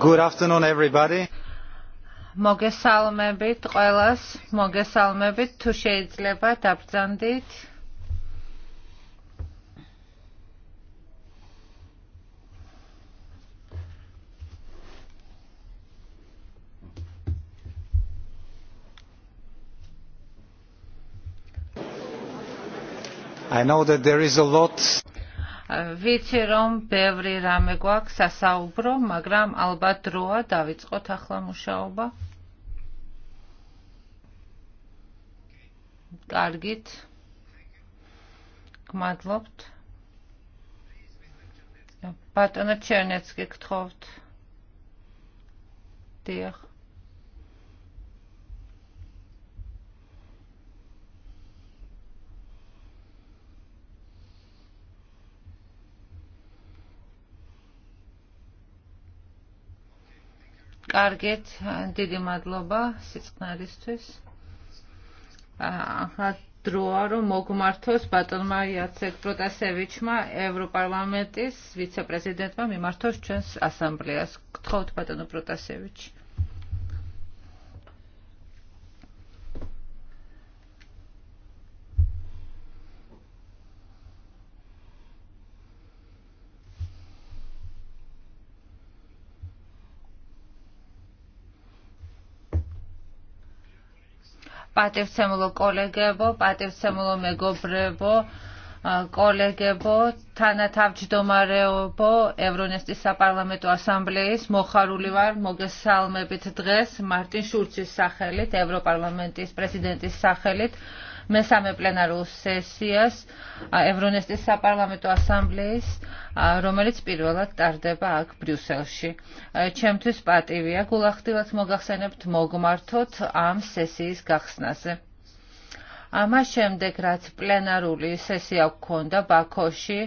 Good afternoon everybody. მოგესალმებით ყველას, მოგესალმებით თუ შეიძლება დაბრძანდით. I know that there is a lot ვიცი რომ ბევრი რამე გვაქვს სასაუბრო, მაგრამ ალბათ დროა დავიწყოთ ახლა მუშაობა. კარგით. გმადლობთ. ბატონო ჩერნეცკი გთხოვთ. დიახ. კარგეთ, დიდი მადლობა სიწყნარისთვის. ახლა დროა რომ მოგმართოს ბატონმა იაცეკ პროტასევიჩმა ევროპარლამენტის ვიცე-პრეზიდენტმა მიმართოს ჩვენს ასამბლეას. გთხოვთ ბატონო პროტასევიჩი. პატივცემულო კოლეგებო, პატივცემულო მეგობრებო, კოლეგებო, თანათავმჯდომარეობო, ევრონესტის საპარლამენტო ასამბლეის მოხარული ვარ მოგესალმებით დღეს მარტინ შულცის სახელით, ევროპარლამენტის პრეზიდენტის სახელით მესამე პლენარულ სესიას ევრონესტის საპარლამენტო ასამბლეის, რომელიც პირველად ტარდება აქ ბრიუსელში. ჩემთვის პატივია გულახდილად მოგახსენებთ მოგმართოთ ამ სესიის გახსნაზე. ამას შემდეგ, რაც პლენარული სესია გქონდა ბაქოში,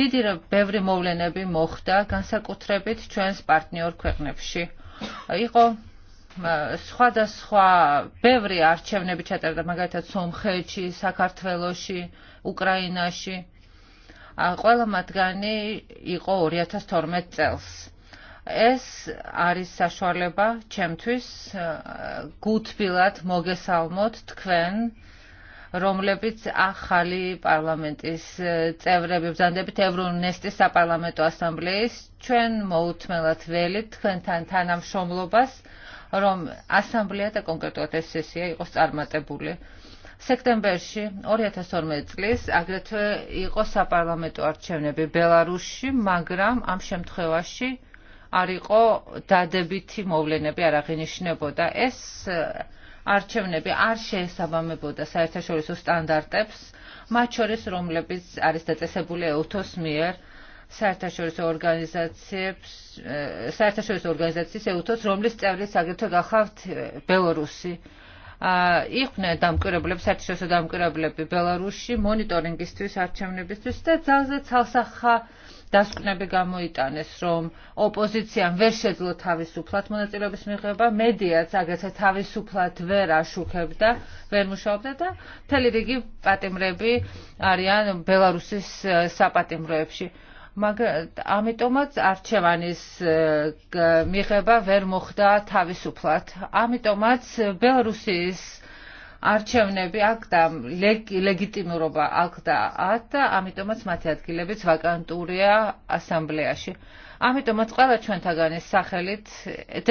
დიდი ბევრი მოვლენები მოხდა, განსაკუთრებით ჩვენს პარტნიორ ქვეყნებში. იყო სხვადასხვა ბევრი არჩევნები ჩატარდა, მაგალითად სომხეთში, საქართველოში, უკრაინაში. ყველა მათგანი იყო 2012 წელს. ეს არის საშუალება ჩემთვის გუთბილად მოგესალმოთ თქვენ რომლებიც ახალი პარლამენტის წევრები ვზანდებით ევრონესტის საპარლამენტო ასამბლეის ჩვენ მოუთმელად ველით თქვენთან თანამშრომლობას რომ ასამბლეა და კონკრეტულად ეს სესია იყოს წარმატებული. სექტემბერში 2012 წლის აგრეთვე იყო საპარლამენტო არჩევნები ბელარუსში, მაგრამ ამ შემთხვევაში არ იყო დადებითი მოვლენები არ აღინიშნებოდა. ეს არჩევნები არ შეესაბამებოდა საერთაშორისო სტანდარტებს, მათ შორის რომლებიც არის დაწესებული ეუთოს მიერ საერთაშორისო ორგანიზაციებს საერთაშორისო ორგანიზაციის ეუთოს, რომლის წევრიც აგრეთვე გახავთ ბელორუსი. იყვნენ დამკვირვებლები, საერთაშორისო დამკვირვებლები ბელარუსში მონიტორინგისთვის, არჩევნებისთვის და ძალზე ცალსახა დასკვნები გამოიტანეს, რომ ოპოზიციამ ვერ შეძლო თავისუფლად მონაწილეობის მიღება, მედიაც აგრეთვე თავისუფლად ვერ აშუქებდა, ვერ მუშაობდა და მთელი რიგი პატიმრები არიან ბელარუსის საპატიმროებში მაგ ამიტომაც არჩევანის მიღება ვერ მოხდა თავისუფლად. ამიტომაც ბელარუსის არჩევნები აქ და ლეგიტიმურობა აქ და აქ და ამიტომაც მათი ადგილებიც ვაკანტურია ასამბლეაში. ამიტომაც ყველა ჩვენთაგან ეს სახელით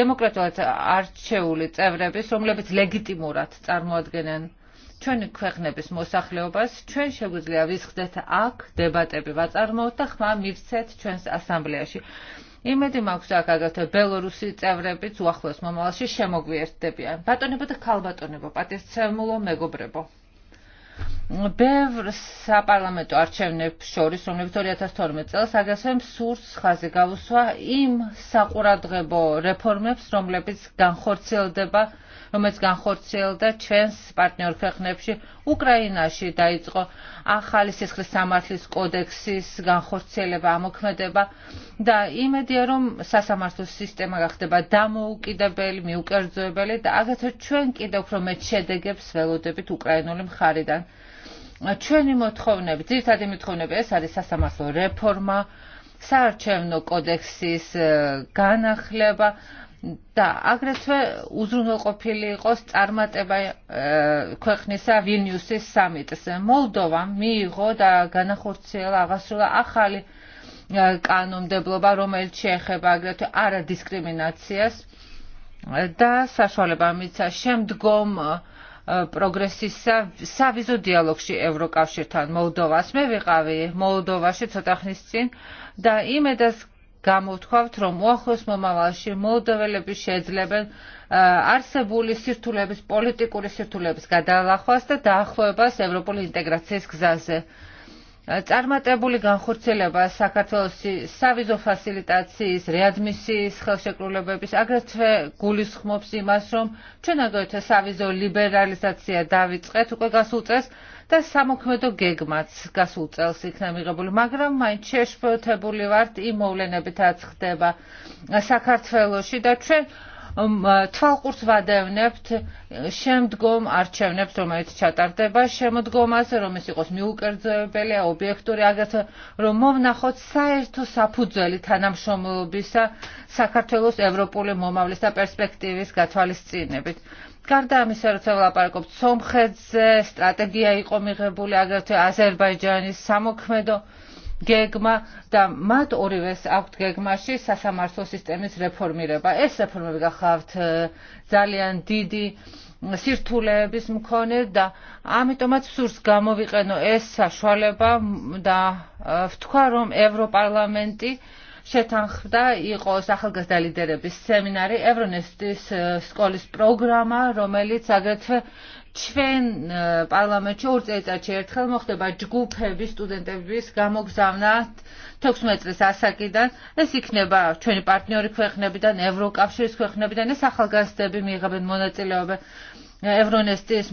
დემოკრატიულად არჩეული წევრები, რომლებიც ლეგიტიმურად წარმოადგენენ ჩვენ ქვეყნების მოსახლეობას, ჩვენ შეგვიძლია ვისხდეთ აქ დებატები ვაწარმოოთ და ხმა მივცეთ ჩვენს ასამბლეაში. იმედი მაქვს აქ აგრეთვე ბელორუსი წევრებიც უახლოს მომავალში შემოგვიერთდებიან. ბატონებო და ქალბატონებო, პატივცემულო მეგობრებო. ბევრ საპარლამენტო არჩევნებს შორის, რომლებიც 2012 წელს აგრეთვე მსურს ხაზი გავუსვა იმ საყურადღებო რეფორმებს, რომლებიც განხორციელდება რომელიც განხორციელდა ჩვენს პარტნიორ ქვეყნებში. უკრაინაში დაიწყო ახალი სისხლის სამართლის კოდექსის განხორციელება, ამოქმედება და იმედია, რომ სასამართლო სისტემა გახდება დამოუკიდებელი, მიუკერძოებელი და აგრეთვე ჩვენ კიდევ უფრო მეტ შედეგებს ველოდებით უკრაინული მხარიდან. ჩვენი მოთხოვნები, ძირითადი მოთხოვნები ეს არის სასამართლო რეფორმა, საარჩევნო კოდექსის განახლება, და აგრეთვე უზრუნველყოფილი იყოს წარმატება ქვეყნისა ვილნიუსის სამიტზე. მოლდოვამ მიიღო და განახორციელა აღასრულა ახალი კანონმდებლობა, რომელიც შეეხება აგრეთვე არადისკრიმინაციას და საშუალება მისცა შემდგომ პროგრესისა სავიზო დიალოგში ევროკავშირთან მოლდოვას მე ვიყავი მოლდოვაში ცოტა ხნის წინ და იმედას გამოთქვათ, რომ უახლოს მომავალში მოლდოველები შეძლებენ არსებული სირთულების, პოლიტიკური სირთულების გადალახვას და დაახლოებას ევროპული ინტეგრაციის გზაზე. წარმატებული განხორციელება საქართველოს სავიზო ფასილიტაციის, რეადმისიის ხელშეკრულებების, აგრეთვე გულისხმობს იმას, რომ ჩვენ აგრეთვე სავიზო ლიბერალიზაცია დავიწყეთ უკვე გასულ წელს და სამოქმედო გეგმაც გასულ წელს იქნა მიღებული, მაგრამ მაინც შეშფოთებული ვართ იმ მოვლენებითაც ხდება საქართველოში და ჩვენ თვალყურს ვადევნებთ შემდგომ არჩევნებს, რომელიც ჩატარდება შემდგომას, რომ ეს იყოს მიუკერძოებელი, ობიექტური, აგრეთვე რომ მოვნახოთ საერთო საფუძველი თანამშრომლობისა საქართველოს ევროპული მომავლის და პერსპექტივის გათვალისწინებით გარდა ამისა, როცა ვლაპარაკობთ სომხეთზე, სტრატეგია იყო მიღებული აგრეთვე აზერბაიჯანის სამოქმედო გეგმა და მათ ორივეს აქვთ გეგმაში სასამართლო სისტემის რეფორმირება. ეს რეფორმები გახავთ ძალიან დიდი სირთულეების მქონე და ამიტომაც სურს გამოვიყენო ეს საშუალება და ვთქვა რომ ევროპარლამენტი შეთანხმდა იყოს ახალგაზრდა ლიდერების სემინარი ევრონესტის სკოლის პროგრამა, რომელიც აგრეთვე ჩვენ პარლამენტში ორ წელიწადში ერთხელ მოხდება ჯგუფების სტუდენტების გამოგზავნა 16 წლის ასაკიდან. ეს იქნება ჩვენი პარტნიორი ქვეყნებიდან, ევროკავშირის ქვეყნებიდან, ეს ახალგაზრდები მიიღებენ მონაწილეობა ევრონესტის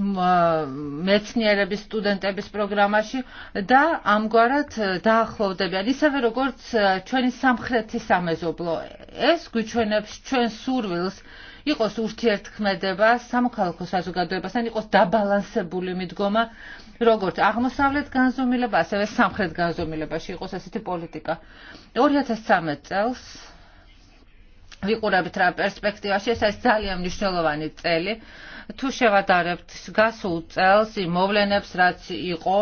მეცნიერების სტუდენტების პროგრამაში და ამგვარად დაახლოვდებიან ისევე როგორც ჩვენი სამხრეთი სამეზობლო. ეს გვიჩვენებს ჩვენ სურვილს იყოს ურთიერთქმედება სამოქალაქო საზოგადოებასთან, იყოს დაბალანსებული მიდგომა, როგორც აღმოსავლეთ განზომილება, ასევე სამხრეთ განზომილებაში იყოს ასეთი პოლიტიკა. 2013 წელს ვიყურებთ რა პერსპექტივაში, ეს არის ძალიან მნიშვნელოვანი წელი თუ შევადარებთ გასულ წელს იმ მოვლენებს, რაც იყო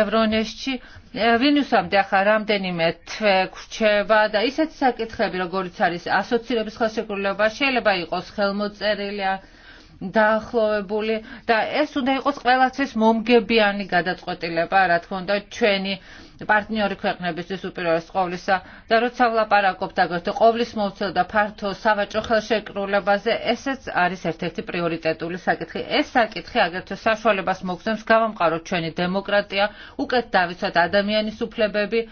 ევრონესში, ვინუსამდე ახლა რამდენიმე თვე გვჩება და ისეთი საკითხები, როგორიც არის ასოცირების ხელშეკრულება, შეიძლება იყოს ხელმოწერილი დაახლოებული და ეს უნდა იყოს ყველაცის მომგებიანი გადაწყვეტილება, რა თქმა უნდა, ჩვენი პარტნიორი ქვეყნებისთვის უპირველეს ყოვლისა და როცა ვლაპარაკობთ აგრეთვე ყოვლის მოვცელ და ფართო სავაჭრო ხელშეკრულებაზე, ესეც არის ერთ-ერთი პრიორიტეტული საკითხი. ეს საკითხი აგრეთვე საშუალებას მოგცემს გავამყაროთ ჩვენი დემოკრატია, უკეთ დავიცოთ ადამიანის უფლებები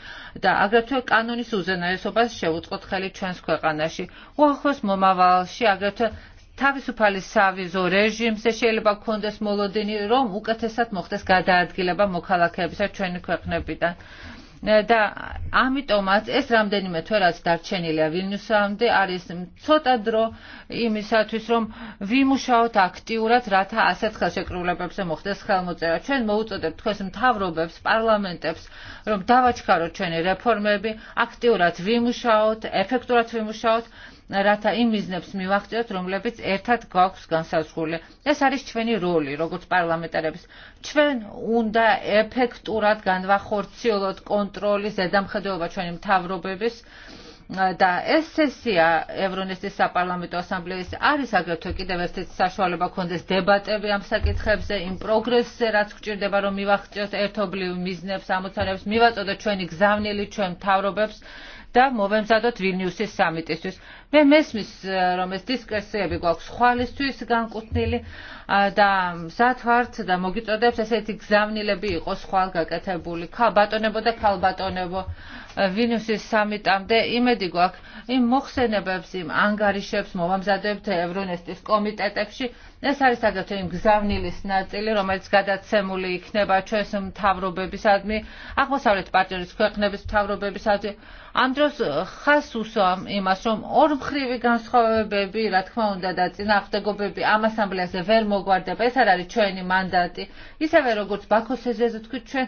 და აგრეთვე კანონის უზენაესობას შევუწყოთ ხელი ჩვენს ქვეყანაში. უახლოს მომავალში აგრეთვე თავისუფალი სავიზო რეჟიმზე შეიძლება გქონდეს მოლოდინი, რომ უკეთესად მოხდეს გადაადგილება მოქალაქეებისა ჩვენი ქვეყნებიდან. და ამიტომაც ეს რამდენიმე თვე რაც დარჩენილია ვილნიუსამდე არის ცოტა დრო იმისათვის რომ ვიმუშაოთ აქტიურად რათა ასეთ ხელშეკრულებებზე მოხდეს ხელმოწერა ჩვენ მოუწოდებთ თქვენს მთავრობებს პარლამენტებს რომ დავაჩქაროთ ჩვენი რეფორმები აქტიურად ვიმუშაოთ ეფექტურად ვიმუშაოთ რათა იმ მიზნებს მივახციოთ, რომლებიც ერთად გვაქვს განსაზღვრული. ეს არის ჩვენი როლი, როგორც პარლამენტარების. ჩვენ უნდა ეფექტურად განვახორციელოთ კონტროლის ზედამხედველობა ჩვენი მთავრობების და ეს სესია ევრონესტის საპარლამენტო ასამბლეის არის აგრეთვე კიდევ ერთ-ერთი საშუალება ქონდეს დებატები ამ საკითხებზე, იმ პროგრესზე, რაც გჭირდება რომ მივახციოთ ერთობლივ მიზნებს, ამოცანებს, მივაწოდოთ ჩვენი გზავნილი ჩვენ მთავრობებს და მოვემზადოთ ვილნიუსის სამიტისთვის მე მესმის რომ ეს დისკრესიები გვაქვს ხვალისთვის განკუთვნილი და მზად ვართ და მოგიწოდებს ესეთი გზავნილები იყოს ხვალ გაკეთებული ქა ბატონებო და ქალ ბატონებო ვინუსის სამიტამდე იმედი გვაქვს იმ მოხსენებებს იმ ანგარიშებს მოვამზადებთ ევრონესტის კომიტეტებში ეს არის აგრეთვე იმ გზავნილის ნაწილი, რომელიც გადაცემული იქნება ჩვენს მთავრობებისადმი, აღმოსავლეთ პარტნიორის ქვეყნების მთავრობებისადმი. ამ დროს ხას უსვამ იმას, რომ ორ სამხრივი განსხვავებები, რა თქმა უნდა, და წინააღმდეგობები ამ ასამბლეაზე ვერ მოგვარდება. ეს არ არის ჩვენი მანდატი. ისევე როგორც ბაქოს ეზეზე თქვით, ჩვენ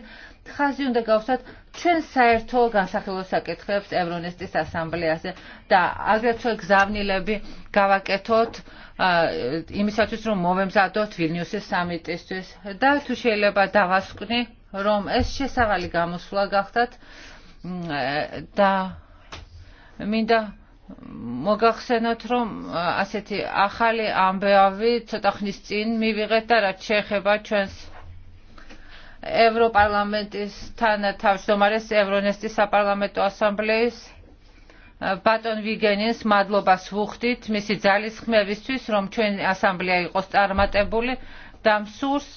ხაზი უნდა გავსვათ ჩვენ საერთო განსახილო საკითხებს ევრონესტის ასამბლეაზე და აგრეთვე გზავნილები გავაკეთოთ იმისათვის, რომ მოვემზადოთ ვილნიუსის სამიტისთვის და თუ შეიძლება დავასკვნი, რომ ეს შესავალი გამოსვლა გახდათ და მინდა მოგახსენოთ, რომ ასეთი ახალი ამბავი ცოტა ხნის წინ მივიღეთ და რაც შეეხება ჩვენს ევროპარლამენტის თან თავმჯდომარეს ევრონესტის საპარლამენტო ასამბლეის ბატონ ვიგენინს მადლობას ვუხდით მისი ძალისხმევისთვის, რომ ჩვენი ასამბლეა იყოს წარმატებული და მსურს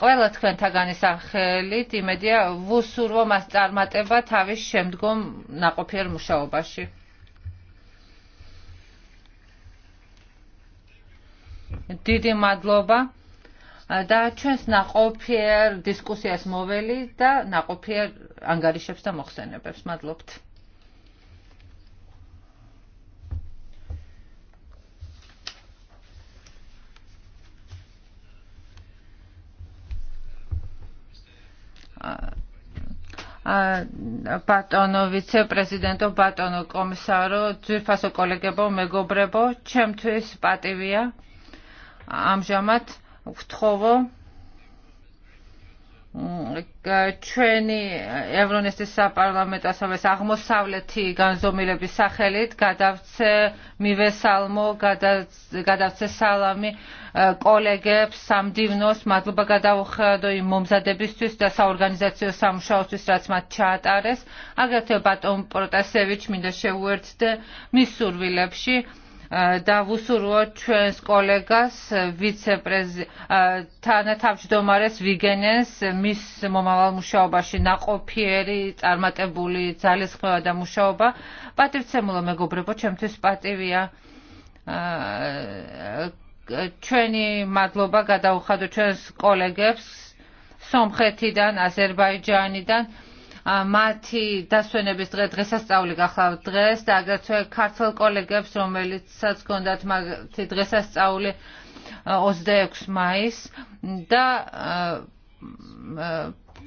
ყველა თქვენთაგანი სახელით იმედია ვუსურვო მას წარმატება თავის შემდგომ ნაყოფიერ მუშაობაში. დიდი მადლობა და ჩვენს ნაყოფიერ დისკუსიას მოველი და ნაყოფიერ ანგარიშებს და მოხსენებებს. მადლობთ. ა ბატონო ვიცე-პრეზიდენტო, ბატონო კომისარო, ძვირფასო კოლეგებო, მეგობრებო, ჩემთვის პატივია ამჟამად ვთხოვო ჩვენი ევრონესტის საპარლამენტოსავეს აღმოსავლეთი განზომილების სახელით გადავცე მივე სალმო გადავცე სალამი კოლეგებს სამძიმნოს მადლობა გადავუხადო იმ მომზადებისთვის და საორგანიზაციო სამუშაოსთვის რაც მათ ჩაატარეს აგრეთვე ბატონ პროტასევიჩ მინდა შეუერთდე მის სურვილებში დავუს ურვო ჩვენს კოლეგას თანათავმჯდომარეს ვიგენეს მის მომავალ მუშაობაში ნაყოფიერი წარმატებული ძალისხმევა და მუშაობა პატივცემულო მეგობრებო ჩემთვის პატივია ჩვენი მადლობა გადაუხადო ჩვენს კოლეგებს სომხეთიდან აზერბაიჯანიდან მათი დასვენების დღე დღესასწაული გახლავთ დღეს და აგრეთვე ქართულ კოლეგებს რომელიცაც გონდათ მათი დღესასწაული 26 მაისს და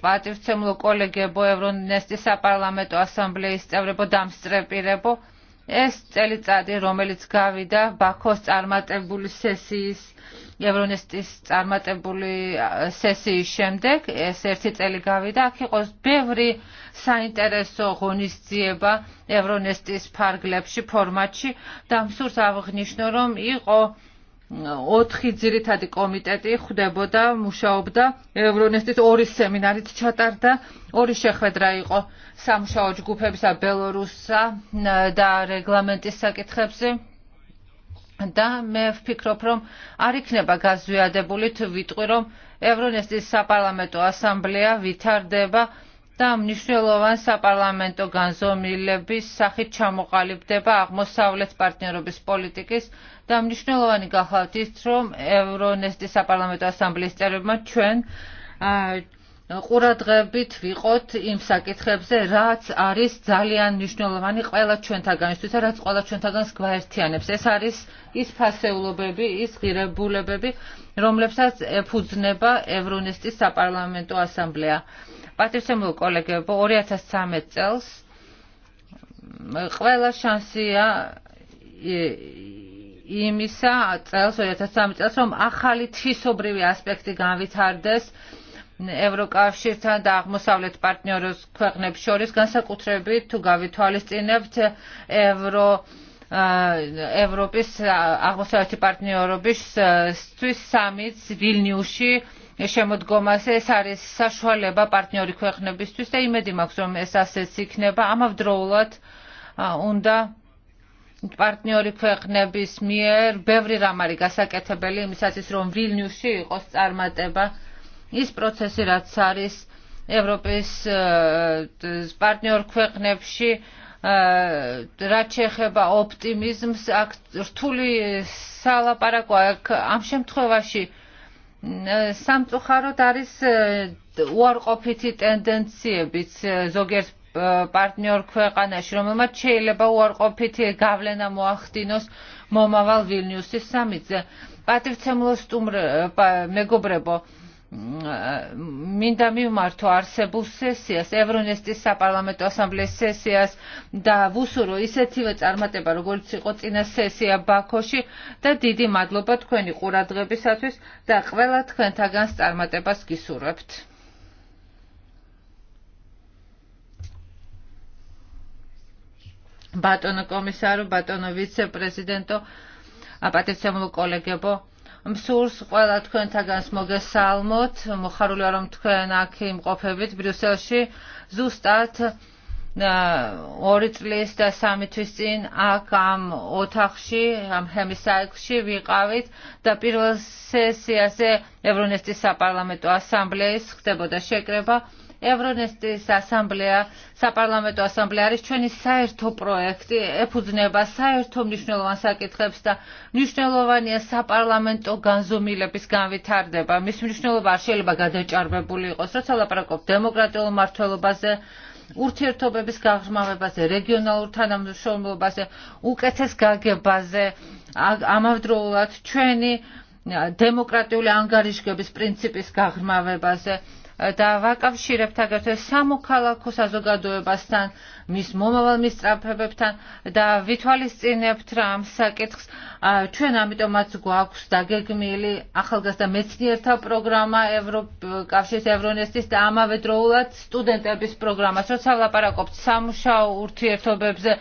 პატივცემლო კოლეგებო ევრონესტის საპარლამენტო ასამბლეის წევრებო დამსწრეპირებო ეს წელიწადი, რომელიც გავიდა ბაქოს წარმატებული სესიის ევრონესტის წარმატებული სესიის შემდეგ ეს ერთი წელი გავიდა, აქ იყო ბევრი საინტერესო ღონისძიება ევრონესტის ფარგლებში, ფორმატში და მსურს აღნიშნო, რომ იყო ოთხი ძირითადი კომიტეტი ხდებოდა, მუშაობდა, ევრონესტის ორი სემინარით ჩატარდა, ორი შეხვედრა იყო სამუშაო ჯგუფებისა ბელორუსსა და რეგლამენტის საკითხებზე და მე ვფიქრობ, რომ არ იქნება გაზვიადებული თუ ვიტყვი, რომ ევრონესტის საპარლამენტო ასამბლეა ვითარდება და მნიშვნელოვან საპარლამენტო განზომილების სახით ჩამოყალიბდება აღმოსავლეთ პარტნიორობის პოლიტიკის და მნიშვნელოვანი გახლავთ ის, რომ ევრონესტის საპარლამენტო ასამბლეის წევრებმა ჩვენ ყურადღებით ვიყოთ იმ საკითხებზე, რაც არის ძალიან მნიშვნელოვანი ყველა ჩვენთაგანისთვის და რაც ყველა ჩვენთაგანს გვაერთიანებს. ეს არის ის ფასეულობები, ის ღირებულებები, რომლებსაც ეფუძნება ევრონესტის საპარლამენტო ასამბლეა. პატივცემულ კოლეგებო, 2013 წელს ყველა შანსია იმისა წელს 2013 წელს რომ ახალი თვისობრივი ასპექტი განვითარდეს ევროკავშირთან და აღმოსავლეთ პარტნიორებს ქვეყნებს შორის განსაკუთრებით თუ გავითვალისწინებთ ევრო ევროპის აღმოსავლეთი პარტნიორობისთვის სამიც ვილნიუსში შემოდგომაზე ეს არის საშუალება პარტნიორი ქვეყნებისთვის და იმედი მაქვს რომ ეს ასეც იქნება ამავდროულად უნდა პარტნიორი ქვეყნების მიერ ბევრი რამ არის გასაკეთებელი იმისათვის რომ ვილნიუსში იყოს წარმატება ის პროცესი რაც არის ევროპის პარტნიორ ქვეყნებში რაც შეეხება ოპტიმიზმს აქ რთული სალაპარაკო აქ ამ შემთხვევაში სამწუხაროდ არის უარყოფითი ტენდენციებიც ზოგიერთ პარტნიორ ქვეყანაში, რომელმაც შეიძლება უარყოფითი გავლენა მოახდინოს მომავალ ვილნიუსის სამიტზე. პატივცემულო სტუმრ მეგობრებო, მინდა მივმართო არსებულ სესიას, ევრონესტის საპარლამენტო ასამბლეის სესიას და ვუსურო ისეთივე წარმატება, როგორც იყო წინა სესია ბაქოში და დიდი მადლობა თქვენი ყურადღებისათვის და ყველა თქვენთაგანს წარმატებას გისურვებთ. ბატონო კომისარო, ბატონო ვიცე-პრეზიდენტო, პატივცემულო კოლეგებო, მსურს ყველა თქვენთაგანს მოგესალმოთ. მოხარულია რომ თქვენ აქ იმყოფებით ბრიუსელში. ზუსტად ორი წლის და სამი თვის წინ აქ ამ ოთახში, ამ ჰემისაიკლში ვიყავით და პირველ სესიაზე ევრონესტის საპარლამენტო ასამბლეის ხდებოდა შეკრება ევრონესტის ასამბლეა, საპარლამენტო ასამბლეა არის ჩვენი საერთო პროექტი, ეფუძნება საერთო მნიშვნელოვან საკითხებს და მნიშვნელოვანია საპარლამენტო განზომილების განვითარდება. მის მნიშვნელობა არ შეიძლება გადაჭარბებული იყოს, როცა ლაპარაკობ დემოკრატიულ მართლობაზე ურთიერთობების გაღრმავებაზე, რეგიონალურ თანამშრომლობაზე, უკეთეს გაგებაზე, ამავდროულად ჩვენი დემოკრატიული ანგარიშგების პრინციპის გაღრმავებაზე და ვაკავშირებთ აგრეთვე სამოქალაქო საზოგადოებასთან, მის მომავალ მის სტრაფებებთან და ვითვალისწინებთ რა ამ საკითხს. ჩვენ ამიტომაც გვაქვს დაგეგმილი ახალგაზრდა მეცნიერთა პროგრამა ევროკავშირის ევრონესტის და ამავე დროულად სტუდენტების პროგრამას, როცა ვლაპარაკობთ სამუშაო ურთიერთობებზე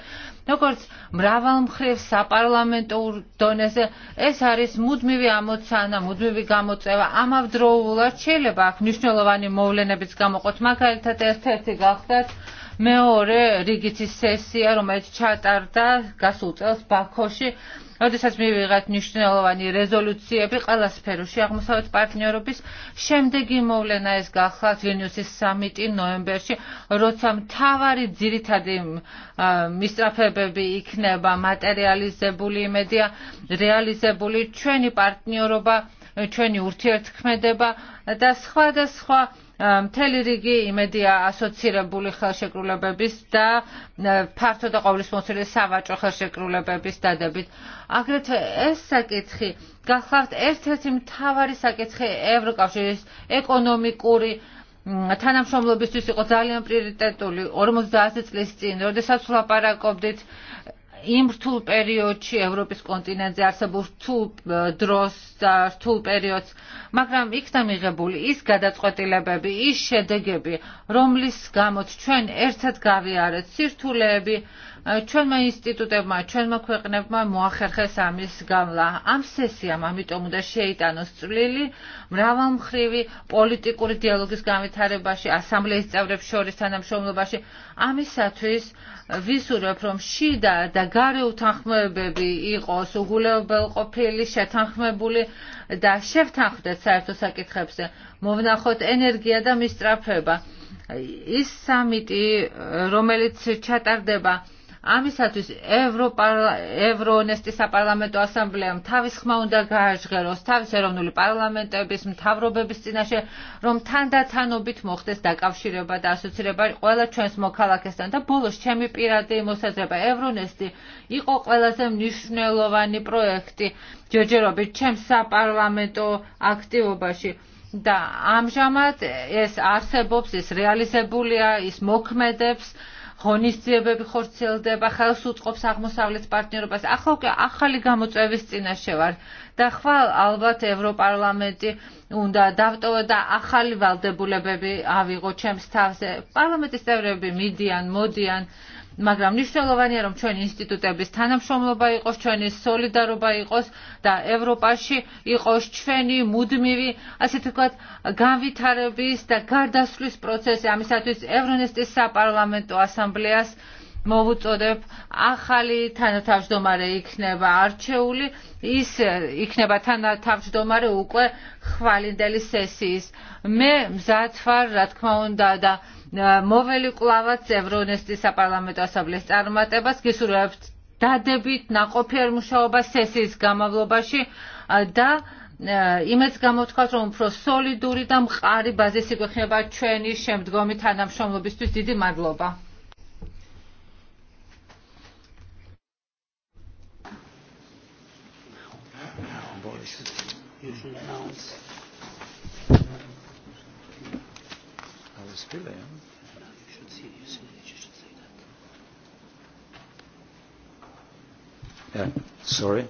როგორც მრავალმხრივ საპარლამენტოურ დონეზე ეს არის მუდმივი ამოცანა, მუდმივი გამოწევა. ამავდროულად შეიძლება აქ მნიშვნელოვანი მოვლენებიც გამოყოთ, მაგალითად ერთ-ერთი გახდათ მეორე რიგითის სესია, რომელიც ჩატარდა გასულ ბაქოში, როდესაც მივიღეთ მნიშვნელოვანი რეზოლუციები ყველა სფეროში აღმოსავლეთ პარტნიორობის შემდეგი მოვლენა ეს გახლავთ ვილნიუსის სამიტი ნოემბერში როცა მთავარი ძირითადი მისწრაფებები იქნება მატერიალიზებული იმედია რეალიზებული ჩვენი პარტნიორობა ჩვენი ურთიერთქმედება და სხვადასხვა სხვა მთელი რიგი იმედია ასოცირებული ხელშეკრულებების და ფართო და ყოვლისმოცილი სავაჭრო ხელშეკრულებების დადებით. აგრეთვე ეს საკითხი გახლავთ ერთ-ერთი მთავარი საკითხი ევროკავშირის ეკონომიკური თანამშრომლობისთვის იყო ძალიან პრიორიტეტული 50 წლის წინ, როდესაც ვლაპარაკობდით იმ რთულ პერიოდში ევროპის კონტინენტზე არსებულ რთულ დროს და რთულ პერიოდს, მაგრამ იქნა მიღებული ის გადაწყვეტილებები, ის შედეგები, რომლის გამოც ჩვენ ერთად გავიარეთ სირთულეები, ჩვენმა ინსტიტუტებმა, ჩვენმა ქვეყნებმა მოახერხეს ამის გამლა. ამ სესიამ ამიტომ უნდა შეიტანოს წვლილი მრავალმხრივი პოლიტიკური დიალოგის განვითარებაში, ასამბლეის წევრებს შორის თანამშრომლობაში. ამისათვის ვისურვებ, რომ შიდა და გარე უთანხმოებები იყოს უგულებელყოფილი, შეთანხმებული და შევთანხმდეთ საერთო საკითხებზე. მოვნახოთ ენერგია და მისწრაფება. ის სამიტი, რომელიც ჩატარდება ამისათვის ევრონესტის საპარლამენტო ასამბლეამ თავის ხმა უნდა გააჟღეროს თავის ეროვნული პარლამენტების მთავრობების წინაშე, რომ თანდათანობით მოხდეს დაკავშირება და ასოცირება ყველა ჩვენს მოქალაქესთან და ბოლოს ჩემი პირადი მოსაზრება ევრონესტი იყო ყველაზე მნიშვნელოვანი პროექტი ჯერჯერობით ჩემს საპარლამენტო აქტივობაში და ამჟამად ეს არსებობს, ეს რეალიზებულია, ის მოქმედებს ღონისძიებები ხორციელდება, ხელს უწყობს აღმოსავლეთ პარტნიორობას. ახლა უკვე ახალი გამოწვევის წინაშე ვარ და ხვალ ალბათ ევროპარლამენტი უნდა დავტოვო და ახალი ვალდებულებები ავიღო ჩემს თავზე. პარლამენტის წევრები მიდიან, მოდიან, მაგრამ მნიშვნელოვანია, რომ ჩვენი ინსტიტუტების თანამშრომლობა იყოს, ჩვენი სოლიდარობა იყოს და ევროპაში იყოს ჩვენი მუდმივი, ასე თქვა განვითარების და გარდასვლის პროცესი. ამისათვის ევრონესტის საპარლამენტო ასამბლეას მოუწოდებ ახალი თანათავმჯდომარე იქნება არჩეული ის იქნება თანათავმჯდომარე უკვე ხვალინდელი სესიის მე მზად ვარ რა თქმა უნდა და მოველი კლავაც ევრონესტის საპარლამენტო ასამბლეის წარმატებას გისურვებთ დადებით ნაყოფიერ მუშაობას სესიის გამავლობაში და იმეც გამოვთქვათ, რომ უფრო სოლიდური და მყარი ბაზისი გვექნება ჩვენი შემდგომი თანამშრომლობისთვის. დიდი მადლობა. You should announce. this delay. Huh? No, you should see you see you should say that. Yeah, sorry.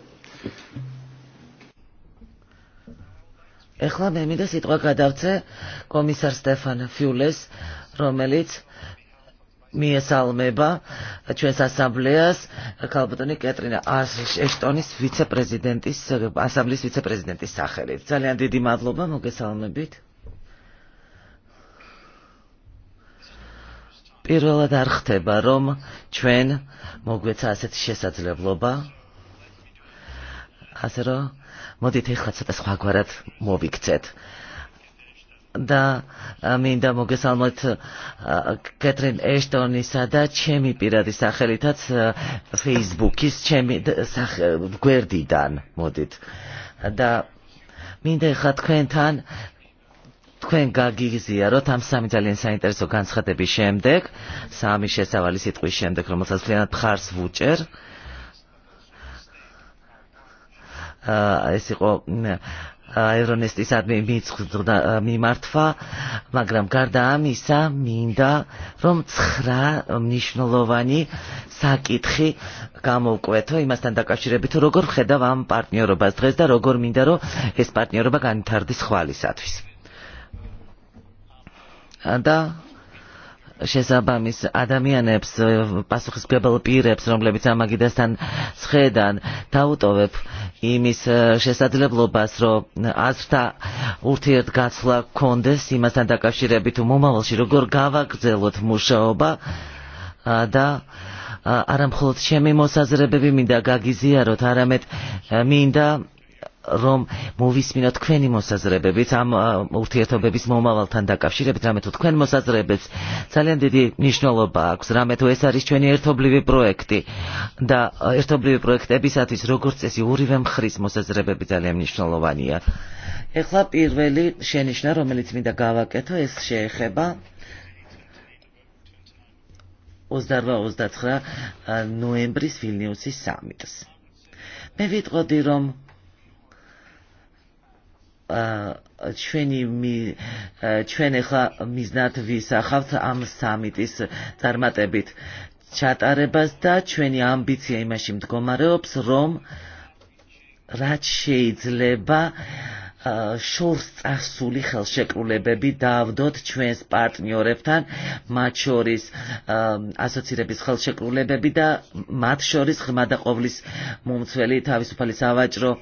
ეხლა მე მინდა სიტყვა გადავწე კომისარ სტეფან ფიულეს, რომელიც მიესალმება ჩვენს ასამბლეას ქალბატონი კეტრინა ეშტონის ვიცე-პრეზიდენტის ასამბლეის ვიცე-პრეზიდენტის სახელით. ძალიან დიდი მადლობა მოგესალმებით. პირველად არ ხდება, რომ ჩვენ მოგვეცა ასეთი შესაძლებლობა, ასე რომ მოდით ახლა ცოტა სხვაგვარად მოვიქცეთ. და მინდა მოგესალმოთ კეთრინ ეშტონისა და ჩემი პირადი სახელითაც Facebook-ის ჩემი გვერდიდან მოდით. და მინდა ხა თქვენთან თქვენ გაგიგზია რომ ამ სამი ძალიან საინტერესო განცხადების შემდეგ სამი შესავალი სიტყვის შემდეგ რომელსაც ძალიან ფხარს ვუჭერ აა ეს იყო ადმი მიწყდა მიმართვა, მაგრამ გარდა ამისა მინდა რომ 9 მნიშვნელოვანი საკითხი გამოვკვეთო იმასთან დაკავშირებით, როგორ ხედავ ამ პარტნიორობას დღეს და როგორ მინდა რომ ეს პარტნიორობა განვითარდეს ხვალისათვის და შესაბამის ადამიანებს პასუხისმგებელ პირებს რომლებიც ამაგიდასთან მაგიდასთან შეედან დაუტოვებ იმის შესაძლებლობას რომ აზრთა ურთიერთგაცვლა კონდეს იმასთან დაკავშირებით მომავალში როგორ გავაგრძელოთ მუშაობა და არამხოლოდ მხოლოდ ჩემი მოსაზრებები მინდა გაგიზიაროთ არამედ მინდა რომ მოვისმინოთ თქვენი მოსაზრებებით ამ ურთიერთობების მომავალთან დაკავშირებით, რამე თუ თქვენ მოსაზრებებს ძალიან დიდი მნიშვნელობა აქვს, რამე თუ ეს არის ჩვენი ერთობლივი პროექტი და ერთობლივი პროექტებისათვის როგორც წესი ორივე მხრის მოსაზრებები ძალიან მნიშვნელოვანია. ეხლა პირველი შენიშნა რომელიც მინდა გავაკეთო, ეს შეეხება 28-29 ნოემბრის ვილნიუსის სამიტს. მე ვიტყოდი, რომ ჩვენი ჩვენ ახლა მიზნად ვისახავთ ამ სამიტის წარმატებით ჩატარებას და ჩვენი ამბიცია იმაში მდგომარეობს რომ რაც შეიძლება აა შორს წასული ხელშეკრულებები დავდოთ ჩვენს პარტნიორებთან, მათ შორის ასოცირების ხელშეკრულებები და მათ შორის ღრმა და ყოვლის მომცველი თავისუფალი სავაჭრო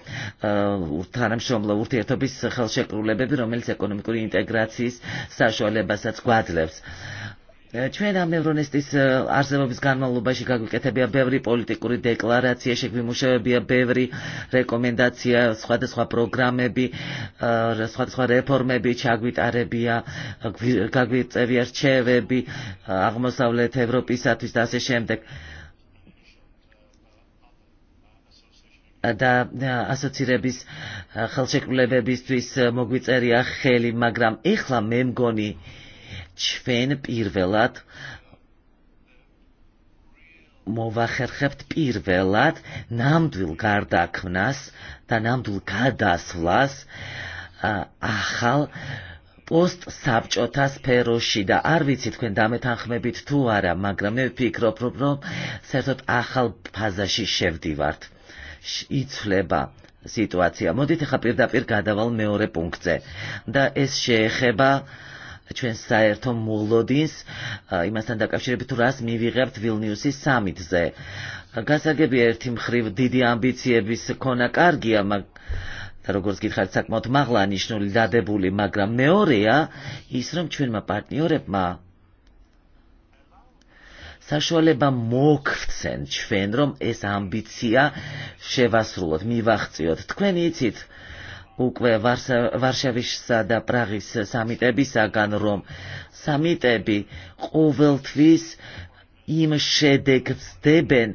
თანამშრომლო ურთიერთობის ხელშეკრულებები, რომელიც ეკონომიკური ინტეგრაციის საშუალებასაც გვაძლევს ჩვენ ამ ევრონესტის არსებობის განმავლობაში გაგვიკეთებია ბევრი პოლიტიკური დეკლარაცია, შეგვიმუშავებია ბევრი რეკომენდაცია, სხვადასხვა პროგრამები, სხვადასხვა რეფორმები ჩაგვიტარებია, გაგვიწევია რჩევები აღმოსავლეთ ევროპისათვის და ასე შემდეგ. და ასოცირების ხელშეკრულებებისთვის მოგვიწერია ხელი, მაგრამ ეხლა მე მგონი აა ჩვენ პირველად მოვახერხებთ პირველად ნამდვილ გარდაქმნას და ნამდვილ გადასვლას ახალ საბჭოთა სფეროში და არ ვიცი თქვენ დამეთანხმებით თუ არა, მაგრამ მე ვფიქრობ, რომ საერთოდ ახალ ფაზაში შევდივართ. იცლება სიტუაცია. მოდით ახლა პირდაპირ გადავალ მეორე პუნქტზე და ეს შეეხება აა ჩვენ საერთო მოლოდინს იმასთან დაკავშირებით თუ რას მივიღებთ ვილნიუსის სამიტზე. გასაგებია ერთი მხრივ დიდი ამბიციების ქონა კარგია, მაგრამ და როგორც გითხარით საკმაოდ მაღლა ნიშნული დადებული, მაგრამ მეორეა ის რომ ჩვენმა პარტნიორებმა საშუალება მოგცენ ჩვენ რომ ეს ამბიცია შევასრულოთ, მივაღწიოთ. თქვენი იცით, უკვე ვარშავის და პრაღის სამიტებისაგან, რომ სამიტები ყოველთვის იმ შედეგს დებენ,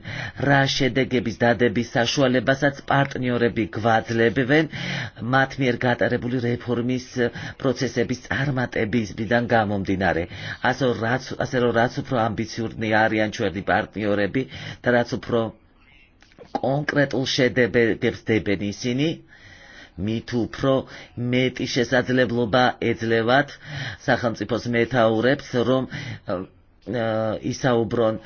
რა შედეგების დადების საშუალებასაც პარტნიორები გვაძლევენ მათ მიერ გატარებული რეფორმის პროცესების წარმატებისგან გამომდინარე. ასე რაც ასე რომ რაც უფრო ამბიციურნი არიან ჩვენი პარტნიორები და რაც უფრო კონკრეტულ შედეგებს დებენ ისინი, მით უფრო მეტი შესაძლებლობა ეძლევათ სახელმწიფოს მეთაურებს რომ ისაუბრონ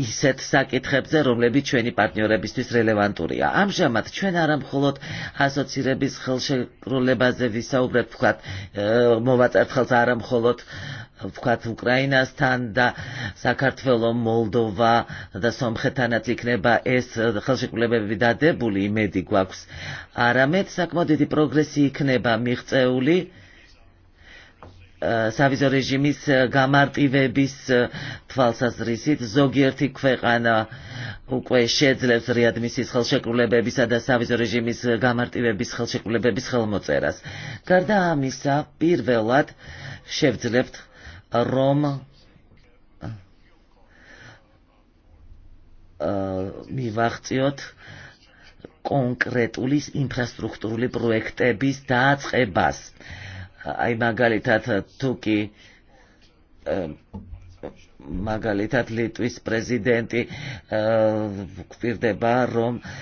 ისეთ საკითხებზე, რომლებიც ჩვენი პარტნიორებისთვის რელევანტურია. ამჟამად ჩვენ არა მხოლოდ ასოცირების ხელშეკრულებაზე ვისაუბრებთ, ვთქვათ, მოვაწერთ ხელს არა მხოლოდ აა ვთქვათ უკრაინასთან და საქართველო, მოლდოვა და სომხეთანაც იქნება ეს ხელშეკრულებები დადებული, იმედი გვაქვს. არამედ საკმაოდ დიდი პროგრესი იქნება მიღწეული სავიზო რეჟიმის გამარტივების თვალსაზრისით ზოგიერთი ქვეყანა უკვე შეძლებს რეადმისის ხელშეკრულებებისა და სავიზო რეჟიმის გამარტივების ხელშეკრულებების ხელმოწერას. გარდა ამისა, პირველად შევძლებთ Rom მივაღწიოთ კონკრეტული ინფრასტრუქტურული პროექტების დააწყებას. აი მაგალითად თუ კი მაგალითად ლიტვის პრეზიდენტი გვპირდება რომ აა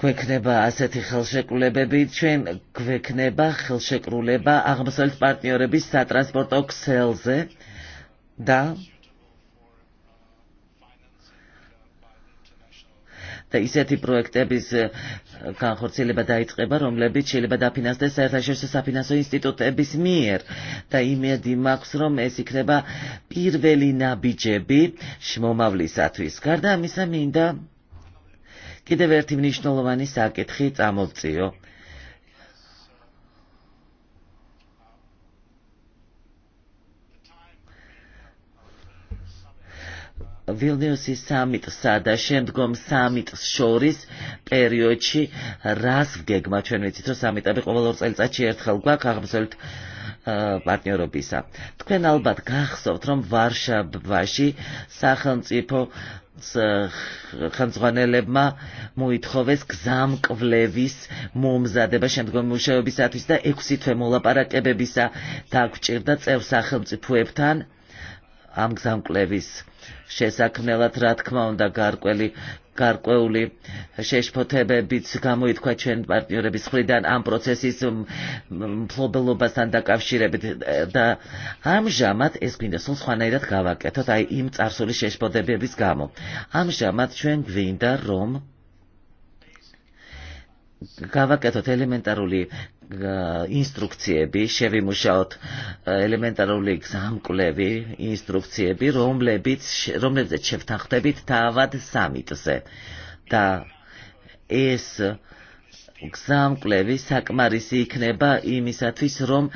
გვექნება ასეთი ხელშეკრულებები, ჩვენ გვექნება ხელშეკრულება აღმოსავლეთ პარტნიორების სატრანსპორტო ქსელზე და და ისეთი პროექტების განხორციელება დაიწყება, რომლებიც შეიძლება დაფინანსდეს საერთაშორისო საფინანსო ინსტიტუტების მიერ და იმედი მაქვს, რომ ეს იქნება პირველი ნაბიჯები შემომავლისათვის. გარდა ამისა, მინდა კიდევ ერთი მნიშვნელოვანი საკითხი წამოვწიო. ვილნიუსის სამიტსა და შემდგომ სამიტს შორის პერიოდში რას ვგეგმა ჩვენ ვიცით რომ სამიტები ყოველ ორ წელიწადში ერთხელ გვაქვს აღმოსავლეთ პარტნიორობისა. თქვენ ალბათ გახსოვთ, რომ ვარშავაში სახელმწიფო ხელმძღვანელებმა მოითხოვეს გზამ კვლევის მომზადება შემდგომი მუშაობისათვის და 6 თვე მოლაპარაკებებისა დაგჭირდა წევრ სახელმწიფოებთან ამ გზამკვლევის შესაქმნელად რა თქმა უნდა გარკვეული გარკვეული შეშფოთებებიც გამოითქვა ჩვენ პარტნიორების მხრიდან ამ პროცესის მფლობელობასთან დაკავშირებით და ამჟამად ეს გვინდა სულ სხვანაირად გავაკეთოთ აი იმ წარსული შეშფოთებების გამო ამჟამად ჩვენ გვინდა რომ გავაკეთოთ ელემენტარული ინსტრუქციები შევიმუშაოთ ელემენტარული სამკვლევი ინსტრუქციები რომლებიც რომლებზეც შევთანხმდებით თავად სამიტზე და ეს გამკლევი საკმარისი იქნება იმისათვის, რომ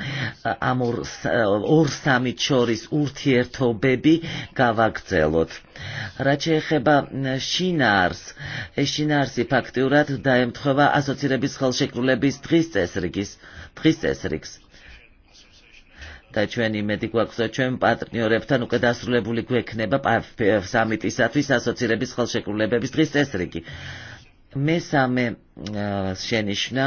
ამ ორ სამით შორის ურთიერთობები გავაგრძელოთ. რაც შეეხება შინაარს, ეს შინაარსი ფაქტიურად დაემთხვა ასოცირების ხელშეკრულების დღის წესრიგის, დღის წესრიგს. და ჩვენი იმედი გვაქვს, რომ ჩვენ პარტნიორებთან უკვე დასრულებული გვექნება სამიტისათვის ასოცირების ხელშეკრულებების დღის წესრიგი მესამე შენიშვნა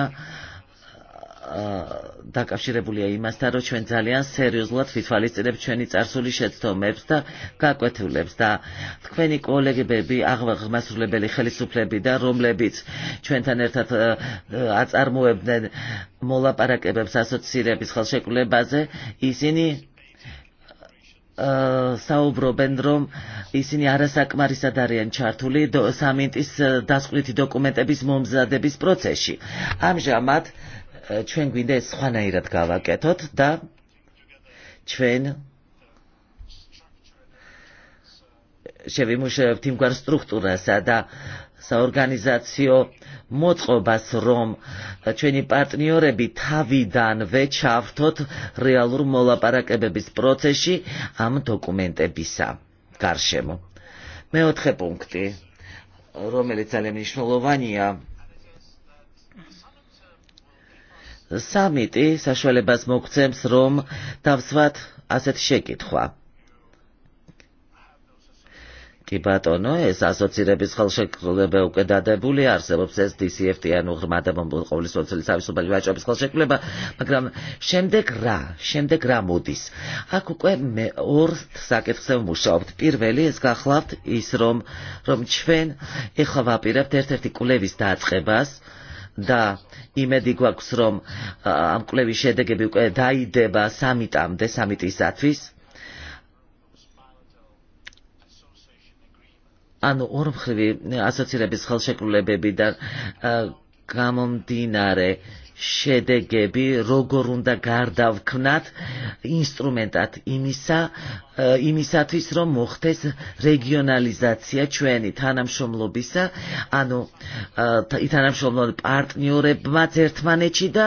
დაკავშირებულია იმასთან, რომ ჩვენ ძალიან სერიოზულად ვითვალისწინებთ ჩვენი წარსული შეცდომებს და გაკვეთილებს და თქვენი კოლეგები აღმასრულებელი ხელისუფლები და რომლებიც ჩვენთან ერთად აწარმოებდნენ მოლაპარაკებებს ასოცირების ხელშეკრულებაზე, ისინი საუბრობენ, რომ ისინი არასაკმარისად არიან ჩართული სამინტის დასყვითი დოკუმენტების მომზადების პროცესში. ამჟამად ჩვენ გვინდა ეს სხვანაირად გავაკეთოთ და ჩვენ შევიმუშავებთ იმგვარ სტრუქტურასა და საორგანიზაციო მოწყობას, რომ ჩვენი პარტნიორები თავიდან ვეჩავთოთ რეალურ მოლაპარაკებების პროცესში ამ დოკუმენტებისა გარშემო. მეოთხე პუნქტი, რომელიც ძალიან მნიშვნელოვანია, სამიტი საშუალებას მოგცემს, რომ დავსვათ ასეთ შეკითხვა – კი ბატონო, ეს ასოცირების ხელშეკრულება უკვე დადებული არსებობს ეს DCFT ანუ ღრმა და მომყოლის სოციალური თავისუფალი ვაჭრობის ხელშეკრულება, მაგრამ შემდეგ რა? შემდეგ რა მოდის? აქ უკვე მე ორ საკითხზე ვმუშაობთ. პირველი ეს გახლავთ ის რომ რომ ჩვენ ეხლა ვაპირებთ ერთ-ერთი კვლევის დაწყებას და იმედი გვაქვს რომ ამ კვლევის შედეგები უკვე დაიდება სამიტამდე, სამიტისათვის ანუ ორმხრივი ასოცირების ხელშეკრულებებიდან გამომდინარე შედეგები როგორ უნდა გარდავქმნათ ინსტრუმენტად იმისა იმისათვის რომ მოხდეს რეგიონალიზაცია ჩვენი თანამშრომლობისა ანუ თანამშრომლობ პარტნიორებმაც ერთმანეთში და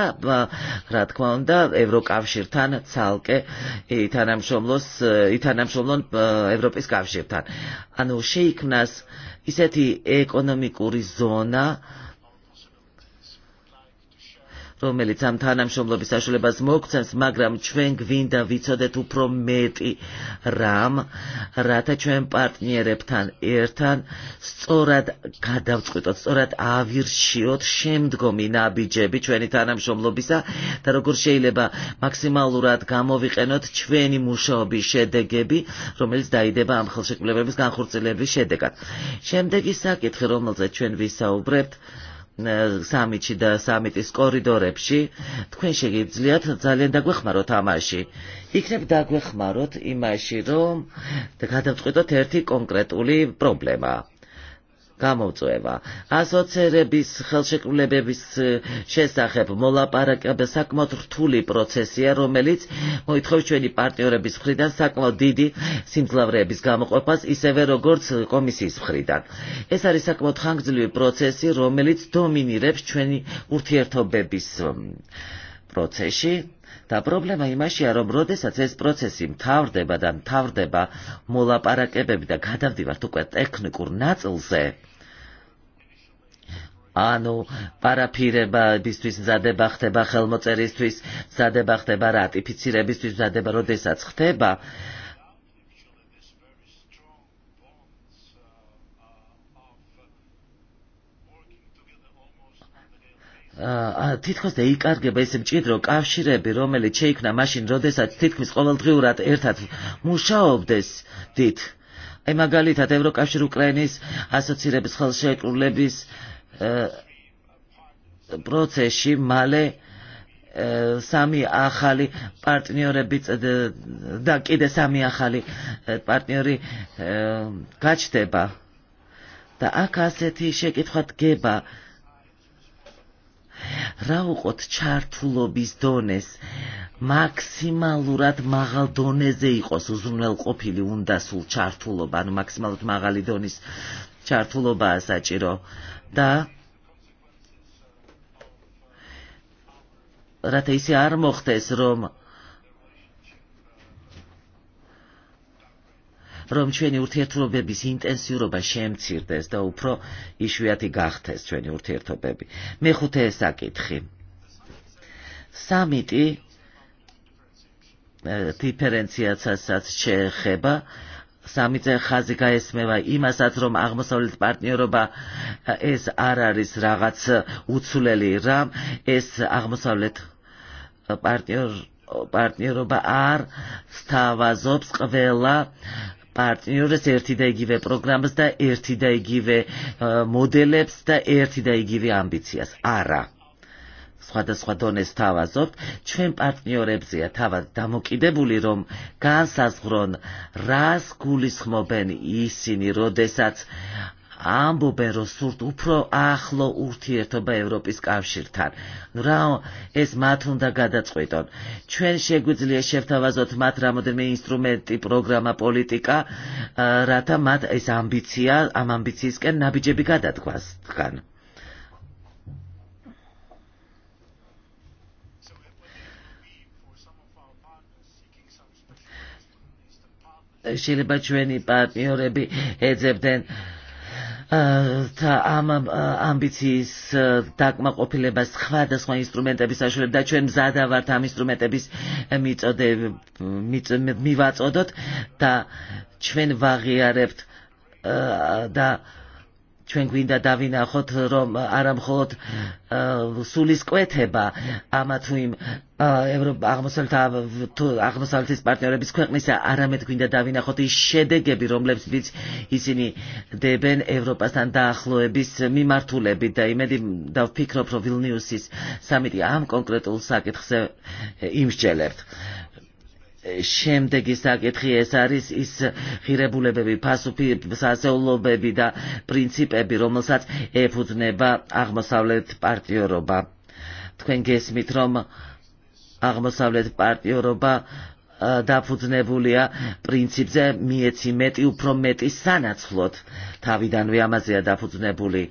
რა თქმა უნდა ევროკავშირთან ცალკე თანამშრომლოს თანამშრომლონ ევროპის კავშირთან ანუ შეიქმნას ისეთი ეკონომიკური ზონა რომელიც ამ თანამშრომლობის საშუალებას მოგცემს, მაგრამ ჩვენ გვინდა ვიცოდეთ უფრო მეტი რამ, რათა ჩვენ პარტნიორებთან ერთთან სწორად გადავწყვიტოთ, სწორად ავირშიოთ შემდგომი ნაბიჯები ჩვენი თანამშრომლობისა და როგორ შეიძლება მაქსიმალურად გამოვიყენოთ ჩვენი მუშაობის შედეგები, რომელიც დაიდება ამ ხელშეკრულებების განხორციელების შედეგად. შემდეგი საკითხი, რომელზეც ჩვენ ვისაუბრებთ, სამიჩი და სამიტის კორიდორებში თქვენ შეგიძლიათ ძალიან დაგვეხმაროთ ამაში. იქნებ დაგვეხმაროთ იმაში, რომ გადავწყვეტოთ ერთი კონკრეტული პრობლემა გამოწვევა. ასოცერების ხელშეკრულებების შესახებ მოლაპარაკება საკმაოდ რთული პროცესია, რომელიც მოითხოვს ჩვენი პარტნიორების მხრიდან საკმაოდ დიდი სიმძლავრეების გამოყოფას, ისევე როგორც კომისიის მხრიდან. ეს არის საკმაოდ ხანგრძლივი პროცესი, რომელიც დომინირებს ჩვენი ურთიერთობების პროცესში და პრობლემა იმაშია, რომ როდესაც ეს პროცესი მთავრდება და მთავრდება მოლაპარაკებები და გადავდივართ უკვე ტექნიკურ ნაწილზე, ანუ პარაფირება ისთვის მზადება ხდება ხელმოწერისთვის მზადება ხდება რატიფიცირებისთვის მზადება როდესაც ხდება თითქოს დაიკარგება ეს მჭიდრო კავშირები, რომელიც შეიქმნა მაშინ, როდესაც თითქმის ყოველდღიურად ერთად მუშაობდეს დით. აი მაგალითად ევროკავშირ უკრაინის ასოცირების ხელშეკრულების პროცესში მალე სამი ახალი პარტნიორები და კიდე სამი ახალი პარტნიორი გაჩდება და აქ ასეთი შეკითხვა დგება რა უყოთ ჩართულობის დონეს მაქსიმალურად მაღალ დონეზე იყოს უზრუნველყოფილი უნდა სულ ჩართულობა ანუ მაქსიმალურად მაღალი დონის ჩართულობაა საჭირო da რა თეისი არ მოხდეს რომ რომ ჩვენი ურთიერთობების ინტენსიურობა შემცირდეს და უფრო იშვიათი გახდეს ჩვენი ურთიერთობები. მეხუთე საკითხი. სამიტი დიფერენციაციასაც შეეხება სამიწე ხაზი გაესმევა იმასაც, რომ აღმოსავლეთ პარტნიორობა ეს არ არის რაღაც უცვლელი რამ, ეს აღმოსავლეთ პარტნიორ პარტნიორობა არ სთავაზობს ყველა პარტნიორს ერთი და იგივე პროგრამას და ერთი და იგივე მოდელებს და ერთი და იგივე ამბიციას. არა სხვადასხვა დონეს თავაზობთ, ჩვენ პარტნიორებზეა თავად დამოკიდებული, რომ განსაზღვრონ, რას გულისხმობენ ისინი, როდესაც ამბობენ, რომ სურთ უფრო ახლო ურთიერთობა ევროპის კავშირთან. ნუ რა ეს მათ უნდა გადაწყვეტონ. ჩვენ შეგვიძლია შევთავაზოთ მათ რამოდენიმე ინსტრუმენტი, პროგრამა, პოლიტიკა, რათა მათ ეს ამბიცია, ამ ამბიციისკენ ნაბიჯები გადადგას თან. შეიძლება ჩვენი პარტნიორები ეძებდნენ და ამ ამბიციის დაკმაყოფილებას სხვადასხვა ინსტრუმენტების საშუალებით და ჩვენ მზადა ვართ ამ ინსტრუმენტების მივაწოდოთ და ჩვენ ვაღიარებთ და ჩვენ გვინდა დავინახოთ რომ არა მხოლოდ კვეთება ამა თუ იმ აღმოსავლეთ აღმოსავლეთის პარტნიორების ქვეყნისა არამედ გვინდა დავინახოთ ის შედეგები რომლებიც ისინი დებენ ევროპასთან დაახლოების მიმართულებით და იმედი დავფიქრობ რომ ვილნიუსის სამიტი ამ კონკრეტულ საკითხზე იმსჯელებთ შემდეგი საკითხი ეს არის ის ღირებულებები, ფასუფი სასეულობები და პრინციპები, რომელსაც ეფუძნება აღმოსავლეთ პარტიორობა. თქვენ გესმით, რომ აღმოსავლეთ პარტიორობა დაფუძნებულია პრინციპზე მიეცი მეტი უფრო მეტი სანაცვლოდ თავიდანვე ამაზეა დაფუძნებული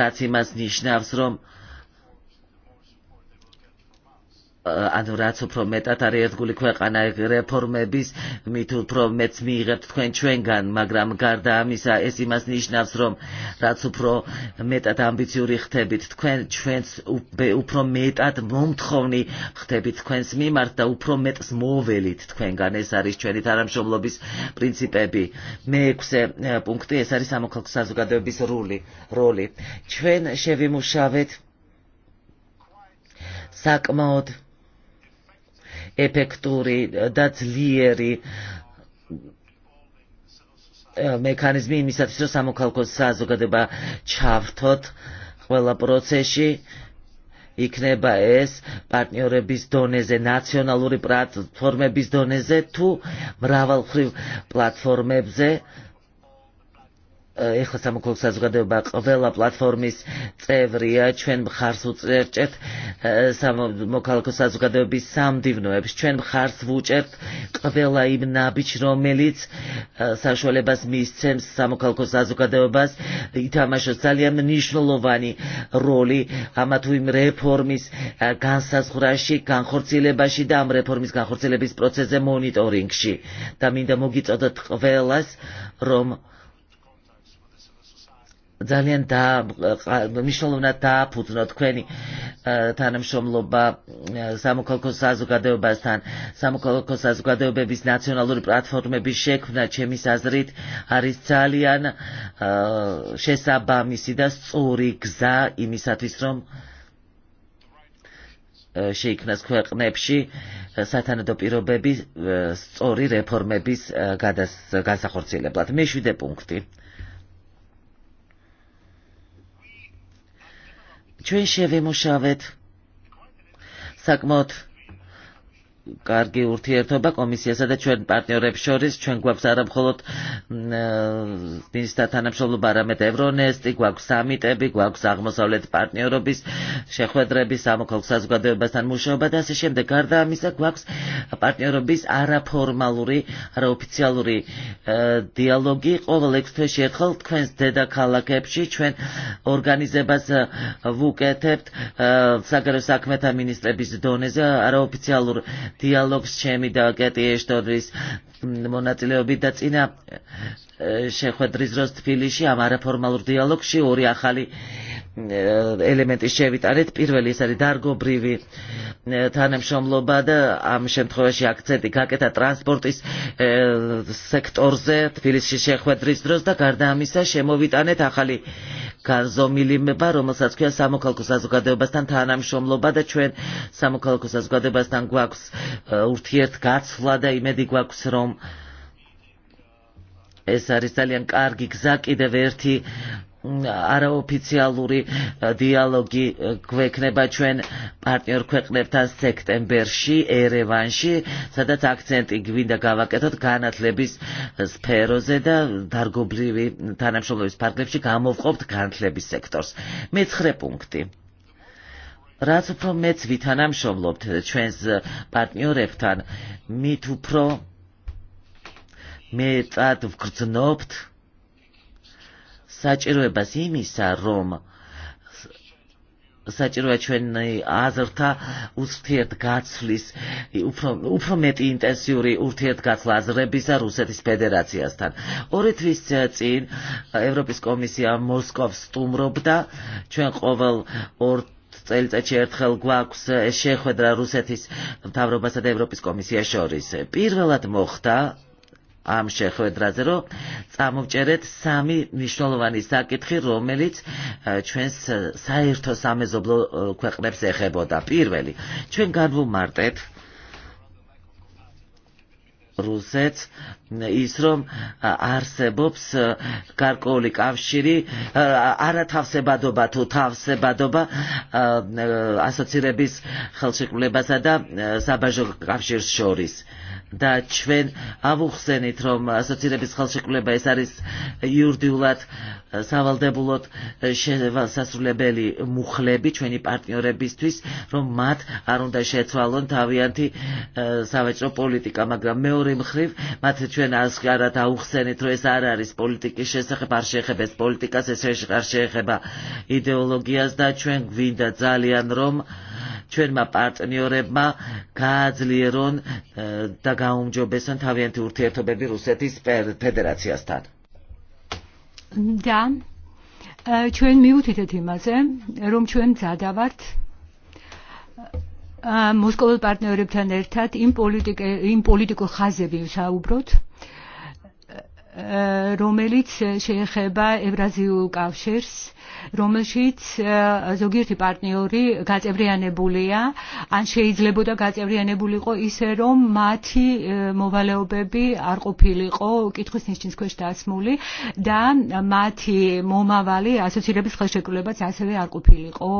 რაც იმას ნიშნავს რომ ანუ რაც უფრო მეტად არის ერთგული ქვეყანა რეფორმების მით უფრო მეც მიიღებთ თქვენ ჩვენგან მაგრამ გარდა ამისა ეს იმას ნიშნავს რომ რაც უფრო მეტად ამბიციური ხდებით თქვენ ჩვენს უფრო მეტად მომთხოვნი ხდებით თქვენს მიმართ და უფრო მეტს მოველით თქვენგან ეს არის ჩვენი თანამშრომლობის პრინციპები მეექვსე პუნქტი ეს არის სამოქალაქო საზოგადოების როლი როლი ჩვენ შევიმუშავეთ საკმაოდ ეფექტური და ძლიერი მექანიზმი იმისათვის, რომ სამოქალაქო საზოგადოება ჩავრთოთ ყველა პროცესში იქნება ეს პარტნიორების დონეზე, ნაციონალური პლატფორმების დონეზე თუ მრავალმხრივ პლატფორმებზე, ეხლა სამოქალაქო საზოგადოება ყველა პლატფორმის წევრია. ჩვენ მხარს უჭერთ სამოქალაქო საზოგადოების სამდივნოებს. ჩვენ მხარს ვუჭერთ ყველა იმ ნაბიჯს, რომელიც საშუალებას მისცემს სამოქალაქო საზოგადოებას ითამაშოს ძალიან მნიშვნელოვანი როლი ამა თუ იმ რეფორმის განსაზღვრაში, განხორციელებაში და ამ რეფორმის განხორციელების პროცესზე მონიტორინგში. და მინდა მოგიწოდოთ ყველას, რომ ძალიან და მნიშვნელოვნად დააფუძნო თქვენი თანამშრომლობა სამოქალაქო საზოგადოებასთან სამოქალაქო საზოგადოებების ნაციონალური პლატფორმების შექმნა ჩემის აზრით არის ძალიან შესაბამისი და სწორი გზა იმისათვის რომ შეიქმნას ქვეყნებში სათანადო პირობები სწორი რეფორმების გადასახორციელებლად მე 7 პუნქტი. Čuješ je, Vimušavit? Sakmot კარგი ურთიერთობა კომისიასა და ჩვენ პარტნიორებს შორის ჩვენ გვაქვს არა მხოლოდ ნისტა თანამშრომლობა არამედ ევრონესტი გვაქვს სამიტები გვაქვს აღმოსავლეთ პარტნიორობის შეხვედრები სამოქალაქო საზოგადოებასთან მუშაობა და ასე შემდეგ გარდა ამისა გვაქვს პარტნიორობის არაფორმალური არაოფიციალური დიალოგი ყოველ 6 თვეში ერთხელ თქვენს დედაქალაქებში ჩვენ ორგანიზებას ვუკეთებთ საგარეო საქმეთა მინისტრების დონეზე არაოფიციალურ დიალოგს ჩემი დააკეტიე შტორის მონაწილეობით და წინა შეხვედრის დროს თბილისში ამ არაფორმალურ დიალოგში ორი ახალი ელემენტის შევიტანეთ პირველი ის არის დარგობრივი თანამშრომლობა და ამ შემთხვევაში აქცენტი გაკეთა ტრანსპორტის სექტორზე თბილისში შეხვედრის დროს და გარდა ამისა შემოვიტანეთ ახალი განზომილება რომელსაც ქვია სამოქალაქო საზოგადოებასთან თანამშრომლობა და ჩვენ სამოქალაქო საზოგადოებასთან გვაქვს ურთიერთგაცვლა და იმედი გვაქვს რომ ეს არის ძალიან კარგი გზა კიდევ ერთი არაოფიციალური დიალოგი გვექნება ჩვენ პარტნიორ ქვეყნებთან სექტემბერში ერევანში, სადაც აქცენტი გვინდა გავაკეთოთ განათლების სფეროზე და დარგობრივი თანამშრომლობის ფარგლებში გამოვყოფთ განათლების სექტორს. მე-9 პუნქტი. რაც უფრო მეც ვითანამშრომლობთ ჩვენს პარტნიორებთან, მით უფრო მეტად ვგრძნობთ საჭიროებას იმისა, რომ საჭიროა ჩვენი აზრთა ურთიერთგაცვლის უფრო უფრო მეტი ინტენსიური ურთიერთგაცვლა აზრებისა რუსეთის ფედერაციასთან. ორი თვის წინ ევროპის კომისია მოსკოვს სტუმრობდა ჩვენ ყოველ ორ წელიწადში ერთხელ გვაქვს შეხვედრა რუსეთის მთავრობასა და ევროპის კომისიას შორის. პირველად მოხდა ამ შეხვედრაზე, რომ წამოვჭერეთ სამი მნიშვნელოვანი საკითხი, რომელიც ჩვენს საერთო სამეზობლო ქვეყნებს ეხებოდა. პირველი, ჩვენ განვუმარტეთ რუსეთს ის რომ არსებობს გარკვეული კავშირი არათავსებადობა თუ თავსებადობა ასოცირების ხელშეკრულებასა და საბაჟო კავშირს შორის და ჩვენ ავუხსენით რომ ასოცირების ხელშეკრულება ეს არის იურიდიულად სავალდებულოდ შესაძლებელი მუხლები ჩვენი პარტნიორებისთვის რომ მათ არ უნდა შეცვალონ თავიანთი სავაჭრო პოლიტიკა მაგრამ მეორე მეორე მხრივ მათ ჩვენ ასკარად აუხსენით რომ ეს არ არის პოლიტიკის შესახებ არ შეეხება ეს პოლიტიკას ეს არ შეეხება იდეოლოგიას და ჩვენ გვინდა ძალიან რომ ჩვენმა პარტნიორებმა გააძლიერონ და გაუმჯობესონ თავიანთი ურთიერთობები რუსეთის ფედერაციასთან და ჩვენ მივუთითეთ იმაზე, რომ ჩვენ ძადავართ მოსკოვის პარტნიორებთან ერთად იმ პოლიტიკ იმ პოლიტიკურ ხაზები ვსაუბროთ რომელიც შეეხება ევრაზიულ კავშირს რომელშიც ზოგიერთი პარტნიორი გაწევრიანებულია ან შეიძლებოდა გაწევრიანებულიყო ისე რომ მათი მოვალეობები არ ყოფილიყო კითხვის ნიშნის ქვეშ დასმული და მათი მომავალი ასოცირების ხელშეკრულებაც ასევე არ ყოფილიყო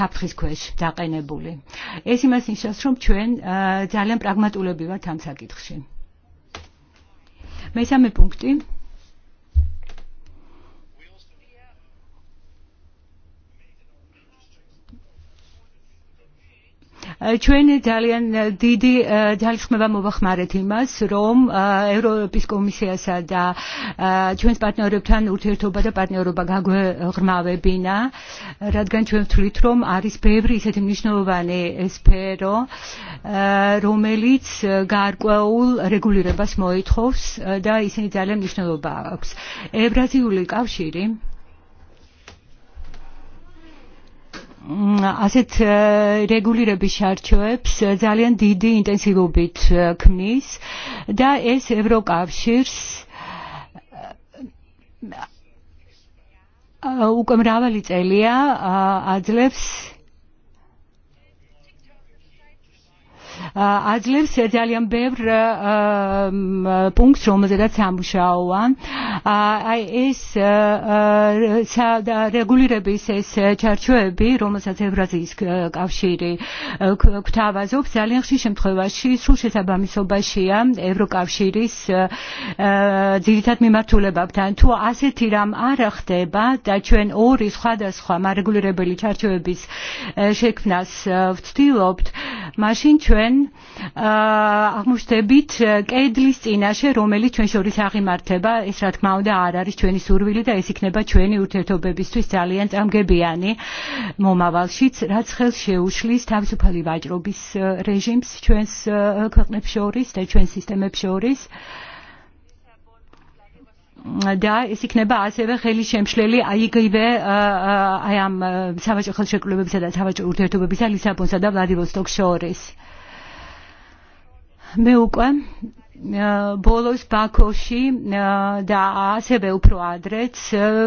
საფრთხის ქვეშ დაყენებული. ეს იმას ნიშნავს, რომ ჩვენ ძალიან პრაგმატულები ვართ ამ საკითხში. მე სამე პუნქტი ჩვენ ძალიან დიდი ძალისხმევა მოვახმარეთ იმას, რომ ევროპის კომისიასა და ჩვენს პარტნიორებთან ურთიერთობა და პარტნიორობა გაგვეღრმავებინა, რადგან ჩვენ ვთვლით, რომ არის ბევრი ისეთი მნიშვნელოვანი სფერო, რომელიც გარკვეულ რეგულირებას მოითხოვს და ისინი ძალიან მნიშვნელობა აქვს. ევრაზიული კავშირი ასეთ რეგულირების შარჩოებს ძალიან დიდი ინტენსივობით ქმნის და ეს ევროკავშირს უკვე მრავალი წელია აძლევს აძლევს ძალიან ბევრ პუნქტს, რომელზედაც ამუშაოა. აი ეს რეგულირების ეს ჩარჩოები, რომელსაც ევრაზიის კავშირი გვთავაზობს, ძალიან ხშირ შემთხვევაში სრულ შესაბამისობაშია ევროკავშირის ძირითად მიმართულებებთან. თუ ასეთი რამ არ ხდება და ჩვენ ორი სხვადასხვა რეგულირებელი ჩარჩოების შექმნას ვცდილობთ, მაშინ ჩვენ ჩვენ აღმოჩნდებით კედლის წინაშე, რომელიც ჩვენ შორის აღიმართება, ეს რა თქმა უნდა არ არის ჩვენი სურვილი და ეს იქნება ჩვენი ურთიერთობებისთვის ძალიან წამგებიანი მომავალშიც, რაც ხელს შეუშლის თავისუფალი ვაჭრობის რეჟიმს ჩვენს ქვეყნებს შორის და ჩვენ სისტემებს შორის და ეს იქნება ასევე ხელშემშლელი აიგივე აი ამ სავაჭრო ხელშეკრულებებისა და სავაჭრო ურთიერთობებისა ლისაბონსა და ვლადივოსტოკს შორის მე უკვე ბოლოს ბაქოში და ასევე უფრო ადრეც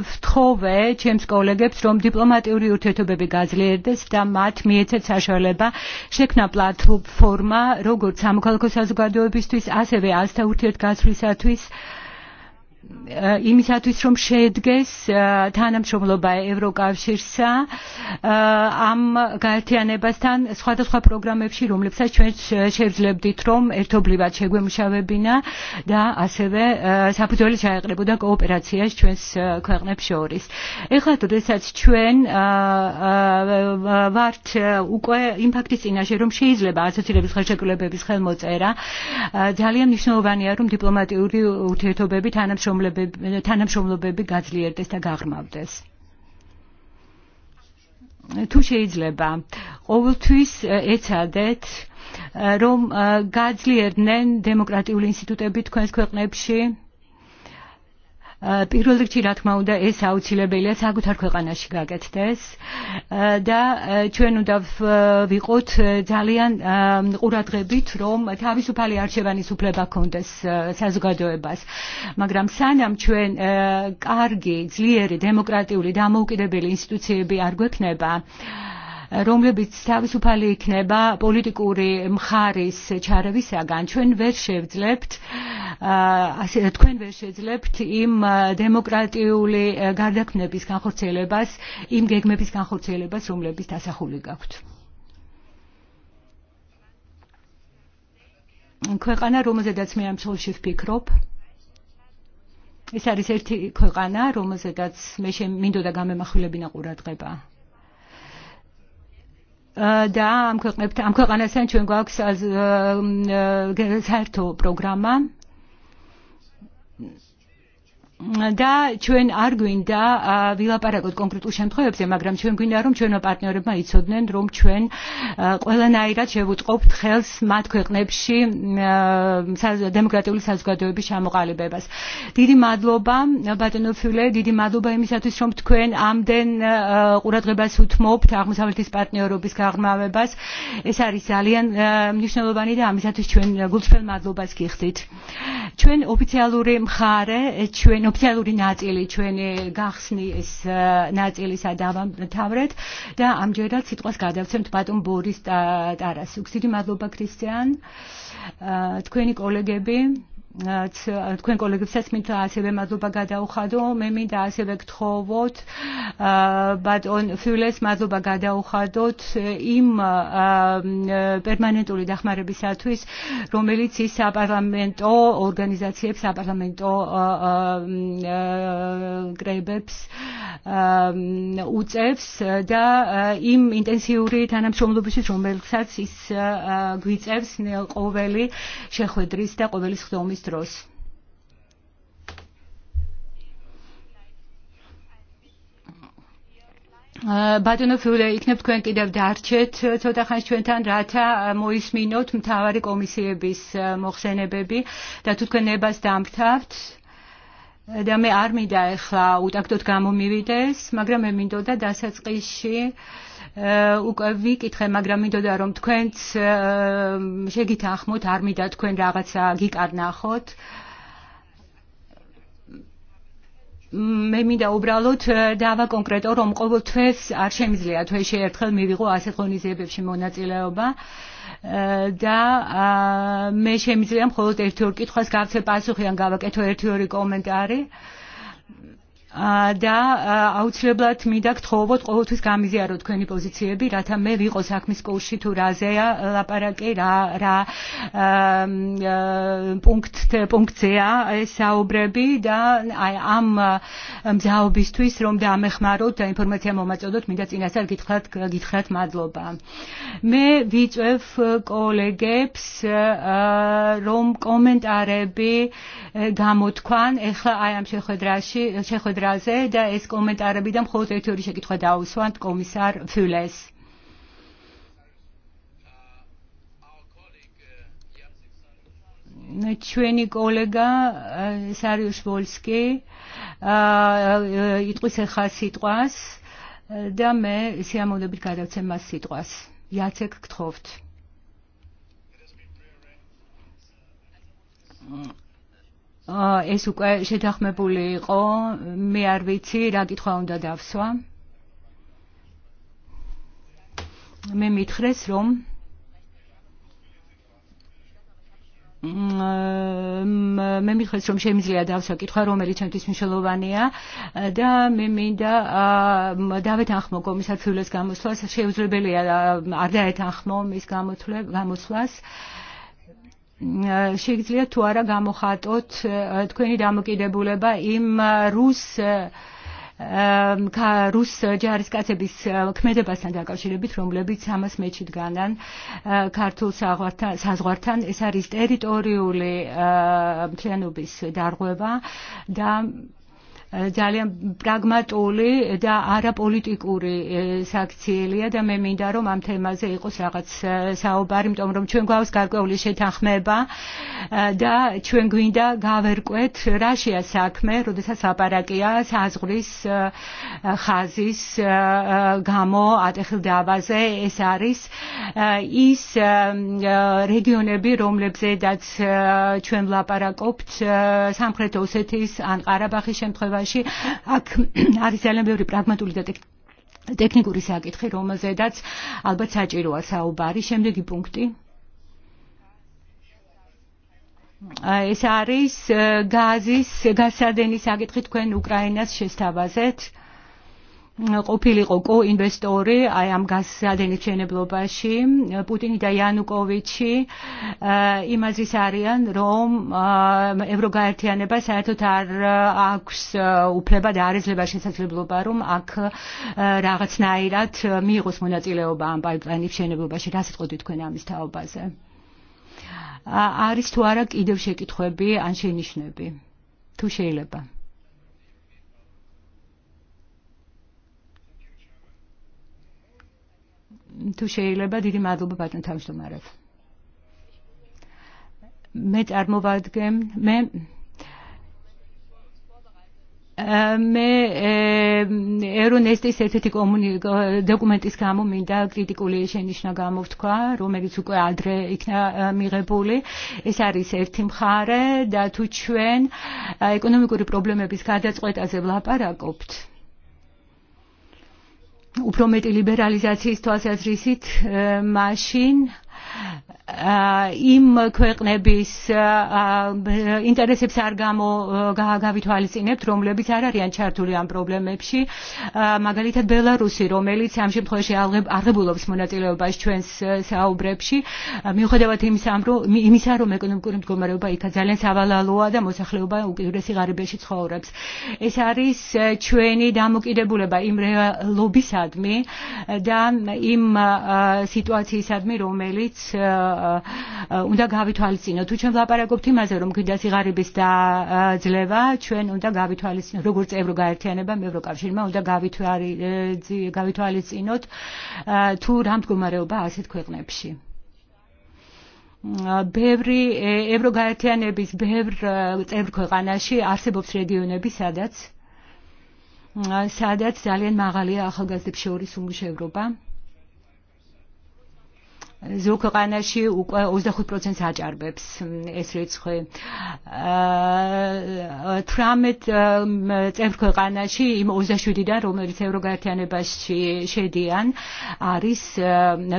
ვთხოვე ჩემს კოლეგებს რომ დიპლომატიური ურთიერთობები გაძლიერდეს და მათ მიეცეთ საშუალება შექმნა პლატფორმა როგორც სამოქალაქო საზოგადოებისთვის ასევე ასთა ურთიერთგაცვლისათვის იმისათვის რომ შეედგეს თანამშრომლობა ევროკავშირსა ამ გაერთიანებასთან სხვადასხვა პროგრამებში რომლებსაც ჩვენ შევძლებდით რომ ერთობლივად შეგვემუშავებინა და ასევე საფუძველი ჩაეყრებოდა კოოპერაციას ჩვენს ქვეყნებს შორის. ეხლა დღესაც ჩვენ ვართ უკვე იმ ფაქტის წინაშე რომ შეიძლება ასოცირების ხელშეკრულებების ხელმოწერა ძალიან მნიშვნელოვანია რომ დიპლომატიური ურთიერთობები თანამშრომლობა შრომლებები თანამშრომლობები გაძლიერდეს და გაღრმავდეს თუ შეიძლება ყოველთვის ეცადეთ რომ გაძლიერდნენ დემოკრატიული ინსტიტუტები თქვენს ქვეყნებში პირველ რიგში რა თქმა უნდა ეს აუცილებელია საკუთარ ქვეყანაში გაკეთდეს და ჩვენ უნდა ვიყოთ ძალიან ყურადღებით რომ თავისუფალი არჩევანის უფლება ჰქონდეს საზოგადოებას მაგრამ სანამ ჩვენ კარგი ძლიერი დემოკრატიული დამოუკიდებელი ინსტიტუციები არ გვექნება აა რომლებიც თავისუფალი იქნება პოლიტიკური მხარის ჩარევისაგან. ჩვენ ვერ შევძლებთ ასე თქვენ ვერ შეძლებთ იმ დემოკრატიული გარდაქმნების განხორციელებას, იმ გეგმების განხორციელებას, რომლებიც დასახული გაქვთ. ქვეყანა, რომელზედაც მე ამ ცოლში ვფიქრობ, ეს არის ერთი ქვეყანა, რომელზედაც მე მინდოდა გამემახვილებინა ყურადღება და ამ ქვეყნებთან ამ ქვეყანასთან ჩვენ გვაქვს საერთო პროგრამა და ჩვენ არ გვინდა ვილაპარაკოთ კონკრეტულ შემთხვევებზე, მაგრამ ჩვენ გვინდა რომ ჩვენო პარტნიორებმა იცოდნენ, რომ ჩვენ ყველანაირად შევუწყობთ ხელს მათ ქვეყნებში დემოკრატიული საზოგადოების ჩამოყალიბებას. დიდი მადლობა ბატონო ფიულე, დიდი მადლობა იმისათვის, რომ თქვენ ამდენ ყურადღებას უთმობთ აღმოსავლეთის პარტნიორობის გაღრმავებას. ეს არის ძალიან მნიშვნელოვანი და ამისათვის ჩვენ გულწრფელ მადლობას გიხდით. ჩვენ ოფიციალური მხარე, ჩვენ ოფიციალური ნაწილი ჩვენი გახსნი ეს ნაწილისა დავამთავრეთ და ამჯერად სიტყვას გადავცემთ ბატონ ბორის ტარასიუს. დიდი მადლობა ქრისტიან. თქვენი კოლეგები თქვენ კოლეგებსაც მინდა ასევე მადლობა გადაუხადო. მე მინდა ასევე გთხოვოთ ბატონ ფიულეს მადლობა გადაუხადოთ იმ პერმანენტული დახმარებისათვის, რომელიც ის საპარლამენტო ორგანიზაციებს, საპარლამენტო კრებებს უწევს და იმ ინტენსიური თანამშრომლობისთვის, რომელსაც ის გვიწევს ყოველი შეხვედრის და ყოველი ხდომის ministrus. ბატონო ფიულე იქნებ თქვენ კიდევ დარჩეთ ცოტა ხანს ჩვენთან რათა მოისმინოთ მთავარი კომისიების მოხსენებები და თუ თქვენ ნებას დამთავრთ და მე არ მინდა ახლა უტაკდოდ გამომივიდეს მაგრამ მე მინდოდა დასაწყისში უკვე ვიკითხე, მაგრამ მინდოდა რომ თქვენც შეგითანხმოთ, არ მინდა თქვენ რაღაცა გიკარნახოთ. მე მინდა უბრალოდ დავაკონკრეტო, რომ ყოველ თვეს არ შემიძლია თვეში ერთხელ მივიღო ასეთ ღონისძიებებში მონაწილეობა და მე შემიძლია მხოლოდ ერთი-ორი კითხვას გავცე პასუხი ან გავაკეთო ერთი-ორი კომენტარი. აა და აუცილებლად მინდა გთხოვოთ ყოველთვის გამიზიარო თქვენი პოზიციები, რათა მე ვიყო საქმის კურსში თუ რაზეა ლაპარაკი, რა რა პუნქტ პუნქტზეა საუბრები და აი ამ მზაობისთვის რომ დამეხმაროთ და ინფორმაცია მომაწოდოთ, მინდა წინასწარ გითხრათ გითხრათ მადლობა. მე ვიწევ კოლეგებს რომ კომენტარები გამოთქვან, ეხლა აი ამ შეხვედრაში შეხვედრა კამერაზე და ეს კომენტარები და მხოლოდ ერთი ორი შეკითხვა დაუსვანთ კომისარ ფულეს. ჩვენი კოლეგა სარიუშ ვოლსკი იტყვის ახლა სიტყვას და მე სიამოვნებით გადავცემ მას სიტყვას. იაცეკ გთხოვთ ეს უკვე შეთანხმებული იყო, მე არ ვიცი რა კითხვა უნდა დავსვა. მე მითხრეს, რომ მე მიხდეს რომ შემიძლია დავსვა კითხვა რომელიც ჩემთვის მნიშვნელოვანია და მე მინდა დავეთანხმო კომისარ ფიულეს გამოსვლას შეუძლებელია არ დაეთანხმო მის გამოსვლას გამოსვლას შეიძლება თუ არა გამოხატოთ თქვენი დამოკიდებულება იმ რუს რუს ჯარისკაცების ქმედებასთან დაკავშირებით, რომლებიც ამას მეჩი დგანან ქართულ საზღვართან, ეს არის ტერიტორიული მთლიანობის დარღვევა და ძალიან პრაგმატული და არაპოლიტიკური საქციელია და მე მინდა რომ ამ თემაზე იყოს რაღაც საუბარი, იმიტომ რომ ჩვენ გვაქვს გარკვეული შეთანხმება და ჩვენ გვინდა გავერკვეთ რაშია საქმე, როდესაც აპარაკია საზღვის ხაზის გამო ატეხილდაბაზე, ეს არის ის რეგიონები, რომლებზედაც ჩვენ ვლაპარაკობთ სამხრეთ ოსეთის ან ყარაბაღის შემთხვევაში კავშირებაში აქ არის ძალიან ბევრი პრაგმატული და ტექნიკური საკითხი, რომელზედაც ალბათ საჭიროა საუბარი. შემდეგი პუნქტი. ეს არის გაზის გასადენის საკითხი თქვენ უკრაინას შესთავაზეთ ყოფილიყო კოინვესტორი აი ამ გასადენის შენებლობაში პუტინი და იანუკოვიჩი იმაზე არიან რომ ევროგაერთიანება საერთოდ არ აქვს უფლება და არ შესაძლებლობა რომ აქ რაღაცნაირად მიიღოს მონაწილეობა ამ პაიპლაინის შენებლობაში რა სიტყვით თქვენ ამის თაობაზე არის თუ არა კიდევ შეკითხვები ან შენიშნები თუ შეიძლება თუ შეიძლება დიდი მადლობა ბატონ თავმჯდომარე მე წარმოვადგენ მე მე ერონესტის ერთ-ერთი დოკუმენტის გამო მინდა კრიტიკული შენიშნა გამოვთქვა, რომელიც უკვე ადრე იქნა მიღებული. ეს არის ერთი მხარე და თუ ჩვენ ეკონომიკური პრობლემების გადაწყვეტაზე ვლაპარაკობთ, უფრო მეტი ლიბერალიზაციის თვალსაზრისით მაშინ იმ ქვეყნების ინტერესებს არ გამო გავითვალისწინებთ, რომლებიც არ არიან ჩართული ამ პრობლემებში. მაგალითად ბელარუსი, რომელიც ამ შემთხვევაში აღებულობს მონაწილეობას ჩვენს საუბრებში, მიუხედავად იმისა, რომ იმისა, რომ ეკონომიკური მდგომარეობა იქა ძალიან სავალალოა და მოსახლეობა უკიდურესი ღარიბეში ცხოვრობს. ეს არის ჩვენი დამოკიდებულება იმ რეალობისადმი და იმ სიტუაციისადმი, რომელიც რომელიც უნდა გავითვალისწინო თუ ჩვენ ვლაპარაკობთ იმაზე, რომ გვინდა სიღარიბის დაძლევა, ჩვენ უნდა გავითვალისწინოთ, როგორც ევროგაერთიანებამ, ევროკავშირმა უნდა გავითვალისწინოთ თუ რა მდგომარეობა ასეთ ქვეყნებში. ბევრი ევროგაერთიანების ბევრ წევრ ქვეყანაში არსებობს რეგიონები, სადაც სადაც ძალიან მაღალია ახალგაზრდებს შორის უმუშევრობა ზურგყანაში უკვე 25%-ს აჭარბებს ეს რიცხვი. 18 წევრ ქვეყანაში იმ 27-დან რომელიც ევროგაერთიანებაში შედიან არის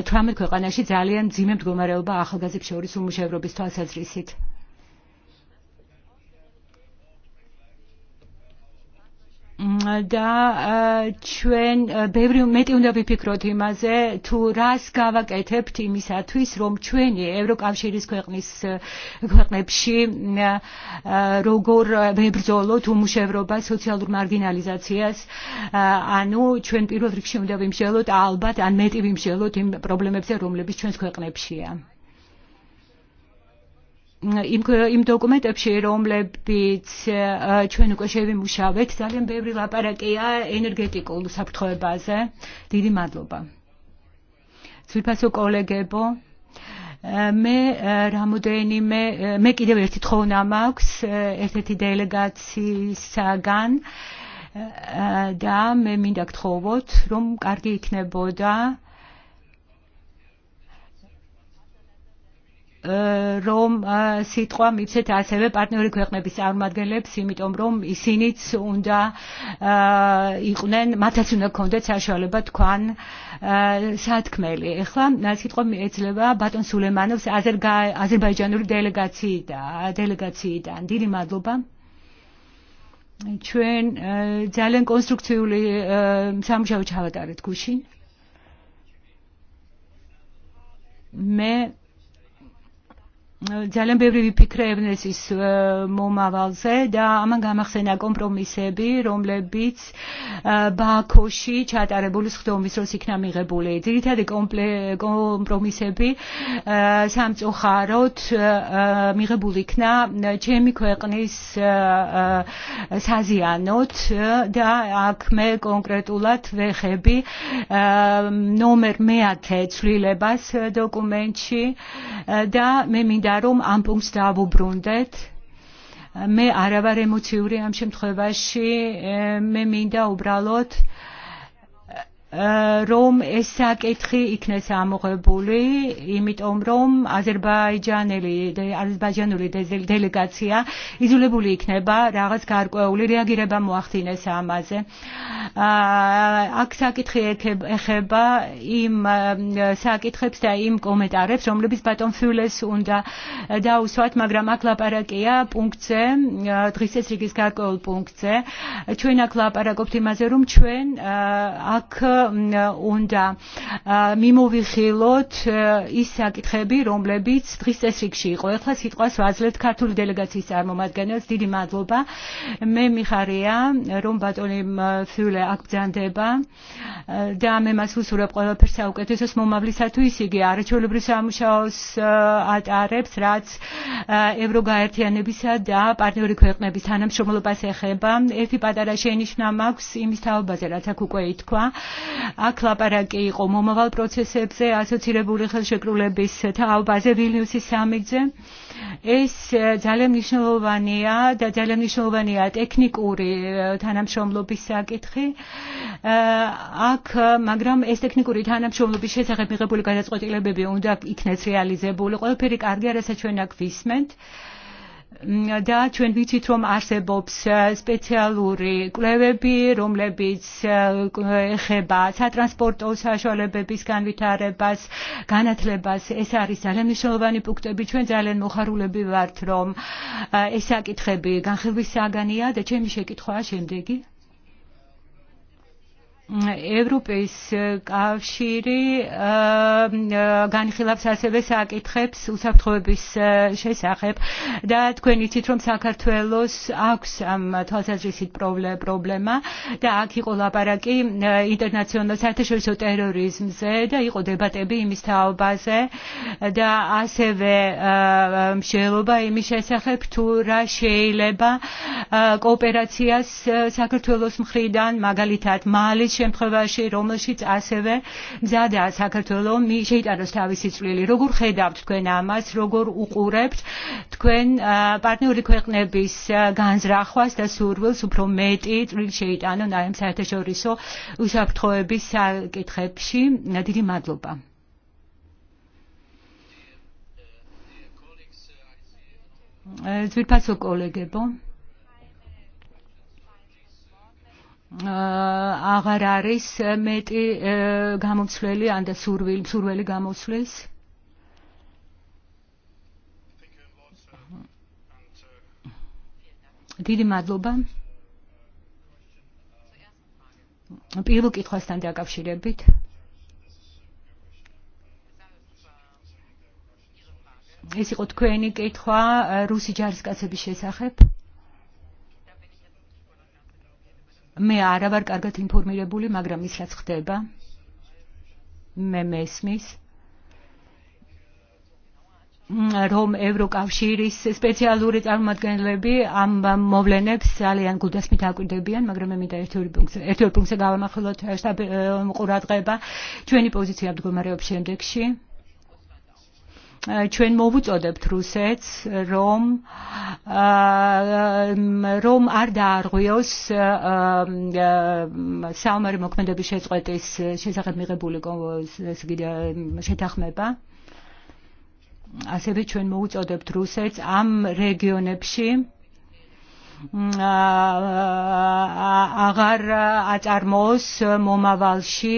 18 ქვეყანაში ძალიან მძიმე მდგომარეობა ახალგაზრდებს შორის უმუშევრობის თვალსაზრისით. და ჩვენ ბევრი მეტი უნდა ვიფიქროთ იმაზე თუ რას გავაკეთებთ იმისათვის რომ ჩვენი ევროკავშირის ქვეყნის ქვეყნებში როგორ ვებრძოლოთ უმუშევრობას სოციალურ მარგინალიზაციას ანუ ჩვენ პირველ რიგში უნდა ვიმსჯელოთ ალბათ ან მეტი ვიმსჯელოთ იმ პრობლემებზე რომლებიც ჩვენს ქვეყნებშია იმ იმ დოკუმენტებში, რომლებიც ჩვენ უკვე შევიმუშავეთ, ძალიან ბევრი ლაპარაკია ენერგეტიკულ საფრთხოებაზე. დიდი მადლობა. ძვირფასო კოლეგებო, მე რამოდენიმე მე კიდევ ერთი თხოვნა მაქვს ერთ-ერთი დელეგაციისგან და მე მინდა გთხოვოთ, რომ კარგი იქნებოდა რომ სიტყვა მიცეთ ასევე პარტნიორი ქვეყნების წარმომადგენლებს, იმიტომ რომ ისინიც უნდა იყვნენ, მათაც უნდა კონდეთ საშუალება თქვან სათქმელი. ეხლა სიტყვა ეძლევა ბატონ სულემანოვს აზერბაიჯანური დელეგაციიდან. დიდი მადლობა. ჩვენ ძალიან კონსტრუქციული სამუშაო ჩავატარეთ გუშინ. მე ძალიან ბევრი ვიფიქრე ევნესის მომავალზე და ამან გამახსენა კომპრომისები, რომლებიც ბაქოში ჩატარებული ხდომის დროს იქნა მიღებული. ძირითადად კომპრომისები სამწუხაროდ მიღებული იქნა ჩემი ქვეყნის საზიანოთ და აქ მე კონკრეტულად ვეხები ნომერ მე-10 ცვლილებას დოკუმენტში და მე მინდა მოვიდა რომ ამ პუნქტს დააუბრუნდეთ მე არავარ ემოციური ამ შემთხვევაში მე მინდა უბრალოდ რომ ეს საკითხი იქნეს ამოღებული, იმიტომ რომ აზერბაიჯანელი აზერბაიჯანული დელეგაცია იძულებული იქნება რაღაც გარკვეული რეაგირება მოახდინეს ამაზე. აქ საკითხი ეხება იმ საკითხებს და იმ კომენტარებს, რომლებიც ბატონ ფიულეს უნდა დაუსვათ, მაგრამ აქ ლაპარაკია პუნქტზე, დღის ეს რიგის გარკვეულ პუნქტზე. ჩვენ აქ ლაპარაკობთ იმაზე, რომ ჩვენ აქ უნდა მიმოვიხილოთ ის საკითხები, რომლებიც დღის წესრიგში იყო. ახლა სიტყვას ვაძლევთ ქართული დელეგაციის წარმომადგენელს. დიდი მადლობა. მე მიხარია, რომ ბატონი ფიულე აქ ბრძანდება და მე მას ვუსურებ ყველაფერს საუკეთესოს მომავლისათვის. იგი არაჩვეულებრივ სამუშაოს ატარებს, რაც ევროგაერთიანებისა და პარტნიორი ქვეყნების თანამშრომლობას ეხება. ერთი პატარა შენიშვნა მაქვს იმის თაობაზე, რაც აქ უკვე ითქვა აქ ლაპარაკი იყო მომავალ პროცესებზე, ასოცირებული ხელშეკრულების თაობაზე ვილნიუსის სამიტზე. ეს ძალიან მნიშვნელოვანია და ძალიან მნიშვნელოვანია ტექნიკური თანამშრომლობის საკითხი. აქ, მაგრამ ეს ტექნიკური თანამშრომლობის შესახებ მიღებული გადაწყვეტილებები უნდა იქნეს რეალიზებული. ყველაფერი კარგია, რასაც ჩვენ აქ ვისმენთ. აა და ჩვენ ვიცით რომ არსებობს სპეციალური კვლევები რომლებიც ეხება სატრანსპორტო საშუალებების განვითარებას განათლებას ეს არის ძალიან მნიშვნელოვანი პუნქტები ჩვენ ძალიან მოხარულები ვართ რომ ეს საკითხები განხილვისაგანია და ჩემი შეკითხვაა შემდეგი ევროპის კავშირი განხილავს ასევე საკითხებს უსაფრთხოების შესახებ და თქვენ იცით რომ საქართველოს აქვს ამ თვალსაზრისით პრობლემა და აქ იყო ლაპარაკი ინტერნაციონალ საერთაშორისო ტერორიზმზე და იყო დებატები იმის თაობაზე და ასევე მსჯელობა იმის შესახებ თუ რა შეიძლება კოოპერაციას საქართველოს მხრიდან მაგალითად მალის შემთხვევაში, რომელშიც ასევე მზადაა საქართველო შეიტანოს თავისი წვლილი. როგორ ხედავთ თქვენ ამას, როგორ უყურებთ თქვენ პარტნიორი ქვეყნების განზრახვას და სურვილს უფრო მეტი წვლილი შეიტანონ აი ამ საერთაშორისო უსაფრთხოების საკითხებში? დიდი მადლობა. ძვირფასო კოლეგებო აღარ არის მეტი გამოცვლელი ან და სურვილი სურველი გამოცვლის დიდი მადლობა პირველ კითხვასთან დაკავშირებით ეს იყო თქვენი კითხვა რუსი ჯარისკაცების შესახებ მე არა ვარ კარგად ინფორმირებული, მაგრამ ისაც ხდება. მე მესმის რომ ევროკავშირის სპეციალური წარმომადგენლები ამ მოვლენებს ძალიან გულდასმით აკვირდებიან, მაგრამ მე მინდა ერთეული პუნქტზე, ერთეული პუნქტზე გავამახვილოთ ყურადღება. ჩვენი პოზიცია მდგომარეობს შემდეგში ჩვენ მოვუწოდებთ რუსეთს რომ რომ არ დაარღვიოს საომარი მოქმედების შეწყვეტის შესახებ მიღებული ეს იგი შეთანხმება ასევე ჩვენ მოვუწოდებთ რუსეთს ამ რეგიონებში აღარ აწარმოოს მომავალში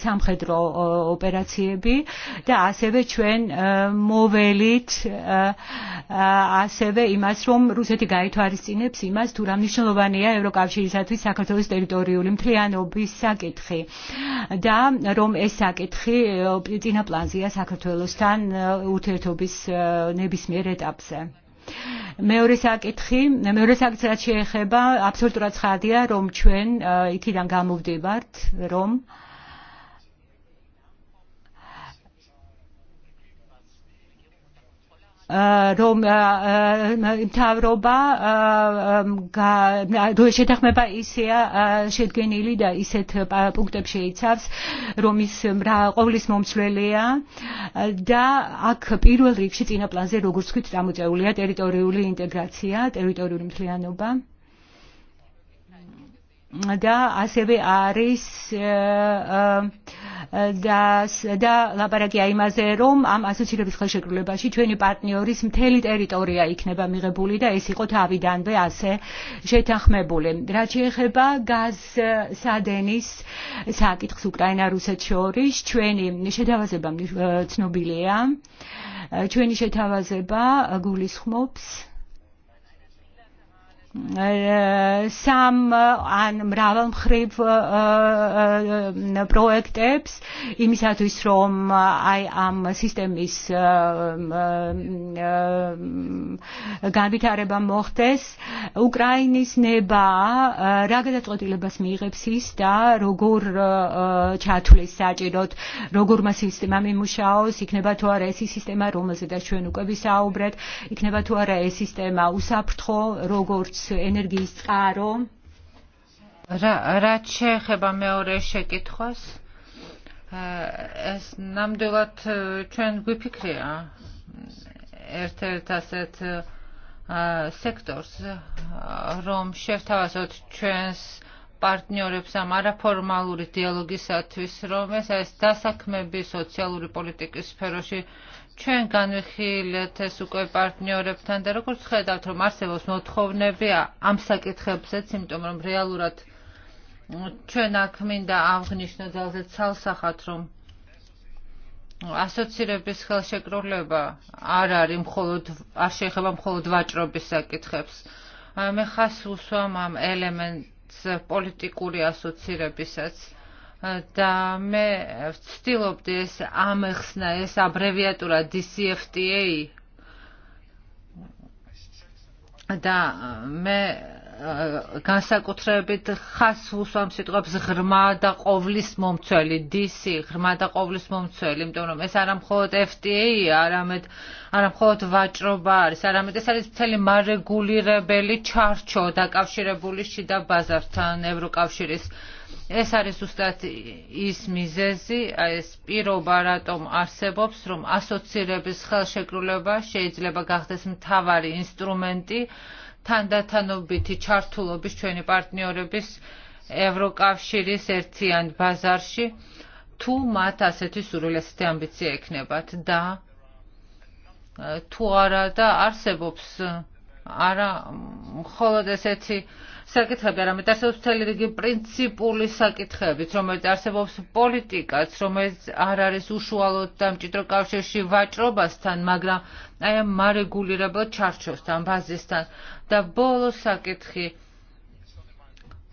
სამხედრო ოპერაციები და ასევე ჩვენ მოველით ასევე იმას რომ რუსეთი გაითვალისწინებს იმას თუ რა მნიშვნელოვანია ევროკავშირისათვის საქართველოს ტერიტორიული მთლიანობის საკითხი და რომ ეს საკითხი წინა პლანზეა საქართველოსთან ურთიერთობის ნებისმიერ ეტაპზე მეორე საკითხი, მეორე საკითხი რაც შეეხება, აბსოლუტურად ხარდია, რომ ჩვენ იქიდან გამოვდივართ, რომ რომ მთავრობა შეთანხმება ისეა შედგენილი და ისეთ პუნქტებს შეიცავს, რომ ის ყოვლის მომცველია და აქ პირველ რიგში წინა პლანზე როგორც თქვით, დამოწეულია ტერიტორიული ინტეგრაცია, ტერიტორიული მთლიანობა და ასევე არის და და ლაპარაკია იმაზე, რომ ამ ასოცირების ხელშეკრულებაში ჩვენი პარტნიორის მთელი ტერიტორია იქნება მიღებული და ეს იყო თავიდანვე ასე შეთანხმებული. რაც შეეხება გაზსადენის საკითხს უკრაინა-რუსეთს შორის, ჩვენი შეთავაზება ცნობილია. ჩვენი შეთავაზება გულისხმობს სამ ან მრავალ მხრივ პროექტებს იმისათვის რომ აი ამ სისტემის განვითარება მოხდეს უკრაინის ნება რა გადაწყვეტილებას მიიღებს ის და როგორ ჩათვლის საჭიროდ მას სისტემა მიმუშაოს იქნება თუ არა ეს სისტემა რომელზედაც ჩვენ უკვე ვისაუბრეთ იქნება თუ არა ეს სისტემა უსაფრთხო როგორც ენერგიის წყარო. რა რა შეეხება მეორე შეკითხვას? ეს ნამდვილად ჩვენ გვიფიქრია ერთ-ერთ ასეთ სექტორს, რომ შევთავაზოთ ჩვენს პარტნიორებს ამ არაფორმალური დიალოგისათვის, რომ ეს ეს დასაქმების სოციალური პოლიტიკის სფეროში აა ჩვენ განვიხილეთ ეს უკვე პარტნიორებთან და როგორც ხედავთ, რომ არსებობს მოთხოვნები ამ საკითხებზეც, იმიტომ რომ რეალურად ჩვენ აქ მინდა აღნიშნო ძალზედ ცალსახად, რომ ასოცირების ხელშეკრულება არ არის მხოლოდ არ შეეხება მხოლოდ ვაჭრობის საკითხებს. მე ხას უსვამ ამ ელემენტს პოლიტიკური ასოცირებისაც და მე ვცდილობდი ეს ამეხსნა ეს აბრევიატურა DCFTA და მე განსაკუთრებით ხას უსვამ სიტყვებს ღრმა და ყოვლის მომცველი DC ღრმა და ყოვლის მომცველი იმიტომ რომ ეს არამხოლოდ FTA-ია არამედ არამხოლოდ ვაჭრობა არის არამედ ეს არის მთელი მარეგულირებელი ჩარჩო დაკავშირებული შიდა ბაზართან ევროკავშირის ეს არის უბრალოდ ის მიზეზი, ეს პირობა რატომ არსებობს, რომ ასოცირების ხელშეკრულება შეიძლება გახდეს მთავარი ინსტრუმენტი თანდათანობითი ჩართულობის ჩვენი პარტნიორების ევროკავშირის ერთიან ბაზარში, თუ მათ ასეთი სურვილესეთი ამბიცია ექნებათ და თუ არა და არსებობს არა მხოლოდ ესეთი საკითხები, არამედ არსებობს მთელი რიგი პრინციპული საკითხებიც, რომელიც არსებობს პოლიტიკაც, რომელიც არ არის უშუალოდ და მჭიდრო კავშირში ვაჭრობასთან, მაგრამ აი ამ მარეგულირებელ ჩარჩოსთან, ბაზისთან და ბოლო საკითხი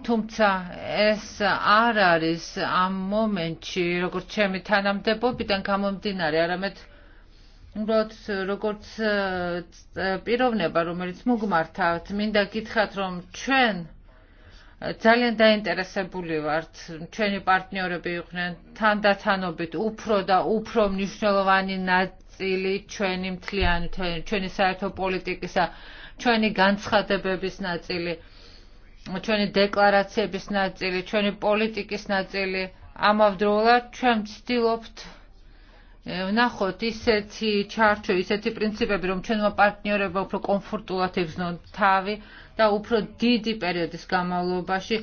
თუმცა ეს არ არის ამ მომენტში, როგორც ჩემი თანამდებობიდან გამომდინარე, არამედ უბრალოდ როგორც პიროვნება, რომელიც მოგმართავთ, მინდა გითხრათ, რომ ჩვენ ძალიან დაინტერესებული ვართ, ჩვენი პარტნიორები იყვნენ თანდათანობით უფრო და უფრო მნიშვნელოვანი ნაწილი ჩვენი მთლიანი ჩვენი საერთო პოლიტიკისა, ჩვენი განცხადებების ნაწილი, ჩვენი декларაციების ნაწილი, ჩვენი პოლიტიკის ნაწილი ამავდროულად ჩვენ ვცდილობთ ვნახოთ ისეთი ჩარჩო, ისეთი პრინციპები, რომ ჩვენმა პარტნიორებმა უფრო კომფორტულად იგრძნონ თავი და უფრო დიდი პერიოდის განმავლობაში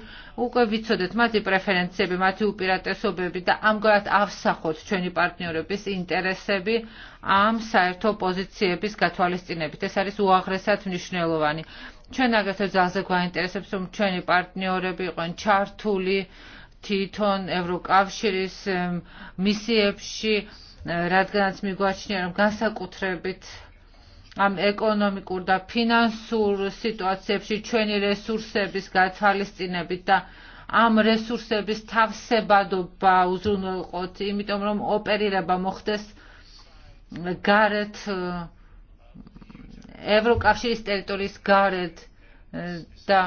უკვე ვიცოდეთ მათი პრეფერენციები, მათი უპირატესობები და ამგვარად ავსახოთ ჩვენი პარტნიორების ინტერესები ამ საერთო პოზიციების გათვალისწინებით. ეს არის უაღრესად მნიშვნელოვანი. ჩვენ აგრეთვე ძალზე გვაინტერესებს, რომ ჩვენი პარტნიორები იყვნენ ჩართული თვითონ ევროკავშირის მისიებში რადგანაც მიგვაჩნია, რომ განსაკუთრებით ამ ეკონომიკურ და ფინანსურ სიტუაციებში ჩვენი რესურსების გათვალისწინებით და ამ რესურსების თავსებადობა უზრუნველყოთ, იმიტომ რომ ოპერირება მოხდეს გარეთ ევროკავშირის ტერიტორიის გარეთ და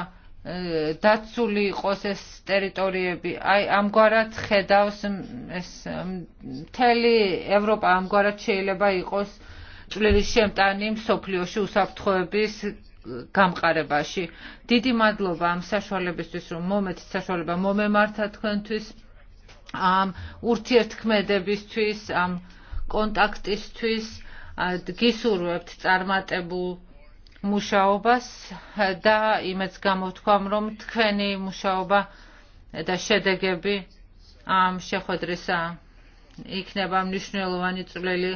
დაცული იყოს ეს ტერიტორიები. აი ამგვარად ხედავს ეს მთელი ევროპა ამგვარად შეიძლება იყოს წვლილის შემტანი მსოფლიოში უსაფრთხოების გამყარებაში. დიდი მადლობა ამ საშუალებისთვის, რომ მომეთ საშუალება მომემართა თქვენთვის ამ ურთიერთქმედებისთვის, ამ კონტაქტისთვის. გისურვებთ წარმატებულ მუშაობას და იმეც გამოთქვამ, რომ თქვენი მუშაობა და შედეგები ამ შეხვედრისა იქნება მნიშვნელოვანი წვლილი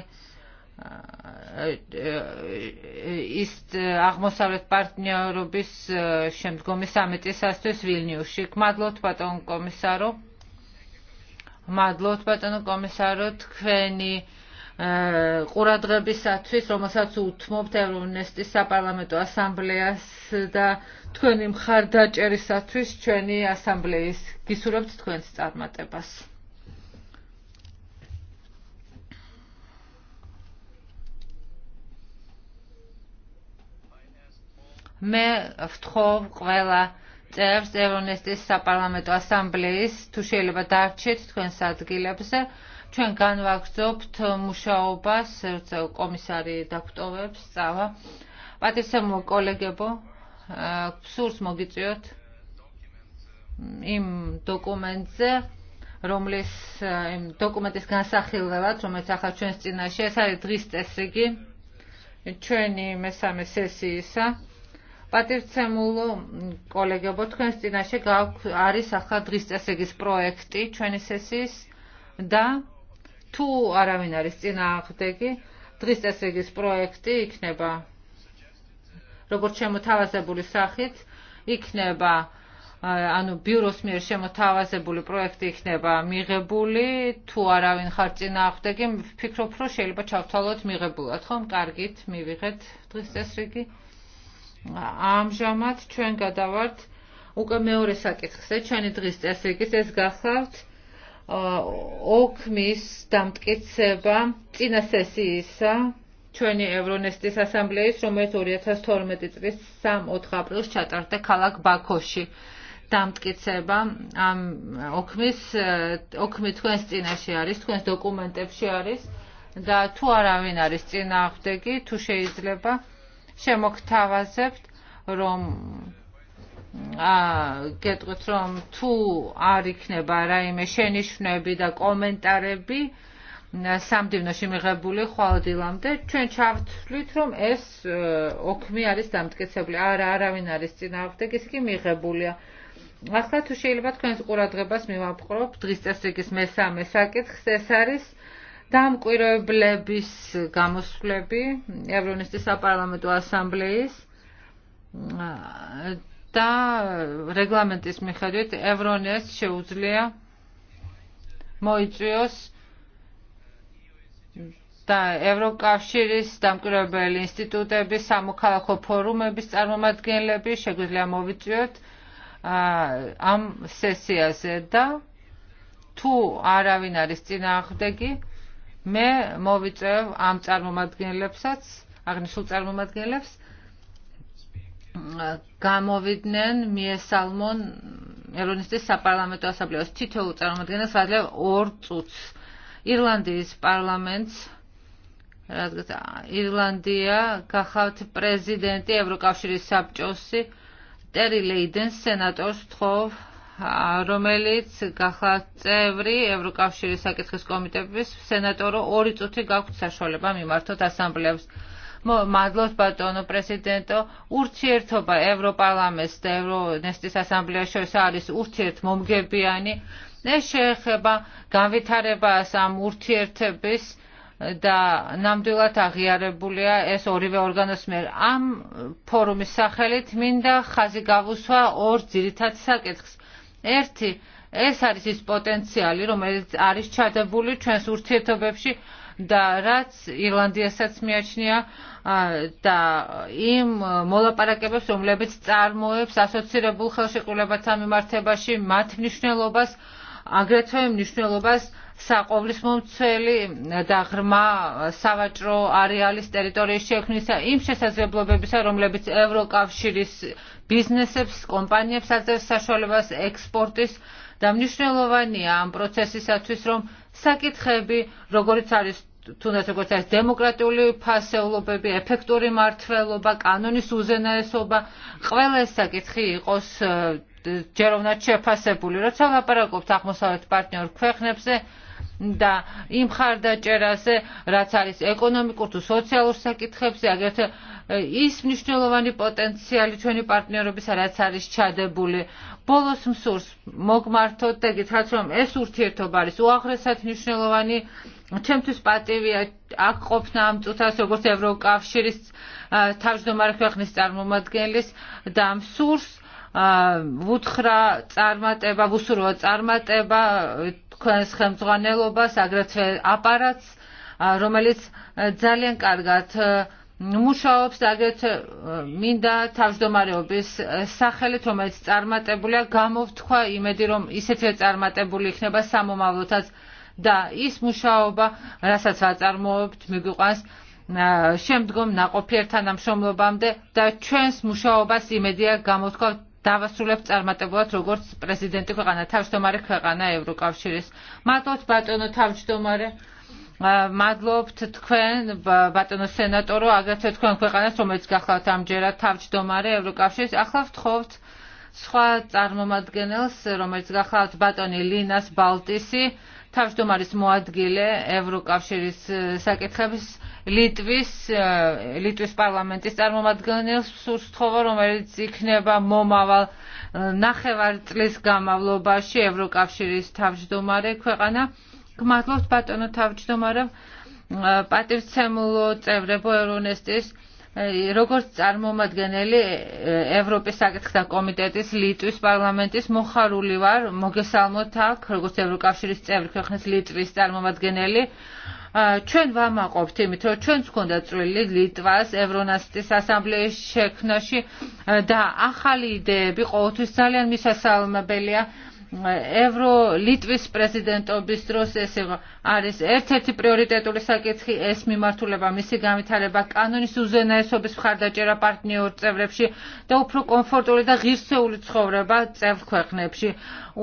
ის აღმოსავლეთ პარტნიორობის შემდგომი სამიტისასთვის ვილნიუსში. მადლობთ ბატონო კომისარო. მადლობთ ბატონო კომისარო, თქვენი ყურადღებისათვის, რომელსაც უთმობთ ევრონესტის საპარლამენტო ასამბლეას და თქვენი მხარდაჭერისათვის ჩვენი ასამბლეის გისურვებთ თქვენს წარმატებას. მე ვთხოვ ყველა წევრს ევრონესტის საპარლამენტო ასამბლეის თუ შეიძლება დარჩეთ თქვენს ადგილებზე ჩვენ განვაგრძობთ მუშაობას კომისარი დაგვტოვებს წავა პატისემო კოლეგებო სურს მოგიწიოთ იმ დოკუმენტზე რომლის იმ დოკუმენტის განსახილველად რომელიც ახლა ჩვენს წინაშე ეს არის დღის წესრიგი ჩვენი მესამე სესიისა პატივცემულო კოლეგებო თქვენს წინაშე არის ახლა დღის წესრიგის პროექტი ჩვენი სესიის და თუ არავინ არის წინააღმდეგი, ეს წესრიგის პროექტი იქნება როგორც შემოთავაზებული სახით, იქნება ანუ ბიუროს მიერ შემოთავაზებული პროექტი იქნება მიღებული, თუ არავინ ხარ წინააღმდეგი, ვფიქრობ, რომ შეიძლება ჩავთვალოთ მიღებულად, ხომ? კარგით, მივიღეთ დღეს ეს რიგი. ამჟამად ჩვენ გადავართ უკვე მეორე საკითხზე, ჩვენი დღის წესრიგი ეს გახლავთ ოქმის დამტკიცება წინა სესიისა ჩვენი ევრონესტის ასამბლეის, რომელიც 2012 წლის 3-4 აპრილს ჩატარდა ქალაქ ბაქოში. დამტკიცება ამ ოქმის ოქმი თქვენს წინაშე არის, თქვენს დოკუმენტებში არის და თუ არავინ არის წინააღმდეგი, თუ შეიძლება შემოგთავაზებთ, რომ გეტყვით რომ თუ არ იქნება რაიმე შენიშვნები და კომენტარები სამდივნოში მიღებული ხვალ დილამდე ჩვენ ჩავთვლით რომ ეს ოქმი არის დამტკიცებული არა არავინ არის წინააღმდეგ ის კი მიღებულია ახლა თუ შეიძლება თქვენს ყურადღებას მივაპყრობ დღის წესრიგის მესამე საკითხს ეს არის დამკვირვებლების გამოსვლები ევრონესტის საპარლამენტო ასამბლეის Та რეგლამენტის მიხედვით ევრონეს შეუძლია მოიწვიოს და ევროკავშირის დამკვირვებელი ინსტიტუტების სამოქალაქო ფორუმების წარმომადგენლები შეგვიძლია მოვიწვიოთ ამ სესიაზე და თუ არავინ არის წინააღმდეგი მე მოვიწევ ამ წარმომადგენლებსაც, აღნიშნულ წარმომადგენლებს გამოვიდნენ მie სალმონ ელონისტის საპარლამენტო ასამბლეას თითოეულ წარმომადგენელს ადლე 2 წუთს. ირლანდიის პარლამენტს რადგან ირლანდია გახავთ პრეზიდენტი ევროკავშირის საბჭოსი ტერი ლეიდენს სენატორს თხოვ რომელიც გახლავთ წევრი ევროკავშირის საკითხის კომიტეტის სენატორო 2 წუთი გაქვთ საშუალება მიმართოთ ასამბლეას მადლობს ბატონო პრეზიდენტო ურთიერთობა ევროპარლამენტს და ევრონესტის ასამბლეას შორის არის ურთიერთმომგებიანი ეს შეეხება განვითარებას ამ ურთიერთების და ნამდვილად აღიარებულია ეს ორივე ორგანოს მიერ. ამ ფორუმის სახელით მინდა ხაზი გავუსვა ორ ძირითად საკითხს. ერთი, ეს არის ის პოტენციალი, რომელიც არის ჩადებული ჩვენს ურთიერთობებში და რაც ირლანდიასაც მიაჩნია და იმ მოლაპარაკებებს, რომლებიც წარმოებს ასოცირებულ ხელშეკრულებათა მიმართებაში მათ მნიშვნელობას, აგრეთვე მნიშვნელობას საყოვლისმომცველი და ღრმა სავაჭრო არეალის ტერიტორიის შექმნისა იმ შესაძლებლობებისა, რომლებიც ევროკავშირის ბიზნესებს, კომპანიებს აძლევს საშუალებას ექსპორტის და მნიშვნელოვანია ამ პროცესისათვის, რომ საკითხები, როგორც არის თუნდაც როგორც ეს დემოკრატიული ფასეულობები, ეფექტური მართლობა, კანონის უზენაესობა, ყველა ეს საკითხი იყოს ჯეროვნად შეფასებული, როცა ლაპარაკობთ აღმოსავლეთ პარტნიორ ქვეყნებზე და იმ ხარდაჭერაზე, რაც არის ეკონომიკურ თუ სოციალურ საკითხებზე, აგრეთვე ის მნიშვნელოვანი პოტენციალი ჩვენი პარტნიორებისა, რაც არის ჩადებული. ბოლოს მსურს მოგმართოთ ეგეთ, რაც რომ ეს ურთიერთობა არის უაღრესად მნიშვნელოვანი ჩემთვის პატივია აქ ყოფნა ამ წუთას როგორც ევროკავშირის თავმჯდომარე ქვეყნის წარმომადგენლის და ამ სურს ვუთხრა წარმატება, ვუსურვა წარმატება თქვენს ხელმძღვანელობას, აგრეთვე აპარატს, რომელიც ძალიან კარგად მუშაობს აგრეთ მინდა თავმჯდომარეობის სახელით, რომელიც წარმატებულია, გამოვთქვა იმედი, რომ ისეთვე წარმატებული იქნება სამომავლოდაც და ის მუშაობა, რასაც აწარმოებთ, მიგვიყვანს შემდგომ ნაყოფიერთან ამშრომლობამდე და ჩვენს მუშაობას იმედია გამოთქვათ დავასრულებ წარმატებულად როგორც პრეზიდენტი ქვეყანა, თავმჯდომარე ქვეყანა ევროკავშირის. მადლობთ ბატონო თავმჯდომარე. მადლობთ თქვენ ბატონო სენატორო, აგრეთვე თქვენ ქვეყანას, რომელიც გახლავთ ამჯერად თავმჯდომარე ევროკავშირის. ახლა ვთხოვთ სხვა წარმომადგენელს, რომელიც გახლავთ ბატონი ლინას ბალტისი, თავმჯდომარის მოადგილე ევროკავშირის საკითხების ლიტვის ლიტვის პარლამენტის წარმომადგენელს უსთხოვა რომელიც იქნება მომავალ ნახევარ წლის განმავლობაში ევროკავშირის თავმჯდომარე ქვეყანა გმადლობთ ბატონო თავმჯდომარე პატივცემულო წევრებო ევრონესტის როგორც წარმომადგენელი ევროპის საკითხთა კომიტეტის ლიტვის პარლამენტის მოხარული ვარ, მოგესალმოთ აქ, როგორც ევროკავშირის წევრი ქვეყნის ლიტვის წარმომადგენელი. ჩვენ ვამაყობთ იმით, რომ ჩვენც გვქონდა წვლილი ლიტვას ევრონასტის ასამბლეის შექმნაში და ახალი იდეები ყოველთვის ძალიან მისასალმებელია ევრო ლიტვის პრეზიდენტობის დროს ეს არის ერთ-ერთი პრიორიტეტული საკითხი ეს მიმართულება მისი განვითარება კანონის უზენაესობის მხარდაჭერა პარტნიორ წევრებში და უფრო კომფორტული და ღირსეული ცხოვრება წევრ ქვეყნებში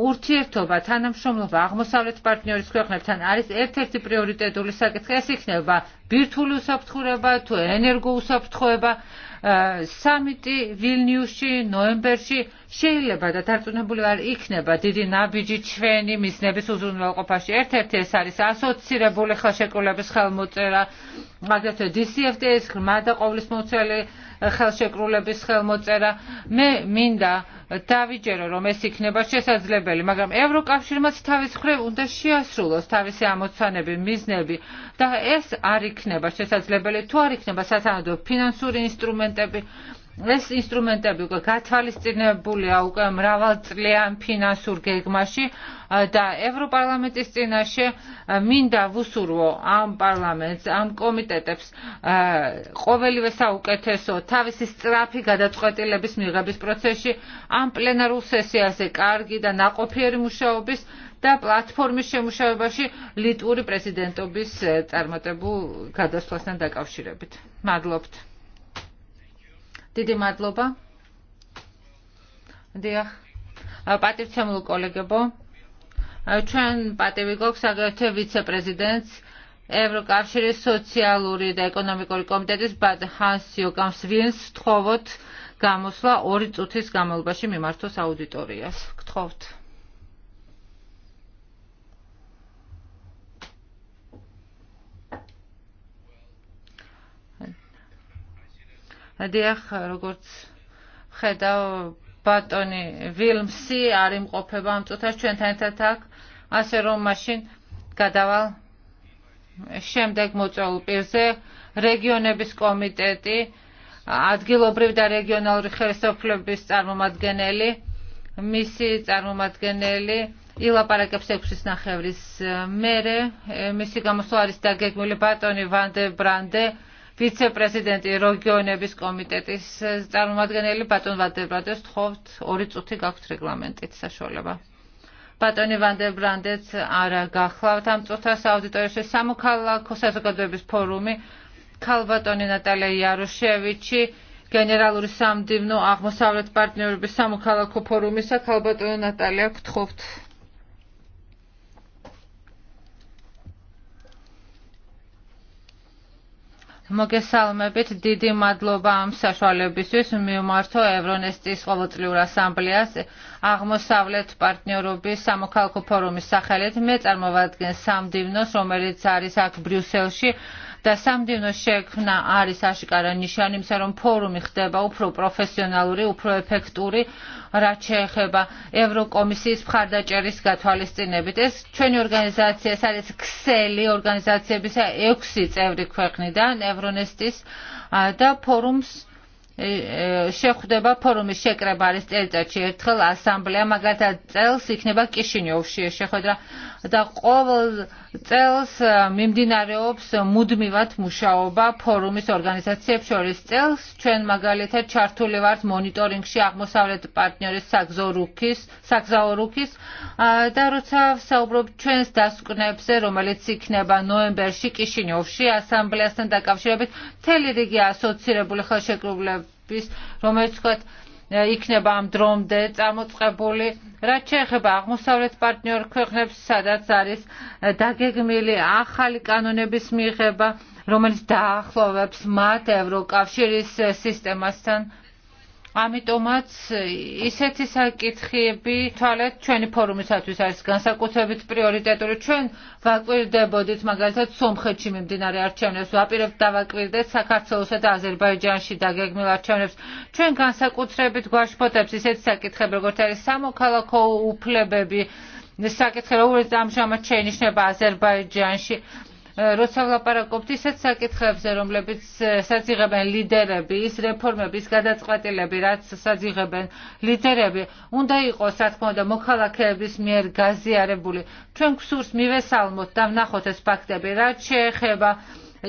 ურთიერთობა თანამშრომლობა აღმოსავლეთ პარტნიორის ქვეყნებთან არის ერთ-ერთი პრიორიტეტული საკითხი ეს იქნება ბირთვული უსაფრთხოება თუ ენერგოუსაფრთხოება სამიტი ვილნიუსში ნოემბერში შეიძლება და დარწმუნებული ვარ იქნება დიდი ნაბიჯი ჩვენი მიზნების უზრუნველყოფაში. ერთ-ერთი ეს არის ასოცირებული ხელშეკრულების ხელმოწერა, მაგალითად DCFT-ის ღრმა და ყოვლისმოცველი ხელშეკრულების ხელმოწერა. მე მინდა დავიჯერო, რომ ეს იქნება შესაძლებელი, მაგრამ ევროკავშირმაც თავის მხრივ უნდა შეასრულოს თავისი ამოცანები, მიზნები და ეს არ იქნება შესაძლებელი, თუ არ იქნება სათანადო ფინანსური ინსტრუმენტები ეს ინსტრუმენტები უკვე გათვალისწინებულია უკვე მრავალწლიან ფინანსურ გეგმაში და ევროპარლამენტის წინაშე მინდა ვუსურვო ამ პარლამენტს, ამ კომიტეტებს ყოველივე საუკეთესო თავისი სწრაფი გადაწყვეტილების მიღების პროცესში ამ პლენარულ სესიაზე კარგი და ნაყოფიერი მუშაობის და პლატფორმის შემუშავებაში ლიტვური პრეზიდენტობის წარმატებულ გადასვლასთან დაკავშირებით. მადლობთ დიდი მადლობა. დიახ. პატივცემულ კოლეგებო, ჩვენ პატივი გვაქვს აგრეთვე ვიცე-პრეზიდენტს ევროკავშირის სოციალური და ეკონომიკური კომიტეტის ბად ჰანსიო გამსვინს ვთხოვოთ გამოსვლა ორი წუთის განმავლობაში მიმართოს აუდიტორიას. გთხოვთ. დიახ, როგორც ხედავ ბატონი ვილმსი არ იმყოფება ამ წუთას ჩვენთან ერთად აქ, ასე რომ მაშინ გადავალ შემდეგ მოწვეულ პირზე რეგიონების კომიტეტი ადგილობრივ და რეგიონალური ხელისუფლების წარმომადგენელი მისი წარმომადგენელი ილაპარაკებს 6-ის ნახევრის მერე მისი გამოსვლა არის დაგეგმილი ბატონი ვან დე ბრანდე ვიცე-პრეზიდენტი რეგიონების კომიტეტის წარმომადგენელი ბატონ ვანდებრანდეს თხოვთ ორი წუთი გაქვთ რეგლამენტით საშუალება. ბატონი ვანდებრანდეც არა გახლავთ ამ წუთას აუდიტორიაში სამოქალაქო საზოგადოების ფორუმი ქალბატონი ნატალია იაროშევიჩი გენერალური სამდივნო აღმოსავლეთ პარტნიორების სამოქალაქო ფორუმისა ქალბატონი ნატალია გთხოვთ მოგესალმებით, დიდი მადლობა ამ საშუალებისთვის. მიმართო ევრონესტის ყოველწლიურ ასამბლეას აღმოსავლეთ პარტნიორობის სამოქალაქო ფორუმის სახელით. მე წარმოვადგენ სამდივნოს, რომელიც არის აქ ბრიუსელში და სამდივნო შექმნა არის აშკარა ნიშანი იმისა, რომ ფორუმი ხდება უფრო პროფესიონალური, უფრო ეფექტური, რაც შეეხება ევროკომისიის მხარდაჭერის გათვალისწინებით. ეს ჩვენი ორგანიზაცია, ეს არის ქსელი ორგანიზაციების 6 წევრი ქვეყნიდან, ევრონესტის და ფორუმს შეხვდება ფორუმის შეკრება არის წელიწადში ერთხელ ასამბლეა მაგათა წელს იქნება კიშინიოვში შეხვედრა და ყოველ წელს მიმდინარეობს მუდმივად მუშაობა ფორუმის ორგანიზაციებს შორის. წელს ჩვენ მაგალითად ჩართული ვართ მონიტორინგში აღმოსავლეთ პარტნიორის საგზაურუქის, საგზაურუქის და როცა საუბრობ ჩვენს დასკვნებზე, რომელიც იქნება ნოემბერში კიშინიოვში ასამბლეასთან დაკავშირებით, მთელი რიგი ასოცირებული ხელშეკრულების, რომელიც თქვათ იქნება ამ დრომდე წამოწყებული. რაც შეეხება აღმოსავლეთ პარტნიორ ქვეყნებს, სადაც არის დაგეგმილი ახალი კანონების მიღება, რომელიც დაახლოვებს მათ ევროკავშირის სისტემასთან ამიტომაც ისეთი საკითხები თვალეთ ჩვენი ფორუმისათვის არის განსაკუთრებით პრიორიტეტული. ჩვენ ვაკვირდებოდით მაგალითად სომხეთში მიმდინარე არჩევნებს, ვაპირებთ დავაკვირდეთ საქართველოსა და აზერბაიჯანში დაგეგმილ არჩევნებს. ჩვენ განსაკუთრებით გვაშფოთებს ისეთი საკითხები, როგორც არის სამოქალაქო უფლებები, საკითხი, რომელიც ამჟამად შეინიშნება აზერბაიჯანში როცა ვლაპარაკობთ ისეთ საკითხებზე, რომლებიც საძიღებენ ლიდერები, ის რეფორმების გადაწყვეტილები, რაც საძიღებენ ლიდერები, უნდა იყოს, რა თქმა უნდა, მოქალაქეების მიერ გაზიარებული. ჩვენ გვსურს მივესალმოთ და ვნახოთ ეს ფაქტები, რაც შეეხება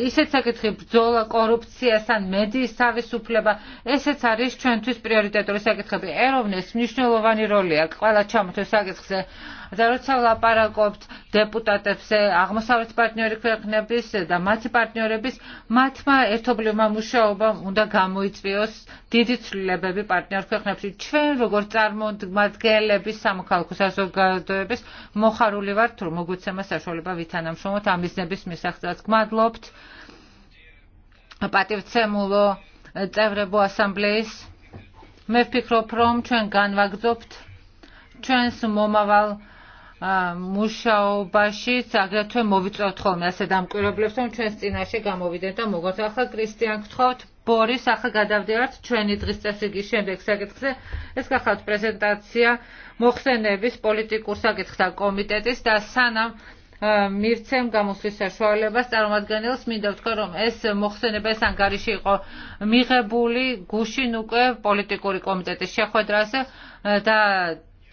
ისეთ საკითხი ბრძოლა კორუფციას ან მედიის თავისუფლება ესეც არის ჩვენთვის პრიორიტეტული საკითხები ეროვნეს მნიშვნელოვანი როლი აქვს ყველა ჩამოთვლილ საკითხზე და როცა ვლაპარაკობთ დეპუტატებზე აღმოსავლეთ პარტნიორი ქვეყნების და მათი პარტნიორების, მათმა ერთობლივმა მუშაობამ უნდა გამოიწვიოს დიდი ცვლილებები პარტნიორ ქვეყნებში. ჩვენ როგორც წარმომადგენლები სამოქალაქო საზოგადოების მოხარული ვართ, თუ მოგვეცემა საშუალება ვითანამშრომლოთ ამ მიზნების მისაღწევად. გმადლობთ პატივცემულო წევრებო ასამბლეის მე ვფიქრობ რომ ჩვენ განვაგრძობთ ჩვენს მომავალ მუშაობაში აგრეთვე მოვიწოთ ხოლმე ასე დამკვირვებლებს, რომ ჩვენს წინაშე გამოვიდნენ და მოგოთ. ახლა კრისტიან გთხოვთ ბორის, ახლა გადავდივართ ჩვენი დღის წესრიგის შემდეგ საკითხზე. ეს გახლავთ პრეზენტაცია მოხსენების პოლიტიკურ საკითხთა კომიტეტის და სანამ მირცემ გამოსვლის საშუალებას წარმოადგენელს მინდა ვთქვა რომ ეს მოხსენება ეს ანგარიში იყო მიღებული გუშინ უკვე პოლიტიკური კომიტეტის შეხვედრაზე და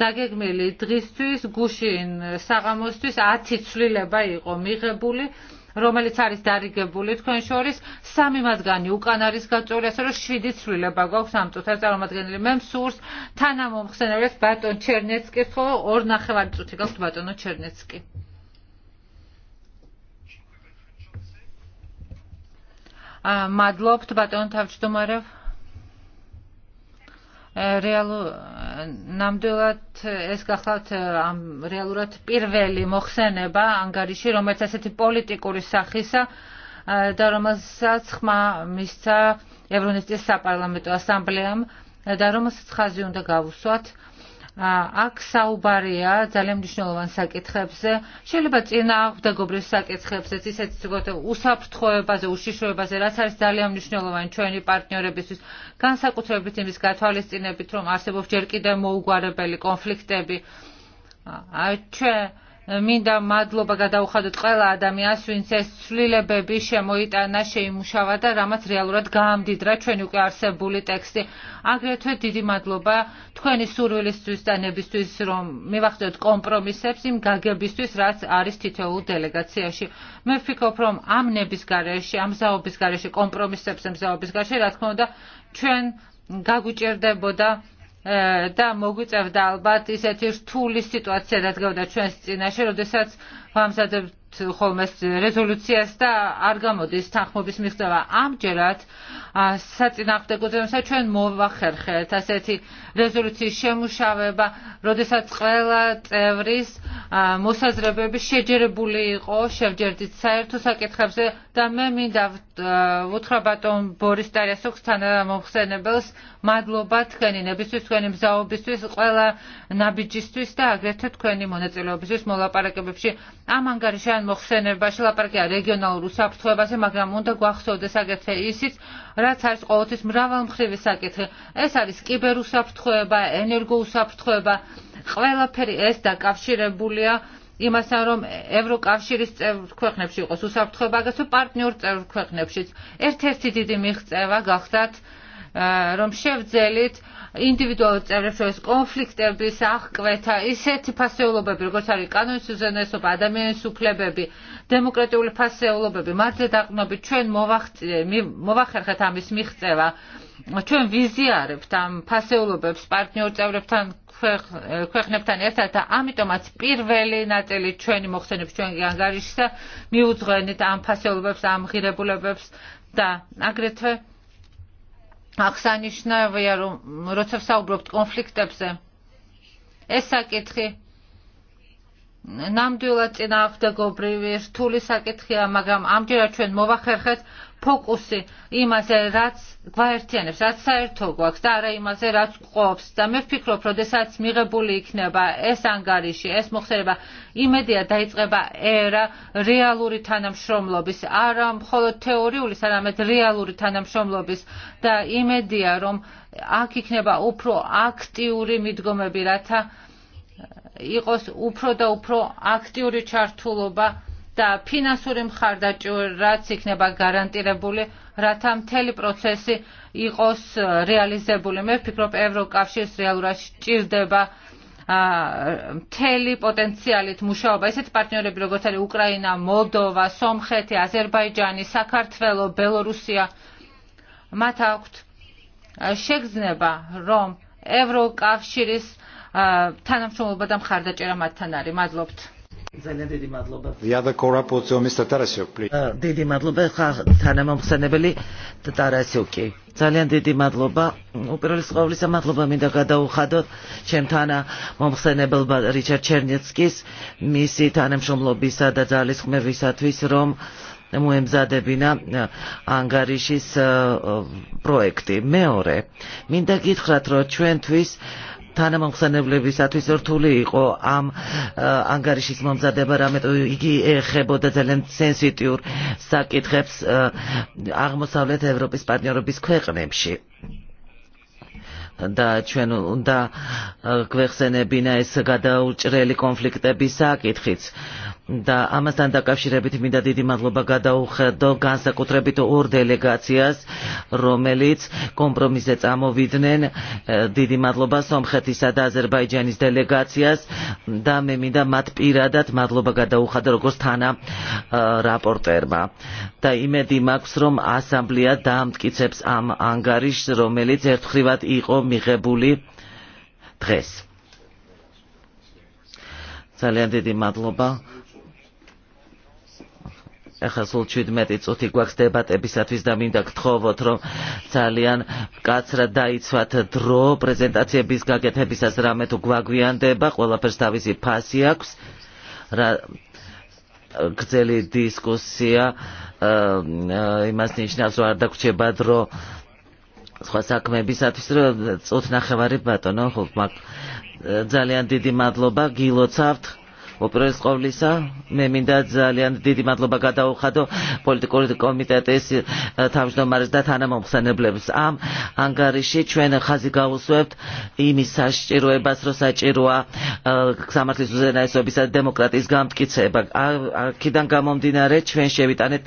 დაგეგმილი დღისთვის გუშინ საღამოსთვის 10 ცვლილება იყო მიღებული რომელიც არის დარიგებული თქვენ შორის სამი მათგანი უკან არის გაწეული ასე რომ შვიდი ცვლილება გვაქვს ამ წუთას წარმოადგენელი მე მსურს თანამომხსენებლებს ბატონ ჩერნეცკის ხო ორ ნახევარი წუთი გაქვს ბატონო ჩერნეცკი მადლობთ ბატონ თავმჯდომარევ ნამდვილად ეს გახლავთ რეალურად პირველი მოხსენება ანგარიში, რომელიც ასეთი პოლიტიკური სახისა და რომელსაც ხმა მისცა ევრონესტის საპარლამენტო ასამბლეამ და რომელსაც ხაზი უნდა გავუსვათ აქ საუბარია ძალიან მნიშვნელოვან საკითხებზე, შეიძლება წინააღმდეგობრივ საკითხებზეც, ისეთ როგორც უსაფრთხოებაზე, უშიშროებაზე, რაც არის ძალიან მნიშვნელოვანი ჩვენი პარტნიორებისთვის, განსაკუთრებით იმის გათვალისწინებით, რომ არსებობს ჯერ კიდევ მოუგვარებელი კონფლიქტები. ჩვენ მინდა მადლობა გადავხადოთ ყველა ადამიანს, ვინც ეს ცვლილებები შემოიტანა, შეიმუშავა და რამაც რეალურად გაამდიდრა ჩვენი უკვე არსებული ტექსტი. აგრეთვე დიდი მადლობა თქვენი სურვილისთვის და ნებისთვის, რომ მივახდეთ კომპრომისებს იმ გაგებისთვის, რაც არის თითოეულ დელეგაციაში. მე ვფიქრობ, რომ ამ ნების გარეშე, ამ ზაობის გარეშე, კომპრომისებს, ამ ზაობის გარეშე, რა თქმა უნდა, ჩვენ გაგუჭერდებოდა და მოგვიწევდა ალბათ ისეთი რთული სიტუაცია დადგავდა ჩვენს წინაშე, როდესაც ვამზადებთ ხოლმე და არ გამოდის თანხმობის მიღწევა. ამჯერად საწინააღმდეგოებსა ჩვენ მოვახერხეთ ასეთი რეზოლუციის შემუშავება, როდესაც ყველა წევრის მოსაზრებები შეჯერებული იყო, შეჯერდით საერთო საკითხებზე და მე მინდა ვუთხრა ბატონ ბორის ტარიასოქს თანამომხსენებელს მადლობა თქვენი ნებისთვის, თქვენი მზაობისთვის, ყველა ნაბიჯისთვის და აგრეთვე თქვენი მონაწილეობისთვის მოლაპარაკებებში. ამ ანგარიშან მოხსენებაში ლაპარაკია რეგიონალურ უსაფრთხოებაზე, მაგრამ უნდა გვახსოვდეს აგრეთვე ისიც, რაც არის ყოველთვის მრავალმხრივი საკითხი. ეს არის კიბერუსაფრთხოება, ენერგოუსაფრთხოება, ყველაფერი ეს დაკავშირებულია იმასთან, რომ ევროკავშირის წევრ ქვეყნებში იყოს უსაფრთხოება, აგრეთვე პარტნიორ წევრ ქვეყნებშიც. ერთ-ერთი დიდი მიღწევა გახდათ რომ შევძელით ინდივიდუალურ წევრებს შორის კონფლიქტების აღკვეთა, ისეთი ფასეულობები, როგორც არის კანონის უზენაესობა, ადამიანის უფლებები, დემოკრატიული ფასეულობები, მათზე დაყრდნობით ჩვენ მოვახერხეთ ამის მიღწევა. ჩვენ ვიზიარებთ ამ ფასეულობებს პარტნიორ წევრებთან ქვეყნებთან ერთად და ამიტომაც პირველი ნაწილი ჩვენი მოხსენებს ჩვენი ანგარიშს და მიუძღვენით ამ ფასეულობებს, ამ ღირებულებებს და აგრეთვე აღსანიშნავია, რომ როცა საუბრობთ კონფლიქტებზე, ეს საკითხი ნამდვილად წინააღმდეგობრივი რთული საკითხია, მაგრამ ამჯერად ჩვენ მოვახერხეთ ფოკუსი იმაზე, რაც გვაერთიანებს, რაც საერთო გვაქვს და არა იმაზე, რაც ყოფს და მე ვფიქრობ, როდესაც მიღებული იქნება ეს ანგარიში, ეს მოხდება, იმედია დაიწყება ერა რეალური თანამშრომლობის, არა მხოლოდ თეორიული, არამედ რეალური თანამშრომლობის და იმედია, რომ აქ იქნება უფრო აქტიური მიდგომები, რათა იყოს უფრო და უფრო აქტიური ჩართულობა და ფინანსური მხარდაჭერა რაც იქნება გარანტირებული, რათა მთელი პროცესი იყოს რეალიზებული. მე ვფიქრობ, ევროკავშირს რეალურად ჭირდება ა მთელი პოტენციალით მუშაობა ესეთ პარტნიორები როგორც არის უკრაინა, მოლდოვა, სომხეთი, აზერბაიჯანი, საქართველო, ბელორუსია მათ აქვთ შეგრძნება რომ ევროკავშირის თანამშრომლობა და მხარდაჭერა მათთან არის. მადლობთ ძალიან დიდი მადლობა. ხა თანამომხსენებელი ტარასიუკი. ძალიან დიდი მადლობა. უპირველეს ყოვლისა მადლობა მინდა გადაუხადოთ ჩემთან მომხსენებელმა რიჩარდ ჩერნიცკის მისი თანამშრომლობისა და ძალისხმევისათვის რომ მოემზადებინა ანგარიშის პროექტი. მეორე, მინდა გითხრათ, რომ ჩვენთვის თანამომხსენებლებისათვის რთული იყო ამ ანგარიშის მომზადება, რამეთ იგი ეხებოდა ძალიან სენსიტიურ საკითხებს აღმოსავლეთ ევროპის პარტნიორობის ქვეყნებში. და ჩვენ უნდა გვეხსენებინა ეს გადაუჭრელი კონფლიქტების საკითხიც და ამასთან დაკავშირებით მინდა დიდი მადლობა გადაუხადო განსაკუთრებით ორ დელეგაციას, რომელიც კომპრომისზე წამოვიდნენ. დიდი მადლობა სომხეთისა და აზერბაიჯანის დელეგაციას და მე მინდა მათ პირადად მადლობა გადაუხადო როგორც თანა რაპორტერმა. და იმედი მაქვს, რომ ასამბლეა დაამტკიცებს ამ ანგარიშს, რომელიც ერთხრივად იყო მიღებული დღეს. ძალიან დიდი მადლობა ახლა სულ 17 წუთი გვაქვს დებატებისათვის და მინდა გთხოვოთ რომ ძალიან მკაცრად დაიცვათ დრო პრეზენტაციების გაკეთებისას რამე თუ გვაგვიანდება ყველაფერს თავისი ფასი აქვს რა გრძელი დისკუსია იმას ნიშნავს რომ არ დაგვრჩება დრო სხვა საქმეებისათვის რომ წუთ ნახევარი ბატონო ხო მაგ ძალიან დიდი მადლობა გილოცავთ უპირველეს ყოვლისა მე მინდა ძალიან დიდი მადლობა გადაუხადო პოლიტიკური კომიტეტის თავმჯდომარეს და თანამომხსენებლებს ამ ანგარიში ჩვენ ხაზი გავუსვევთ იმის საშჭიროებას რომ საჭიროა სამართლის უზენაესობისა და დემოკრატიის გამტკიცება აქედან გამომდინარე ჩვენ შევიტანეთ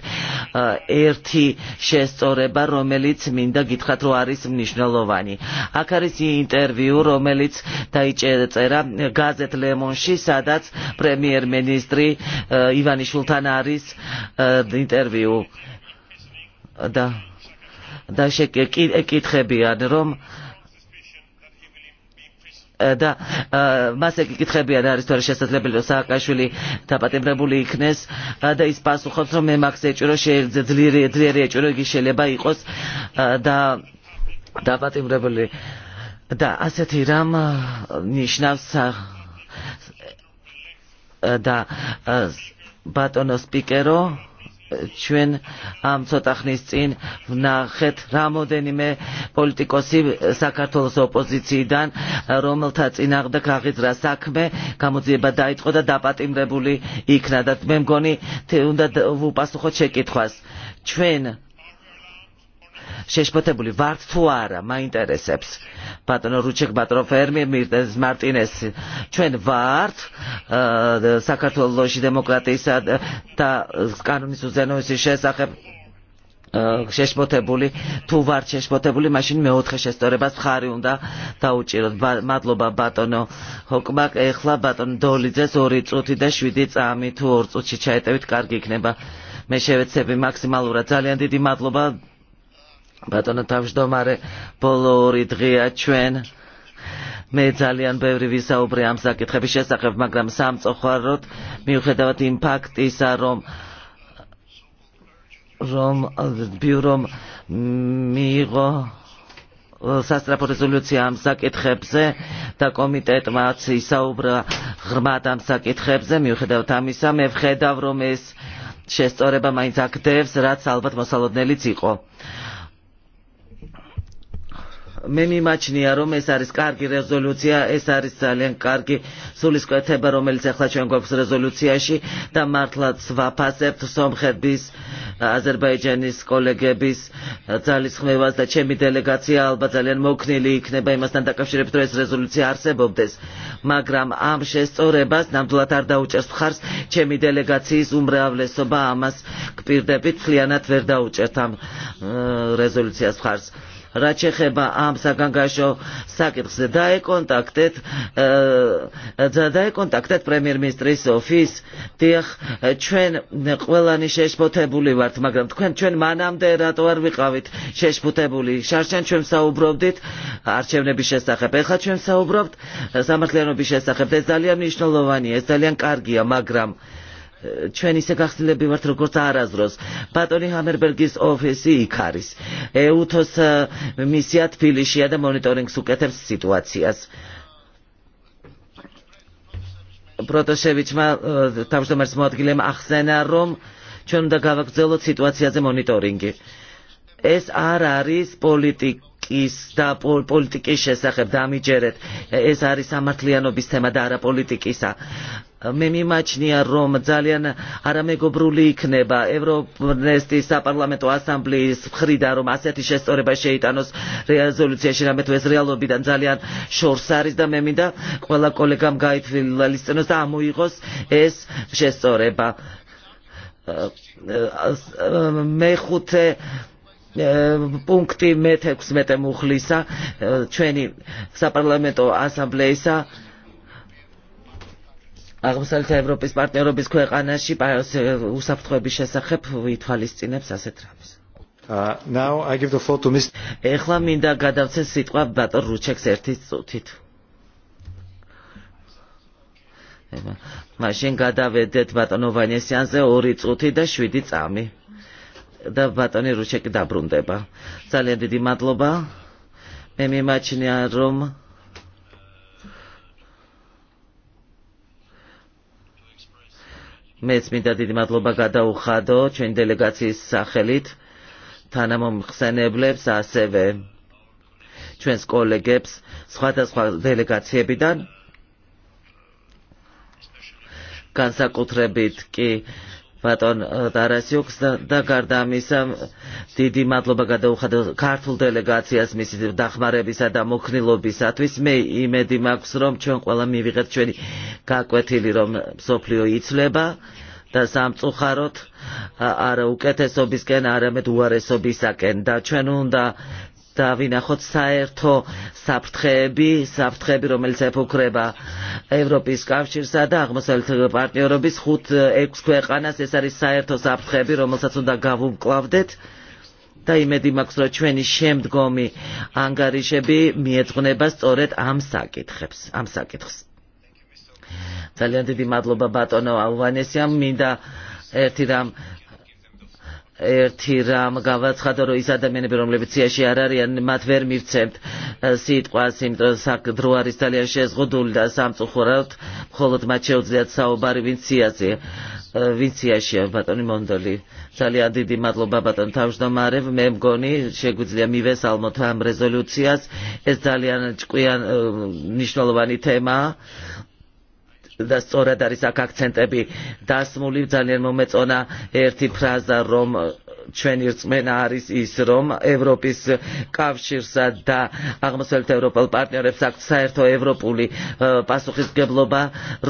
ერთი შესწორება რომელიც მინდა გითხრათ რომ არის მნიშვნელოვანი აქ არის ინტერვიუ რომელიც დაიწერა გაზეთ ლემონში სადაც პრემიერ-მინისტრი ივანიშვილთან არის ინტერვიუ და და ეკითხებიან რომ და მას ეკითხებიან არის თუ არა შესაძლებელია სააკაშვილი დაპატიმრებული იქნეს და ის პასუხობს რომ მე მაქს ეჭირო ძლიერი ძლიერი ეჭირო იგი შეიძლება იყოს და დაპატიმრებული და ასეთი რამ ნიშნავს და ბატონო სპიკერო ჩვენ ამ ცოტა ხნის წინ ვნახეთ რამოდენიმე პოლიტიკოსი საქართველოს ოპოზიციიდან რომელთა წინააღმდეგ აღიძრა საქმე გამოძიება დაიწყო და დაპატიმრებული იქნა და მე მგონი უნდა ვუპასუხოთ შეკითხვას ჩვენ შეშფოთებული ვართ თუ არა მაინტერესებს ბატონო რუჩეკ ბატონო მირდეს მარტინეს ჩვენ ვართ საქართველოს დემოკრატიისა და კანონის უზენოების შესახებ შეშფოთებული თუ ვარ შეშფოთებული მაშინ მეოთხე შესწორებას ხარი უნდა დაუჭიროთ მადლობა ბატონო ჰოკმაკ ეხლა ბატონ დოლიძეს 2 წუთი და 7 წამი თუ 2 წუთში ჩაეტევით კარგი იქნება მე შევეცები მაქსიმალურად ძალიან დიდი მადლობა Πατώ να ταύστο μάρε πολλοριτρία τσουέν მე ძალიან ბევრი ვისაუბრე ამ საკითხების შესახებ, მაგრამ სამწუხაროდ მიუხედავად იმ ფაქტისა, რომ რომ ბიურომ მიიღო სასტრაფო რეზოლუცია ამ საკითხებზე და კომიტეტმაც ისაუბრა ღრმად ამ საკითხებზე, მიუხედავად ამისა, მე ვხედავ, რომ ეს შესწორება მაინც აქდევს, რაც ალბათ მოსალოდნელიც იყო. აა მემი მაჩნია რომ ეს არის კარგი რეზოლუცია, ეს არის ძალიან კარგი სულისკვეთება, რომელიც ახლა ჩვენ გვაქვს რეზოლუციაში და მართლაც ვაფასებთ სომხების, აზერბაიჯანის კოლეგების ძალისხმევას და ჩემი დელეგაცია ალბათ ძალიან მოკნილი იქნება იმასთან დაკავშირებით, რომ ეს რეზოლუცია არსებობდეს. მაგრამ ამ შესწორებას ნამდვილად არ დაუჭერს მხარს ჩემი დელეგაციის უმრავლესობა ამას გპირდებით, ძალიანად ვერ დაუჭერთ ამ რეზოლუციას მხარს რაც შეეხება ამ საგანგაშო საკითხზე დაეკონტაქტეთ დაეკონტაქტეთ პრემიერ-მინისტრის ოფის დიახ ჩვენ ყველანი შეშფოთებული ვართ მაგრამ თქვენ ჩვენ მანამდე რატო არ ვიყავით შეშფოთებული შარშან ჩვენ საუბრობდით არჩევნების შესახებ ეხლა ჩვენ საუბრობთ სამართლიანობის შესახებ ეს ძალიან მნიშვნელოვანია ეს ძალიან კარგია მაგრამ ჩვენი ზეგახსნილები ვართ როგორც არაზროს ბატონი ჰამერბერგის ოფისი იქ არის ეუთოს მისია თბილისშია და მონიტორინგს უკეთებს სიტუაციას პროტოშევიჩმა თავმჯდომარის მოადგილემ ახსენა რომ ჩვენ უნდა გავაგრძელოთ სიტუაციაზე მონიტორინგი ეს არ არის პოლიტიკა პოლიტიკის და პოლიტიკის შესახებ დამიჯერეთ. ეს არის სამართლიანობის თემა და არა პოლიტიკისა. მე მიმაჩნია რომ ძალიან არამეგობრული იქნება ევროპნესტის საპარლამენტო ასამბლეის მხრიდან რომ ასეთი შესწორება შეიტანოს რეზოლუციაში რამე თუ ეს რეალობიდან ძალიან შორს არის და მე მინდა ყველა კოლეგამ გაითვალისწინოს და ამოიღოს ეს შესწორება ხუთე პუნქტი მე-16 მუხლისა ჩვენი საპარლამენტო ასამბლეისა აღმოსავლეთ ევროპის პარტნიორობის ქვეყანაში უსაფრთხოების შესახებ ითვალისწინებს ასეთ რამეს. now I give the floor to Mr. ეხლა მინდა გადავცე სიტყვა ბატონ რუჩეკს ერთი წუთით. მაშინ გადავედეთ ბატონო ვანესიანზე 2 წუთი და 7 წამი და ბატონი რუჩეკი დაბრუნდება. ძალიან დიდი მადლობა. მე მიმაჩნია რომ მეც მინდა დიდი მადლობა გადაუხადო ჩვენი დელეგაციის სახელით თანამომხსენებლებს ასევე ჩვენს კოლეგებს სხვადასხვა დელეგაციებიდან განსაკუთრებით კი ბატონ დარასიუკს და გარდა ამისა დიდი მადლობა გადაუხადა ქართულ დელეგაციას მისი დახმარებისა და მოქნილობისათვის. მე იმედი მაქვს რომ ჩვენ ყველა მივიღეთ ჩვენი გაკვეთილი რომ სოფლიო იცლება და სამწუხაროდ არა უკეთესობისკენ არამედ უარესობისაკენ და ჩვენ უნდა დავინახოთ საერთო საფრთხეები, საფრთხეები, რომელიც ეფუქრება ევროპის კავშირსა და აღმოსავლეთ პარტნიორობის 5-6 ქვეყანას, ეს არის საერთო საფრთხეები, რომელსაც უნდა გავუმკლავდეთ და იმედი მაქვს, რომ ჩვენი შემდგომი ანგარიშები მიეძღვნება სწორედ ამ საკითხებს, ამ საკითხს. ძალიან დიდი მადლობა ბატონო ალვანესიამ, მინდა ერთი რამ ერთი რამ გავაცხადო რომ ის ადამიანები რომლებიც სიაში არ არიან მათ ვერ მივცემთ სიტყვას იმიტომ რომ დრო არის ძალიან შეზღუდული და სამწუხაროდ მხოლოდ მათ შეუძლიათ საუბარი ვინც სიაზე ვინც სიაშია ბატონი მონდოლი ძალიან დიდი მადლობა ბატონ თავმჯდომარე მე მგონი შეგვიძლია მივესალმოთ ამ რეზოლუციას ეს ძალიან ჭკვიან მნიშვნელოვანი თემაა და სწორად არის აქ აქცენტები დასმული ძალიან მომეწონა ერთი ფრაზა რომ ჩვენი რწმენა არის ის რომ ევროპის კავშირსა და აღმოსავლეთ ევროპელ პარტნიორებს აქვთ საერთო ევროპული პასუხისგებლობა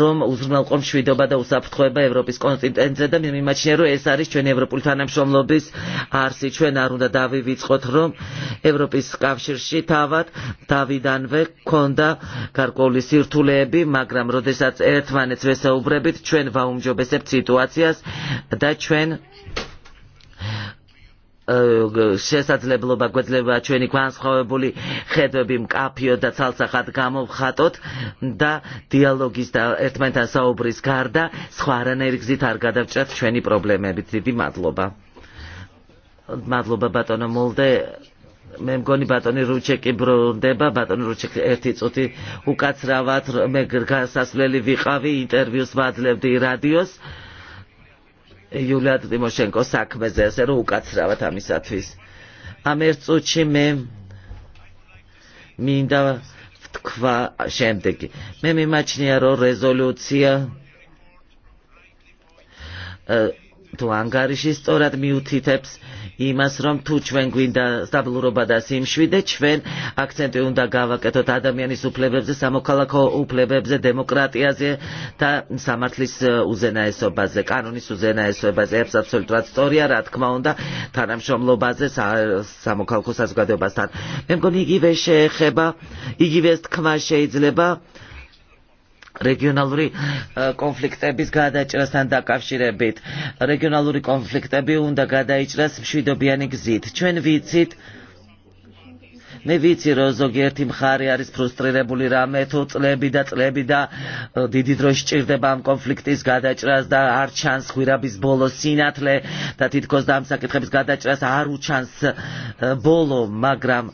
რომ უზრუნველყო მშვიდობა და უსაფრთხოება ევროპის კონტინენტზე და მიმაჩნია რომ ეს არის ჩვენი ევროპული თანამშრომლობის არსი ჩვენ არ უნდა დავივიწყოთ რომ ევროპის კავშირში თავად დავიდანვე გქონდა გარკვეული სირთულეები მაგრამ როდესაც ერთმანეთს ვესაუბრებით ჩვენ ვაუმჯობესებთ სიტუაციას და ჩვენ შესაძლებლობა გვეძლევა ჩვენი განსხვავებული ხედვები მკაფიო და ცალსახად გამოვხატოთ და dialogის და ერთმანეთთან საუბრის გარდა სხვა არანაირი გზით არ გადავჭრათ ჩვენი პრობლემებით. დიდი მადლობა. მადლობა ბატონო მოლდე. მე მგონი ბატონი რუჩეკი ბრუნდება, ბატონი რუჩეკი ერთი წუთი უკაცრავად მე გასასვლელი ვიყავი, ინტერვიუს ვაძლევდი რადიოს იულია ტიმოშენკო საქმეზე, ასე რომ უკაცრავად ამისათვის. ამ ერთ წუთში მე მინდა თქვა შემდეგი. მე მიმაჩნია რომ რეზოლუცია თუ ანგარიში სწორად მიუთითებს იმას, რომ თუ ჩვენ გვინდა სტაბილურობა და სიმშვიდე, ჩვენ აქცენტი უნდა გავაკეთოთ ადამიანის უფლებებზე, სამოქალაქო უფლებებზე, დემოკრატიაზე და სამართლის უზენაესობაზე, კანონის უზენაესობაზე. ეს აბსოლუტურად სწორია, რა თქმა უნდა, თანამშრომლობაზე სამოქალაქო საზოგადოებასთან. მე მგონი იგივე შეეხება, იგივე თქმა შეიძლება რეგიონალური კონფლიქტების გადაჭრასთან დაკავშირებით. რეგიონალური კონფლიქტები უნდა გადაიჭრას მშვიდობიანი გზით. ჩვენ ვიცით, მე ვიცი რომ ზოგიერთი მხარე არის ფრუსტრირებული რამე თუ წლები და წლები და დიდი დრო სჭირდება ამ კონფლიქტის გადაჭრას და არ ჩანს ხვირაბის ბოლო სინათლე და თითქოს და ამ საკითხების გადაჭრას არ უჩანს ბოლო მაგრამ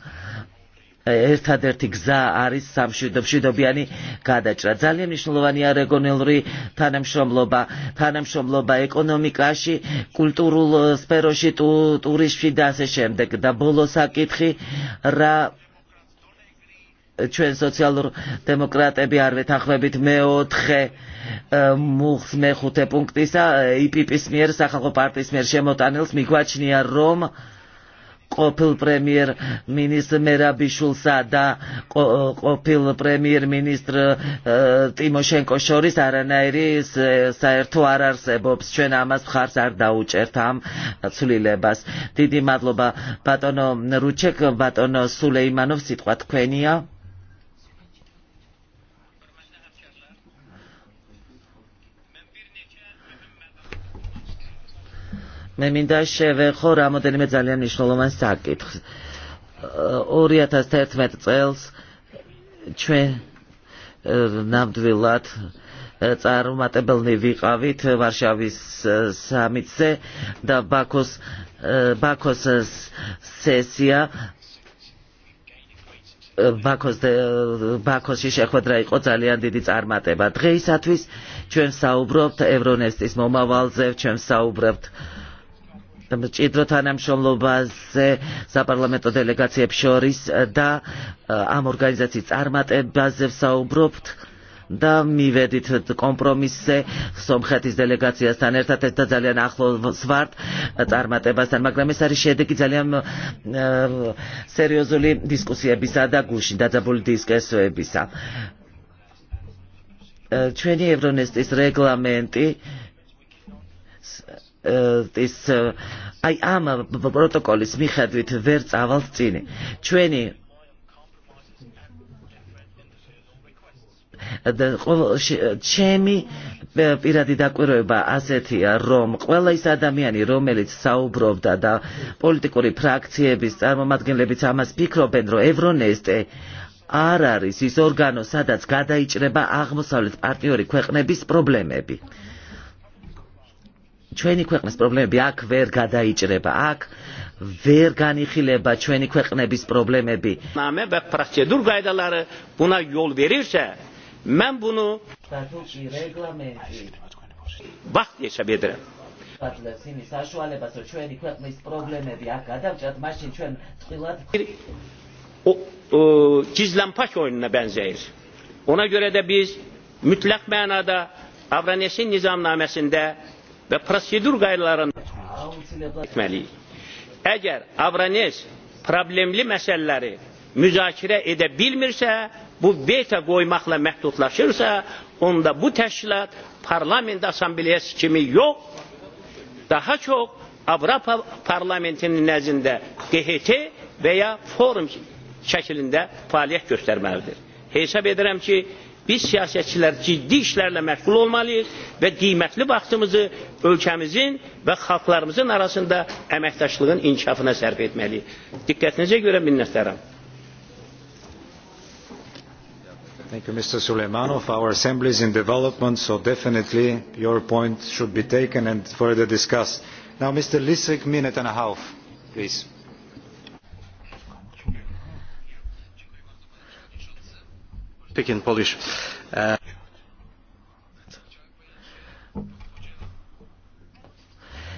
ერთადერთი გზა არის სამშვიდობიანი გადაჭრა. ძალიან მნიშვნელოვანია რეგიონალური თანამშრომლობა, თანამშრომლობა ეკონომიკაში, კულტურულ სფეროში, ტურიზმში და ასე შემდეგ. და ბოლო საკითხი რა ჩვენ სოციალურ დემოკრატები არ ვეთანხმებით მეოთხე მუხს მეხუთე პუნქტისა იპპის მიერ სახალხო პარტიის მიერ შემოტანილს მიგვაჩნია რომ ყოფილ პრემიერ მინისტრ მერაბიშულსა და ყოფილ პრემიერ მინისტრ ტიმოშენკოს შორის არანაირი საერთო არ არსებობს. ჩვენ ამას მხარს არ დაუჭერთ ამ ცვლილებას. დიდი მადლობა ბატონო რუჩეკ, ბატონო სულეიმანოვ, სიტყვა თქვენია. მე მინდა შევეხო რამოდენიმე ძალიან მნიშვნელოვან საკითხს. 2011 წელს ჩვენ ნამდვილად წარუმატებელნი ვიყავით ვარშავის სამიტზე და ბაქოს ბაქოს სესია ბაქოს ბაქოსში შეხვედრა იყო ძალიან დიდი წარმატება. დღეისათვის ჩვენ საუბრობთ ევრონესტის მომავალზე, ჩვენ საუბრობთ ჭიდროთა თანამშრომლობაზე საპარლამენტო დელეგაციებს შორის და ამ ორგანიზაციის წარმატებაზე ვსაუბრობთ და მივედით კომპრომისზე სომხეთის დელეგაციასთან ერთად და ძალიან ახლოს ვართ წარმატებასთან, მაგრამ ეს არის შედეგი ძალიან სერიოზული დისკუსიებისა და გულში დაძაბული დისკესოებისა ჩვენი ევრონესტის რეგლამენტი ეს აი ამ პროტოკოლის მიხედვით ვერ წავალთ წინ. ჩვენი და ჩემი პირადი დაკვირვება ასეთია, რომ ყველა ის ადამიანი, რომელიც საუბრობდა და პოლიტიკური ფრაქციების წარმომადგენლებიც ამას ფიქრობენ, რომ ევრონესტე არ არის ის ორგანო, სადაც გადაიჭრება აღმოსავლეთ პარტნიორი ქვეყნების პრობლემები ჩვენი ქვეყნის პრობლემები აქ ვერ გადაიჭრება აქ ვერ განიხილება ჩვენი ქვეყნების პრობლემები ნამე və prosedur qaydaları buna yol verirsə mən bunu vaxt hesab edirəm გადაწყვეტილებს იმის საშუალებას რომ ჩვენი ქვეყნის პრობლემები აქ გადავჭრათ მაშინ ჩვენ წყილად gizlenpaç oyununa benzeyir. Ona göre de biz mütlak manada Avranesin nizamnamesinde və prosedur qaydalarını e etməli. Əgər Avranes problemli məsələləri müzakirə edə bilmirsə, bu veta qoymaqla məhdudlaşırsa, onda bu təşkilat parlament asambleyası kimi yox, daha çox Avropa parlamentinin nəzində QHT və ya forum şəklində fəaliyyət göstərməlidir. Hesab edirəm ki, Biz siyasetçiler ciddi işlerle məşğul olmalıyız ve kıymetli vaxtımızı ülkemizin ve halklarımızın arasında emektaşlığın inkişafına sərf etməliyik. Diqqətinizə göre minnettarım. Thank you, Mr. Suleymanov. Our assembly is in development, so definitely your point should be taken and further discussed. Now, Mr. Lisek, minute and a half, please. Speak in Polish. Uh...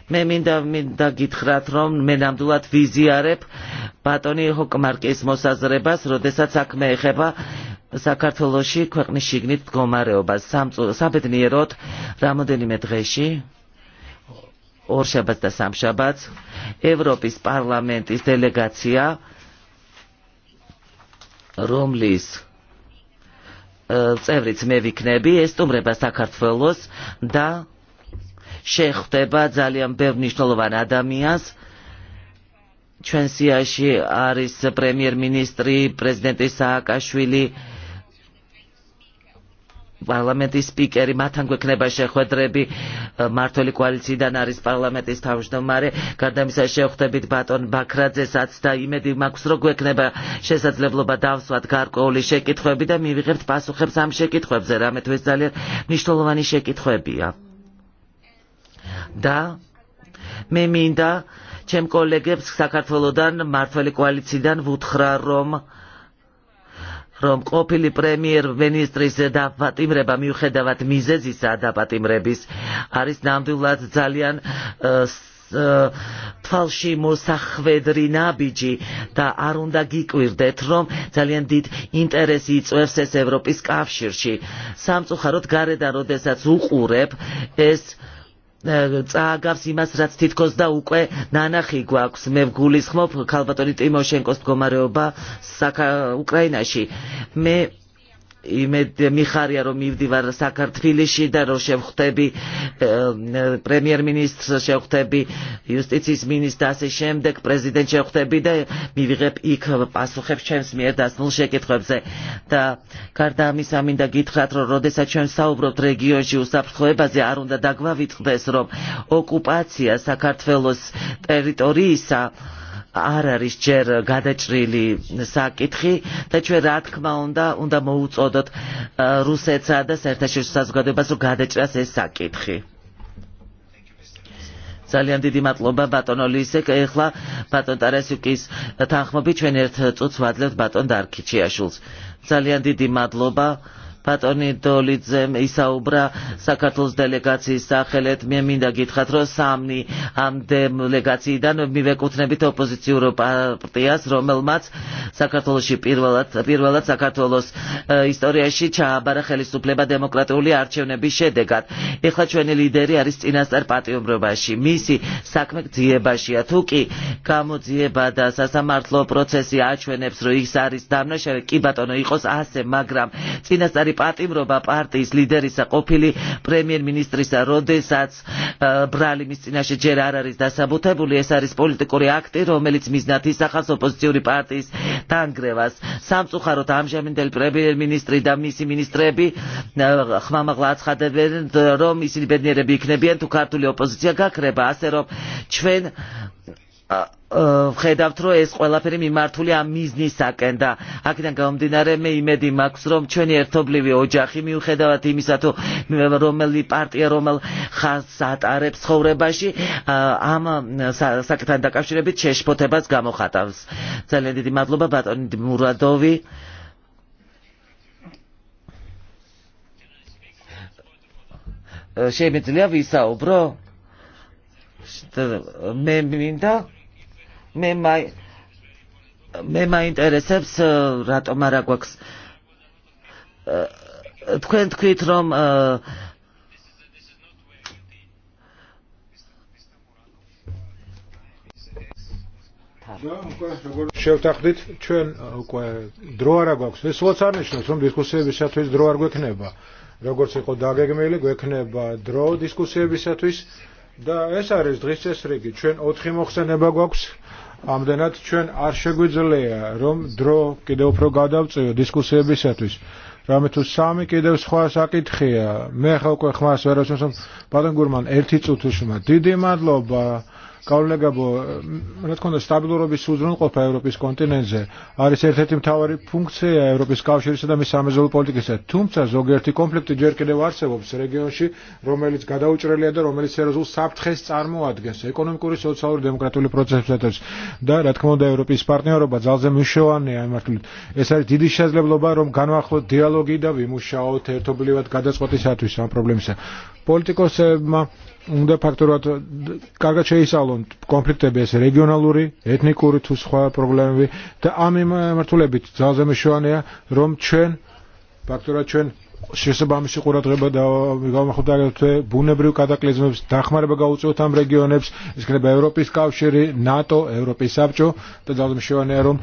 მე მინდა მინდა გითხრათ რომ მე ნამდვილად ვიზიარებ ბატონი ჰოკმარკის მოსაზრებას, როდესაც საქმე ეხება საქართველოში ქვეყნის შიგნით მდგომარეობას. საბედნიეროდ რამოდენიმე დღეში ორშაბათს და სამშაბათს ევროპის პარლამენტის დელეგაცია რომლის წევრიც მე ვიქნები, ეს სტუმრება საქართველოს და შეხვდება ძალიან ბევრ მნიშვნელოვან ადამიანს. ჩვენ სიაში არის პრემიერ-მინისტრი, პრეზიდენტი სააკაშვილი, პარლამენტის სპიკერი მათანგ გვექნება შეხვედრები მართული კოალიციიდან არის პარლამენტის თავმჯდომარე გადამისა შევხვდებით ბატონ ბაქრაძესაც და იმედი მაქვს რომ გვექნება შესაძლებლობა დავსვათ გარკვეული შეკითხვები და მივიღებთ პასუხებს ამ შეკითხვებზე რამე თუ ეს ძალიან მნიშვნელოვანი შეკითხვებია და მე მინდა ჩემ კოლეგებს საქართველოსდან მართული კოალიციიდან ვუთხრა რომ რომ ყოფილი პრემიერ ვენისტრის დაპატიმრება მიუხედავად მიზეზისა დაპატიმრების არის ნამდვილად ძალიან თვალში მოსახვედრი ნაბიჯი და არ უნდა გიკვირდეთ რომ ძალიან დიდ ინტერესი იწვევს ეს ევროპის კავშირში სამწუხაროდ გარედან როდესაც უყურებ ეს წააგავს იმას, რაც თითქოს და უკვე ნანახი გვაქვს. მე ვგულისხმობ ქალბატონი ტიმოშენკოს მდგომარეობა უკრაინაში. მე იმედ მიხარია რომ მივდივარ საქართველოში და რომ შევხვდები პრემიერ-მინისტრს, შევხვდები იუსტიციის მინისტრს ასე შემდეგ პრეზიდენტს შევხვდები და მივიღებ იქ პასუხებს ჩემს მიერ დასმულ შეკითხვებზე და გარდა ამისა მინდა გითხრათ რომ როდესაც ჩვენ საუბრობთ რეგიონში უსაფრთხოებაზე არ უნდა დაგვავიწყდეს რომ ოკუპაცია საქართველოს ტერიტორიისა არ არის ჯერ გადაჭრილი საკითხი და ჩვენ რა თქმა უნდა უნდა მოუწოდოთ რუსეთსა და საერთაშორისო საზოგადოებას რომ გადაჭრას ეს საკითხი ძალიან დიდი მადლობა ბატონო ლისეკ ეხლა ბატონ ტარასიუკის თანხმობით ჩვენ ერთ წუთს ვადლებთ ბატონ დარქიჩიაშვილს ძალიან დიდი მადლობა ბატონი დოლიძე ისაუბრა საქართველოს დელეგაციის სახელით. მე მინდა გითხრათ, რომ სამნი ამ დელეგაციიდან მივეკუთვნებით ოპოზიციურ პარტიას, რომელმაც საქართველოსში პირველად პირველად საქართველოს ისტორიაში ჩააბარა ხელისუფლება დემოკრატიული არჩევნების შედეგად. ეხლა ჩვენი ლიდერი არის წინასწარ პატიობრობაში. მისი საქმე გძიებაშია. თუ კი გამოძიება და სასამართლო პროცესი აჩვენებს, რომ ის არის დამნაშავე, კი ბატონო იყოს ასე, მაგრამ წინასწარი პატიმრობა პარტიის ლიდერისა ყოფილი პრემიერ-მინისტრისა, როდესაც ბრალი მის წინაშე ჯერ არ არის დასაბუთებული, ეს არის პოლიტიკური აქტი, რომელიც მიზნად ისახავს ოპოზიციური პარტიის დანგრევას. სამწუხაროდ ამჟამინდელი პრემიერ-მინისტრი და მისი მინისტრები ხმამაღლა აცხადებენ, რომ ისინი ბედნიერები იქნებიან თუ ქართული ოპოზიცია გაქრება, ასე რომ ჩვენ ვხედავთ რომ ეს ყველაფერი მიმართული ამ მიზნისაკენ და აქედან გამომდინარე მე იმედი მაქვს რომ ჩვენი ერთობლივი ოჯახი მიუხედავად იმისა თუ რომელი პარტია რომელ ხაზს ატარებს ცხოვრებაში ამ საკითხთან დაკავშირებით შეშფოთებას გამოხატავს ძალიან დიდი მადლობა ბატონი მურადოვი შემიძლია ვისაუბრო მე მინდა მე მაი მე მაინტერესებს რატომ არა გვაქვს თქვენ თქვით რომ შევთანხმდით ჩვენ უკვე დრო არა გვაქვს ეს ვაც არნიშნავს რომ დისკუსიებისათვის დრო არ გვექნება როგორც იყო დაგეგმილი გვექნება დრო დისკუსიებისათვის და ეს არის დღის წესრიგი ჩვენ 4 მოხსენება გვაქვს ამდენად ჩვენ არ შეგვიძლია რომ დრო კიდევ უფრო გადავწიო დისკუსიებისათვის რამე თუ სამი კიდევ სხვა საკითხია მე ხა უკვე ხმას ვერ ასვენს ბატონ გურმან ერთი წუთიშმა დიდი მადლობა კავლეგაბო, რა თქმა უნდა, სტაბილურობის უზრუნველყოფა ევროპის კონტინენტზე არის ერთ-ერთი მთავარი ფუნქცია ევროპის კავშირისა და მის სამეზობლო პოლიტიკისა. თუმცა ზოგიერთი კონფლიქტი ჯერ კიდევ არსებობს რეგიონში, რომელიც გადაუჭრელია და რომელიც სერიოზულ საფრთხეს წარმოადგენს ეკონომიკური, სოციალური, დემოკრატიული პროცესებსაც და რა თქმა უნდა, ევროპის პარტნიორობა ძალზე მნიშვნელოვანია იმ მართლით. ეს არის დიდი შესაძლებლობა, რომ განვახლოთ დიალოგი და ვიმუშაოთ ერთობლივად გადაწყვეტისათვის ამ პრობლემისა. პოლიტიკოსებმა უნდა ფაქტორად კარგად შეისწავლონ კონფლიქტები ეს რეგიონალური, ეთნიკური თუ სხვა პრობლემები და ამ მიმართულებით ძალზე მეშოვანეა რომ ჩვენ ფაქტორად ჩვენ შესაბამისი ყურადღება და გამახვდა გავამახვილდეთ ბუნებრივ კატაკლიზმებს, დახმარება გაუწევთ ამ რეგიონებს, ისქნება ევროპის კავშირი, ნატო, ევროპის საბჭო და ძალზე მეშოვანეა რომ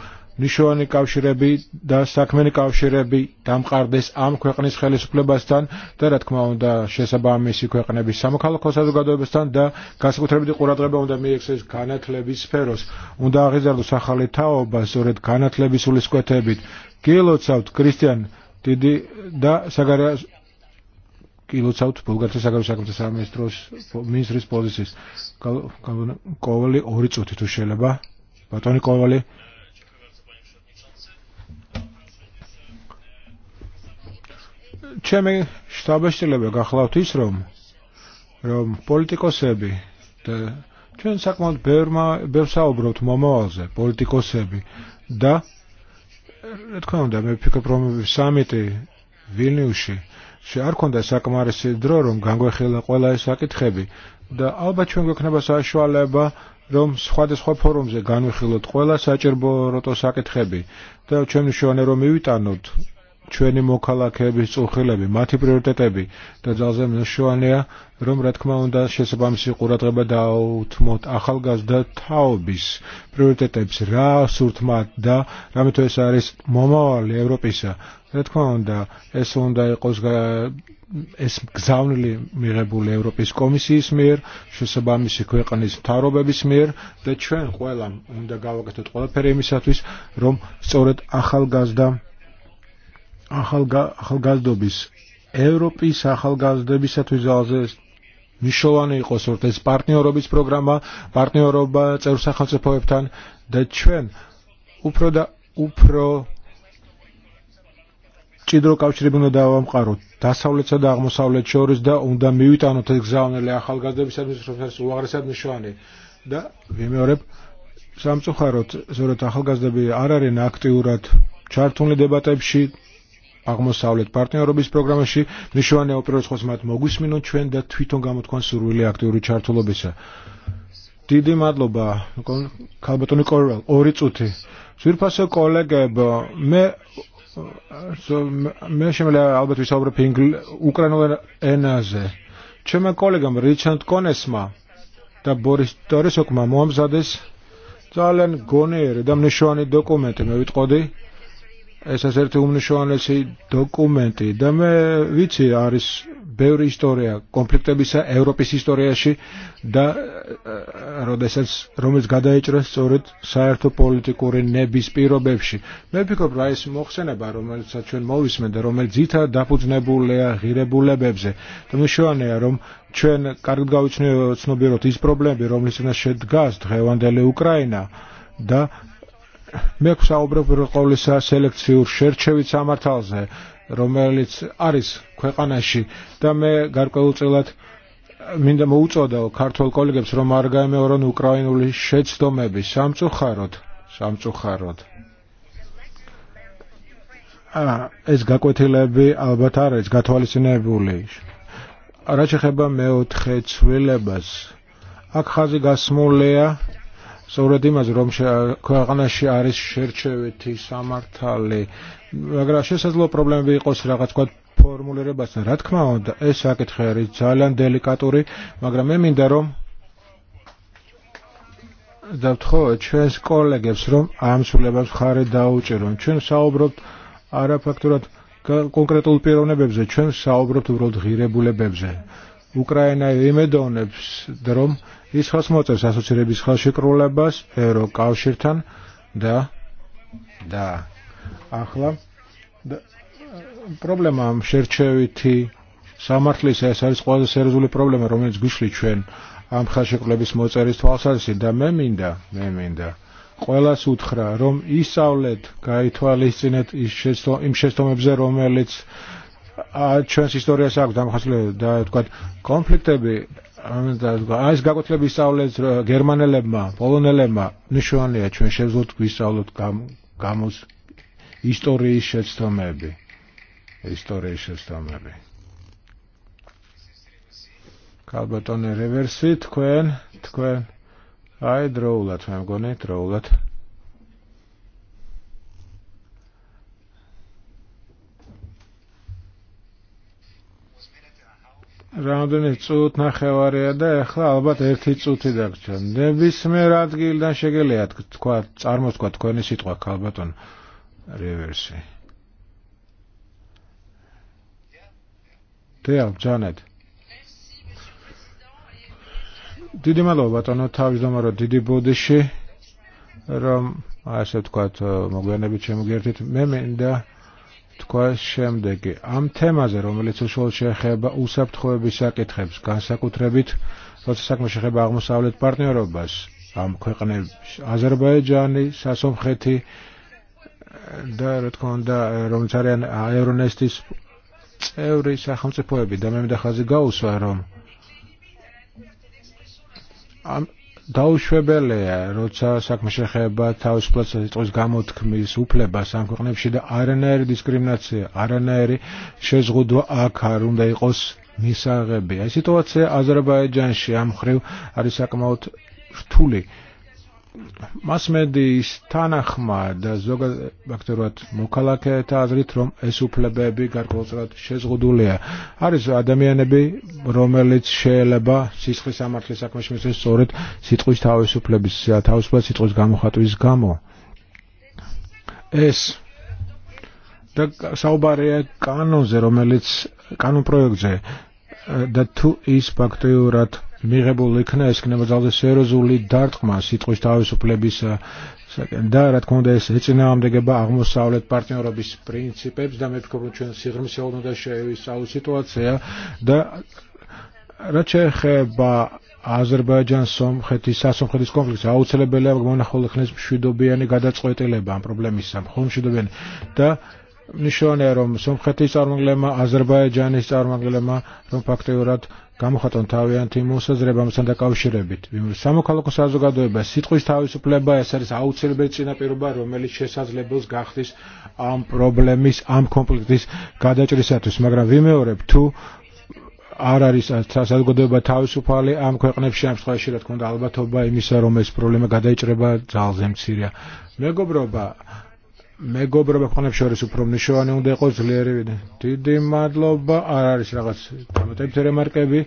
ნიშოვანი კავშირები და საქმენი კავშირები დამყარდეს ამ ქვეყნის ხელისუფლებასთან და რა თქმა უნდა შესაბამისი ქვეყნების სამოქალაქო საზოგადოებასთან და განსაკუთრებით ყურადღება უნდა მიექცეს განათლების სფეროს. უნდა აღიზარდოს ახალი თაობა სწორედ განათლების სულისკვეთებით. გილოცავთ ქრისტიან დიდი და საგარეო კილოცავთ ბულგარეთის საგარეო საქმეთა სამინისტროს მინისტრის პოზიციის. კოვალი 2 წუთი თუ შეიძლება. ბატონი კოვალი 2 ჩემი შთაბეჭდილება გახლავთ ის რომ რომ პოლიტიკოსები და ჩვენ საკმაოდ ბევრმა ბევრსაუბრობთ მომავალზე პოლიტიკოსები და რა თქმა უნდა მე ვფიქრობ რომ სამიტი ვილნიუსში არ ქონდა საკმარისი დრო რომ განგვეხილა ყველა ეს საკითხები და ალბათ ჩვენ გვექნება საშუალება რომ სხვადასხვა ფორუმზე განვიხილოთ ყველა საჭირო როტო საკითხები და ჩვენ მნიშვნელოვანი რომ მივიტანოთ ჩვენი მოქალაქეების წუხილები, მათი პრიორიტეტები და ძალზე მნიშვნელოვანია, რომ რა თქმა უნდა შესაბამისი ყურადღება დაუთმოთ ახალგაზრდა თაობის პრიორიტეტებს, რა სურთმათ და რამეთუ ეს არის მომავალი ევროპისა. რა თქმა უნდა, ეს უნდა იყოს ეს გზავნილი მიღებული ევროპის კომისიის მიერ, შესაბამისი ქვეყნის მთავრობების მიერ და ჩვენ ყველამ უნდა გავაკეთოთ ყველაფერი იმისათვის, რომ სწორედ ახალგაზრდა ახალგაზრდობის ევროპის ახალგაზრდებისათვის ძალზე მნიშვნელოვანი იყოს ეს პარტნიორობის პროგრამა, პარტნიორობა წევრ სახელმწიფოებთან და ჩვენ უფრო და უფრო ჭიდრო კავშირები უნდა დავამყაროთ დასავლეთსა და აღმოსავლეთ შორის და უნდა მივიტანოთ ეს გზავნილი ახალგაზრდებისათვის, რომელსაც უაღრესად მნიშვნელოვანი და ვიმეორებ სამწუხაროდ ზოგადად ახალგაზრდები არ არიან აქტიურად ჩართული დებატებში აღმოსავლეთ პარტნიორობის პროგრამაში მნიშვნელოვანი ოპერაციებს მათ მოგვისმინოთ ჩვენ და თვითონ გამოთქვან სურვილი აქტიური ჩართულობისა. დიდი მადლობა ქალბატონი კორვალ ორი წუთი ძვირფასო კოლეგებო მე მე შემიძლია ალბათ ვისაუბრებ უკრაინულ ენაზე ჩემმა კოლეგამ რიჩარდ კონესმა და ბორის ტორესოკმა მომზადეს ძალიან გონიერი და მნიშვნელოვანი დოკუმენტი მე ვიტყოდი ეს ერთ უმნიშვნელოვანესი დოკუმენტი და მე ვიცი არის ბევრი ისტორია კონფლიქტებისა ევროპის ისტორიაში და როდესაც რომელიც გადაეჭრა სწორედ საერთო პოლიტიკური ნების პირობებში. მე ვფიქრობ რა ის მოხსენება რომელსაც ჩვენ მოვისმენთ და რომელიც ითა დაფუძნებულია ღირებულებებზე და მნიშვნელოვანია რომ ჩვენ კარგად გავიცნობიეროთ ის პრობლემები რომლისგანაც შედგას დღევანდელი უკრაინა და მე გვსაუბრობ სელექციურ შერჩევით სამართალზე რომელიც არის ქვეყანაში და მე გარკვეულწილად მინდა მოუწოდაო ქართულ კოლეგებს რომ არ გაემეორონ უკრაინული შეცდომები სამწუხაროდ სამწუხაროდ ეს გაკვეთილები ალბათ არ არის გათვალისწინებული რაც ეხება მეოთხე ცვლილებას აქ ხაზი გასმულია სწორედ იმას რომ ქვეყანაში არის შერჩევითი სამართალი მაგრამ შესაძლოა პრობლემები იყოს რაღაც თქვა ფორმულირებასთან რა თქმა უნდა ეს საკითხი არის ძალიან დელიკატური მაგრამ მე მინდა რომ დავთხოვოთ ჩვენს კოლეგებს რომ ამ სულებას ხარი დაუჭერონ ჩვენ საუბრობთ არაფაქტურად კონკრეტულ პიროვნებებზე ჩვენ საუბრობთ უბრალოდ ღირებულებებზე უკრაინა იმედოვნებს რომ ის ხოს მოწევს ასოცირების ხელშეკრულებას ევროკავშირთან და და ახლა პრობლემა ამ შერჩევითი სამართლის ეს არის ყველაზე სერიოზული პრობლემა რომელიც გვიშლი ჩვენ ამ ხელშეკრულების მოწერის თვალსაზრისით და მე მინდა მე მინდა ყველას უთხრა რომ ისწავლეთ გაითვალისწინეთ ის შეცდომ იმ შეცდომებზე რომელიც ჩვენს ისტორიას აქვს დამხასიათებელი და თქვა კონფლიქტები ეს გაკვეთილები ისწავლეს გერმანელებმა, პოლონელებმა. ნიშნავია ჩვენ შევძლოთ გვისწავლოთ გამოს ისტორიის შეცდომები. ისტორიის შეცდომები. ალბათ on reverse თქვენ თქვენ აი დროულად მე მგონი დროულად რამდენი წუთ ნახევარია და ეხლა ალბათ ერთი წუთი დაგჭირდა. ნებისმიერ ადგილიდან შეგიძლია თქვა, წარმოსთქვა თქვენი სიტყვა ქალბატონ რევერსი. დიახ, ჯანეთ. დიდი მადლობა ბატონო, თავმჯდომარო რომ დიდი ბოდიში რომ ასე ვთქვათ, მოგვიანებით შემოგერთით. მე მინდა თქვა შემდეგი. ამ თემაზე, რომელიც უშუალოდ შეეხება უსაფრთხოების საკითხებს, განსაკუთრებით, როცა საქმე შეეხება აღმოსავლეთ პარტნიორობას, ამ ქვეყნებს აზერბაიჯანი, სასომხეთი და რა თქმა უნდა, რომელიც არიან აერონესტის წევრი სახელმწიფოები და მე მიდახაზე გაუსვა რომ ამ დაუშვებელია, როცა საქმე შეხება თავისუფლად წვის გამოთქმის უფლებას ამ ქვეყნებში და არანაირი დისკრიმინაცია, არანაირი შეზღუდვა აქ არ უნდა იყოს მისაღები. აი სიტუაცია აზერბაიჯანში ამ ხრივ არის საკმაოდ რთული მას მასმედიის თანახმა და ზოგადად მოქალაქეთა აზრით, რომ ეს უფლებები გარკვეულწილად შეზღუდულია. არის ადამიანები, რომელიც შეიძლება სისხლის სამართლის საქმეში მისცეს სწორედ სიტყვის თავისუფლების, თავისუფლად სიტყვის გამოხატვის გამო. ეს და საუბარია კანონზე, რომელიც კანონპროექტზე და თუ ის ფაქტიურად მიღებულ იქნა ეს იქნება ძალზე სერიოზული დარტყმა სიტყვის თავისუფლების და რა თქმა უნდა ეს ეწინააღმდეგება აღმოსავლეთ პარტნიორობის პრინციპებს და მე ვფიქრობ ჩვენ სიღრმისეულ უნდა შევისწავლოთ სიტუაცია და რაც შეეხება აზერბაიჯანს სომხეთის სასომხეთის კონფლიქტს აუცილებელია მონახულ იქნეს მშვიდობიანი გადაწყვეტილება ამ პრობლემის სამხო მშვიდობიანი და მნიშვნელოვანია რომ სომხეთის წარმომადგენლებმა, აზერბაიჯანის წარმომადგენლებმა რომ ფაქტიურად გამოხატონ თავიანთი მოსაზრებამთან დაკავშირებით. სამოქალაქო საზოგადოება სიტყვის თავისუფლება ეს არის აუცილებელი წინაპირობა, რომელიც შესაძლებელს გახდის ამ პრობლემის, ამ კონფლიქტის გადაჭრისათვის, მაგრამ ვიმეორებ თუ არ არის საზოგადოება თავისუფალი ამ ქვეყნებში ამ შემთხვევაში რა თქმა უნდა ალბათობა იმისა რომ ეს პრობლემა გადაიჭრება ძალზე მცირეა. მეგობრობა, მეგობრობა ხანებს შორის უფრო მნიშვნელოვანი უნდა იყოს ძლიერივიდან. დიდი მადლობა. არ არის რაღაც დამატებითი რემარკები.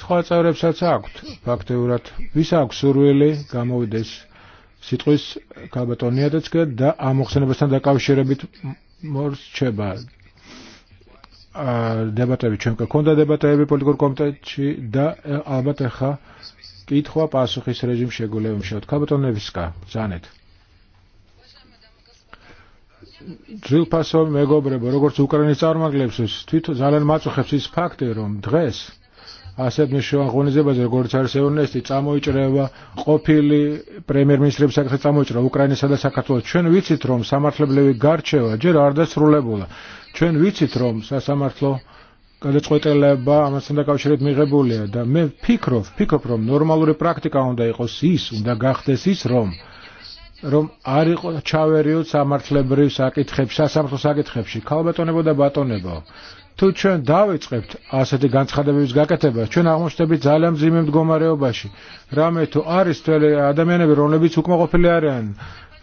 სხვა წევრებსაც აქვთ ფაქტიურად. ვის აქვს სურვილი გამოვიდეს სიტყვის ქალბატონიადაც და ამ მოხსენებასთან დაკავშირებით მორჩება დებატები ჩვენ გქონდა დებატები პოლიტიკურ კომიტეტში და ალბათ ახლა კითხვა პასუხის რეჟიმ შეგვიძლია ვიმუშაოთ ქალბატონებისკა ზანეთ ძილფასო მეგობრებო, როგორც უკრაინის წარმომადგენლებს, თვითონ ძალიან მაწუხებს ის ფაქტი, რომ დღეს ასეთ მნიშვნელოვან ღონისძიებაზე, როგორც არის ევნესტი, წამოიჭრება ყოფილი პრემიერ-მინისტრების საკითხი წამოიჭრა უკრაინისა და საქართველოს. ჩვენ ვიცით, რომ სამართლებრივი გარჩევა ჯერ არ დასრულებულა. ჩვენ ვიცით, რომ სასამართლო გადაწყვეტილება ამასთან დაკავშირებით მიღებულია და მე ვფიქრობ, ვფიქრობ, რომ ნორმალური პრაქტიკა უნდა იყოს ის, უნდა გახდეს ის, რომ რომ არ იყო ჩავერიოთ სამართლებრივ საკითხებში, სასამართლო საკითხებში. ქალბატონებოდა ბატონებო, თუ ჩვენ დავიწყებთ ასეთი განცხადებების გაკეთება, ჩვენ აღმოჩნდებით ძალიან მძიმე მდგომარეობაში. რამე თუ არის თველი ადამიანები, რომლებიც უკმაყოფილი არიან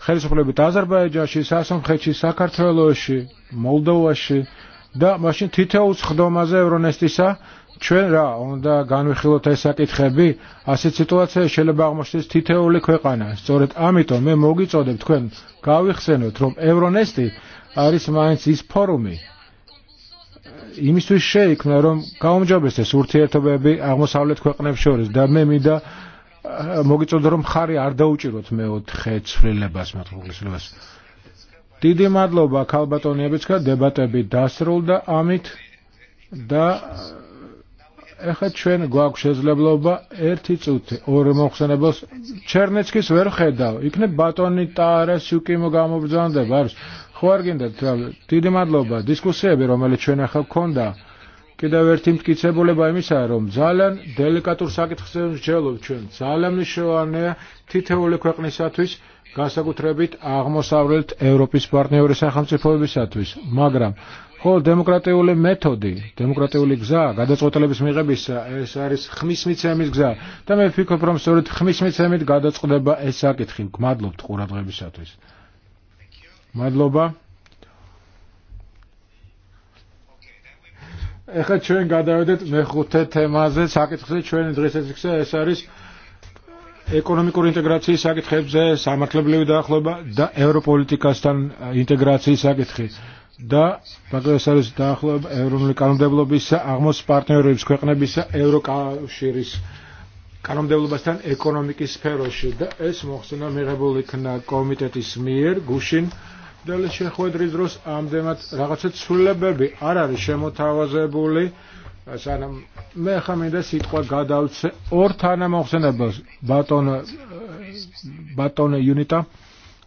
ხელისუფლებით აზერბაიჯანში, სასამხეთში, საქართველოში, მოლდოვაში და მაშინ თითოეულ ხდომაზე ევრონესტისა ჩვენ რა უნდა განვიხილოთ ეს საკითხები? ასეთ სიტუაციაში შეიძლება აღმოჩნდეს თითეული ქვეყანა. სწორედ ამიტომ მე მოგიწოდებ თქვენ გავიხსენოთ, რომ ევრონესტი არის მაინც ის ფორუმი, იმისთვის შეიქმნა, რომ გაუმჯობესდეს ურთიერთობები აღმოსავლეთ ქვეყნებს შორის და მე მინდა მოგიწოდა რომ ხარი არ დაუჭიროთ მეოთხე ცვლილებას, მოთხოვლისლებას. დიდი მადლობა ქალბატონებიცკა დებატები დასრულდა ამით და ახლა ჩვენ გვაქვს შესაძლებლობა ერთი წუთი ორ მოხსენებელს ჩერნეცკის ვერ ხედავ. იქნებ ბატონი ტარას უკიმო გამობრძანდება არის. ხო არ გინდათ დიდი მადლობა დისკუსიები რომელიც ჩვენ ახლა გქონდა. კიდევ ერთი მტკიცებულება იმისაა რომ ძალიან დელიკატურ საკითხზე ვსჯელობ ჩვენ ძალიან მნიშვნელოვანია თითეული ქვეყნისათვის განსაკუთრებით აღმოსავლეთ ევროპის პარტნიორი სახელმწიფოებისათვის მაგრამ ხოლო დემოკრატიული მეთოდი, დემოკრატიული გზა გადაწყვეტილების მიღების ეს არის ხმის მიცემის გზა და მე ვფიქრობ, რომ სწორედ ხმის მიცემით გადაწყდება ეს საკითხი. მადლობთ ყურადღებისათვის. მადლობა. ეხლა ჩვენ გადავედეთ მეხუთე თემაზე, საკითხზე ჩვენი დღეს ესიქსა ეს არის ეკონომიკური ინტეგრაციის საკითხებზე, სამართლებრივი დაახლოება და ევროპოლიტიკასთან ინტეგრაციის საკითხი და მაგრამ ეს არის დაახლოება ევროპული კანონმდებლობისა, აღმოს პარტნიორების ქვეყნებისა ევროკავშირის კანონმდებლობასთან ეკონომიკის სფეროში და ეს მოხსენა მიღებული იქნა კომიტეტის მიერ გუშინ და შეხვედრის დროს ამდენად რაღაცა ცვლილებები არ არის შემოთავაზებული სანამ მე ხა მინდა სიტყვა გადავცე ორ თანამოხსენებას ბატონ ბატონ იუნიტა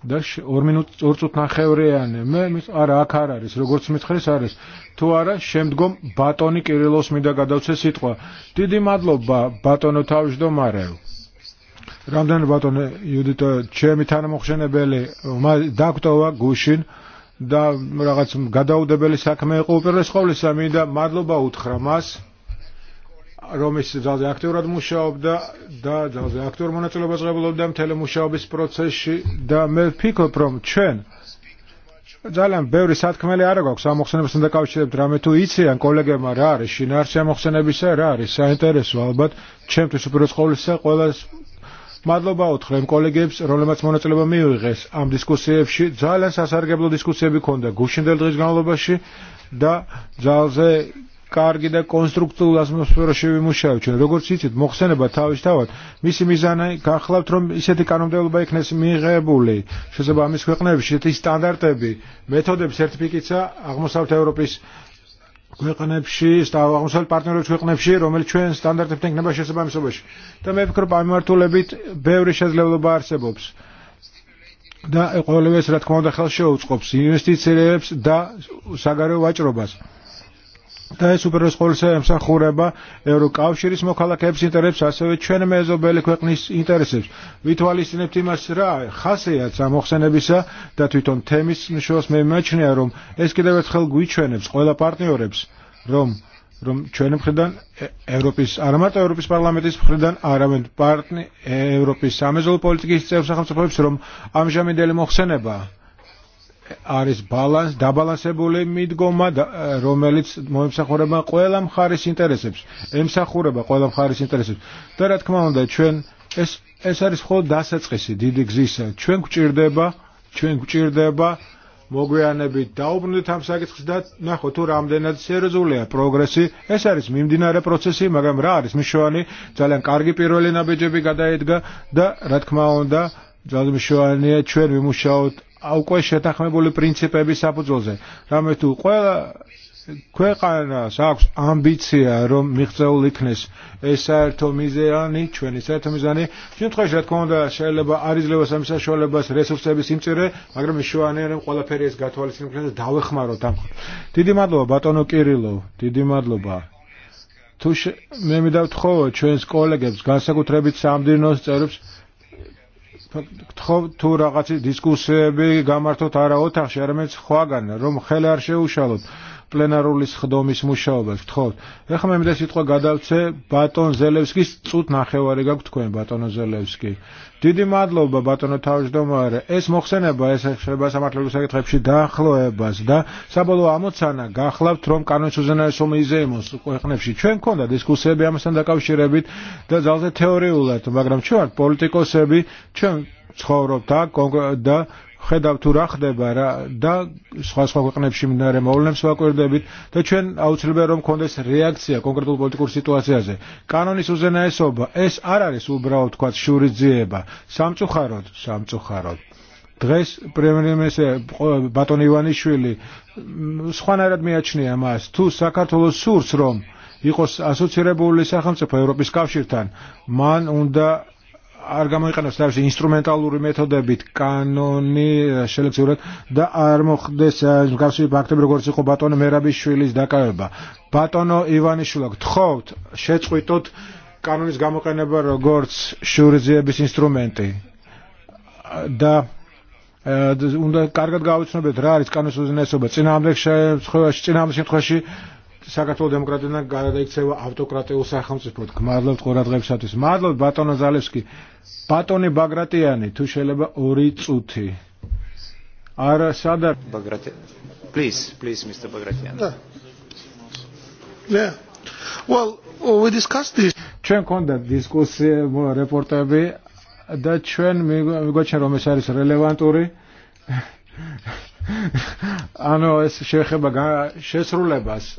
და ორ მინუტს ორ წუთნახევრიანი. მე არა აქ არ არის, როგორც მითხრეს არის. თუ არა, შემდგომ ბატონი კირილოს მინდა გადავცე სიტყვა. დიდი მადლობა ბატონო თავმჯდომარეო. რამდენი ბატონო იუდიტო, ჩემი თანამოხსენებელი დაგტოვა გუშინ და რაღაც გადაუდებელი საქმე იყო უპირველეს ყოვლისა, მინდა მადლობა უთხრა მას რომის ძალზე აქტიურად მუშაობდა და ძალზე აქტიურ მონაწილეობას ღებულობდა მთელი მუშაობის პროცესში და მე ვფიქრობ, რომ ჩვენ ძალიან ბევრი სათქმელი არ გვაქვს ამ მოხსენებასთან დაკავშირებით, რამე თუ იციან კოლეგებმა რა არის შინაარსი ამ მოხსენებისა, რა არის საინტერესო ალბათ, ჩემთვის უფრო ცხოვრისა ყოველას მადლობა უთხრენ კოლეგებს, რომლებმაც მონაწილეობა მიიღეს ამ დისკუსიებში. ძალიან სასარგებლო დისკუსიები ქონდა გუშინდელ დღის განმავლობაში და ძალზე კარგი და კონსტრუქციულ ასმოსფეროში ვიმუშავე ჩვენ. როგორც იცით, მოხსენება თავისთავად მისი მიზანი გახლავთ რომ ისეთი კანონმდებლობა იქნეს მიღებული, შესაძლოა ამის ქვეყნებში ისეთი სტანდარტები, მეთოდები სერტიფიკაცია აღმოსავლეთ ევროპის ქვეყნებში, აღმოსავლეთ პარტნიორებს ქვეყნებში, რომელიც ჩვენ სტანდარტებთან იქნება შესაბამისობაში. და მე ვფიქრობ ამ მიმართულებით ბევრი შესაძლებლობა არსებობს. და ყოველივეს რა თქმა უნდა ხელშეუწყობს ინვესტიციებს და საგარეო ვაჭრობას და ეს უპირველეს ყოვლისა ემსახურება ევროკავშირის მოქალაქეების ინტერესებს, ასევე ჩვენ მეზობელი ქვეყნის ინტერესებს. ვითვალისწინებთ იმას რა ხასიათს ამ მოხსენებისა და თვითონ თემის მნიშვნელობას მე მიმაჩნია, რომ ეს კიდევ ერთხელ გვიჩვენებს ყველა პარტნიორებს, რომ რომ ჩვენი მხრიდან ევროპის არა მარტო ევროპის პარლამენტის მხრიდან, არამედ პარტნი ევროპის სამეზობლო პოლიტიკის წევრ სახელმწიფოებს, რომ ამჟამინდელი მოხსენება არის ბალანს, დაბალანსებული მიდგომა, რომელიც მოემსახურება ყველა მხარის ინტერესებს, ემსახურება ყველა მხარის ინტერესებს. და რა თქმა უნდა, ჩვენ ეს ეს არის ხო დასაწყისი დიდი გზისა. ჩვენ გვჭირდება, ჩვენ გვჭირდება მოგვიანებით დაუბრუნდეთ ამ საკითხს და ნახო თუ რამდენად სერიოზულია პროგრესი. ეს არის მიმდინარე პროცესი, მაგრამ რა არის მნიშვნელოვანი, ძალიან კარგი პირველი ნაბიჯები გადაედგა და რა თქმა უნდა ძალიან მნიშვნელოვანია ჩვენ ვიმუშაოთ უკვე შეთანხმებული პრინციპები საფუძველზე. რამე თუ ყველა ქვეყანას აქვს ამბიცია რომ მიღწეულ იქნეს ეს საერთო მიზანი, ჩვენი საერთო მიზანი, შემთხვევაში რა თქმა უნდა შეიძლება არ იძლევა სამსაშუალებას რესურსების სიმწირე, მაგრამ შევანიან რომ ყველაფერი ეს გათვალისწინებს და დავეხმაროთ ამ. დიდი მადლობა ბატონო კირილო, დიდი მადლობა. თუ მე მივდავთ ხო ჩვენს კოლეგებს, განსაკუთრებით სამდინოს წერებს თუ რაღაცი დისკუსიები გამართოთ არა ოთახში, არამედ სხვაგან, რომ ხელი არ შეუშალოთ პლენარული სხდომის მუშაობას. გთხოვთ, ეხლა მე მინდა სიტყვა გადავცე ბატონ ზელევსკის, წუთ ნახევარი გაქვთ თქვენ ბატონო ზელევსკი დიდი მადლობა ბატონო თავმჯდომარე. ეს მოხსენება ეს შეიძლება სამართლებრივ საკითხებში დაახლოებას და საბოლოო ამოცანა გახლავთ რომ კანონის უზენაესო მიზეიმოს ქვეყნებში ჩვენ გქონდა დისკუსიები ამასთან დაკავშირებით და ძალზე თეორიულად, მაგრამ ჩვენ პოლიტიკოსები, ჩვენ ცხოვრობთ და ხედავ თუ რა ხდება რა და სხვა სხვა ქვეყნებში მდინარე მოვლენებს ვაკვირდებით და ჩვენ აუცილებლია რომ გქონდეს რეაქცია კონკრეტულ პოლიტიკურ სიტუაციაზე. კანონის უზენაესობა ეს არ არის უბრალოდ თქვა შურიძიება, სამწუხაროდ, სამწუხაროდ. დღეს პრემიერ-მინისტრი ბატონ ივანიშვილი სხვანაირად მიაჩნია მას თუ საქართველოს სურს რომ იყოს ასოცირებული სახელმწიფო ევროპის კავშირთან მან უნდა არ გამოიყენოს თავისი ინსტრუმენტალური მეთოდებით კანონი შელექსიურად და არ მოხდეს მსგავსი ფაქტები როგორც იყო ბატონო მერაბიშვილის დაკავება. ბატონო ივანიშვილო, გთხოვთ შეწყვიტოთ კანონის გამოყენება როგორც შურიზიების ინსტრუმენტი და უნდა კარგად გავიცნობეთ რა არის კანონის უზენაესობა. წინააღმდეგ შემთხვევაში, წინააღმდეგ შემთხვევაში საქართველოს დემოკრატიიდან გადაიქცევა ავტოკრატიულ სახელმწიფოდ. გმადლობთ ყურადღებისათვის. მადლობთ ბატონო ზალევსკი. ბატონი ბაგრატიანი, თუ შეიძლება 2 წუთი. არა, სადა ბაგრატიანი. Please, please Mr. Bagratyan. Yeah. Well, we discussed this. ჩვენ გქონდა დისკუსია რეპორტები და ჩვენ მიგვაჩნია რომ ეს არის რელევანტური ანუ ეს შეეხება შესრულებას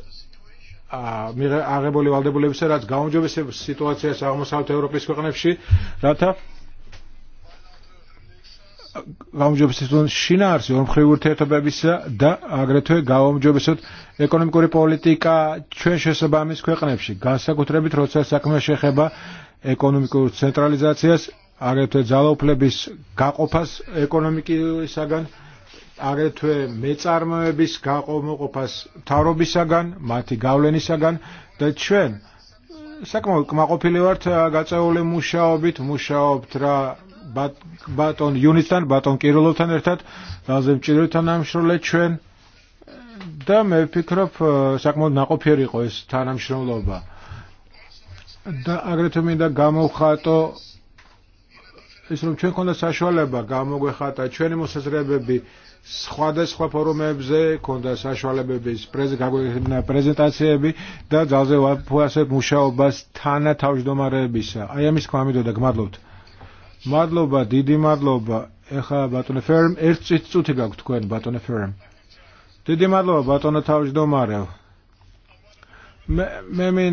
აღებული ვალდებულებისა, რაც გაუმჯობეს სიტუაციას აღმოსავლეთ ევროპის ქვეყნებში, რათა გაუმჯობესებთ შინაარსი ორმხრივი ურთიერთობებისა და აგრეთვე გაუმჯობესოთ ეკონომიკური პოლიტიკა ჩვენ შესაბამის ქვეყნებში, განსაკუთრებით როცა საქმე შეხება ეკონომიკურ ცენტრალიზაციას, აგრეთვე ძალაუფლების გაყოფას ეკონომიკისაგან აგრეთვე მეწარმეების გაყომოყოფას თავრობისაგან, მათი გავლენისაგან და ჩვენ საკმაოდ კმაყოფილი ვართ გაწეული მუშაობით, მუშაობთ რა ბატონ იუნისთან, ბატონ კირილოვთან ერთად, ძალზე მჭირვით თანამშრომლეთ ჩვენ და მე ვფიქრობ საკმაოდ ნაყოფიერი იყო ეს თანამშრომლობა. და აგრეთვე მინდა გამოვხატო ის რომ ჩვენ ქონდა საშუალება გამოგვეხატა ჩვენი მოსაზრებები სხვადასხვა ფორუმებზე ქონდა საშუალებების პრეზენტაციები და ძალზე ვაფუასებ მუშაობას თანათავმჯდომარეებისა. აი ამის თქვა მიდოდა გმადლობთ. მადლობა, დიდი მადლობა. ეხა ბატონო ფერმ, ერთ წუთი გაქვთ თქვენ ბატონო ფერმ. დიდი მადლობა ბატონო თავმჯდომარეო. მე მე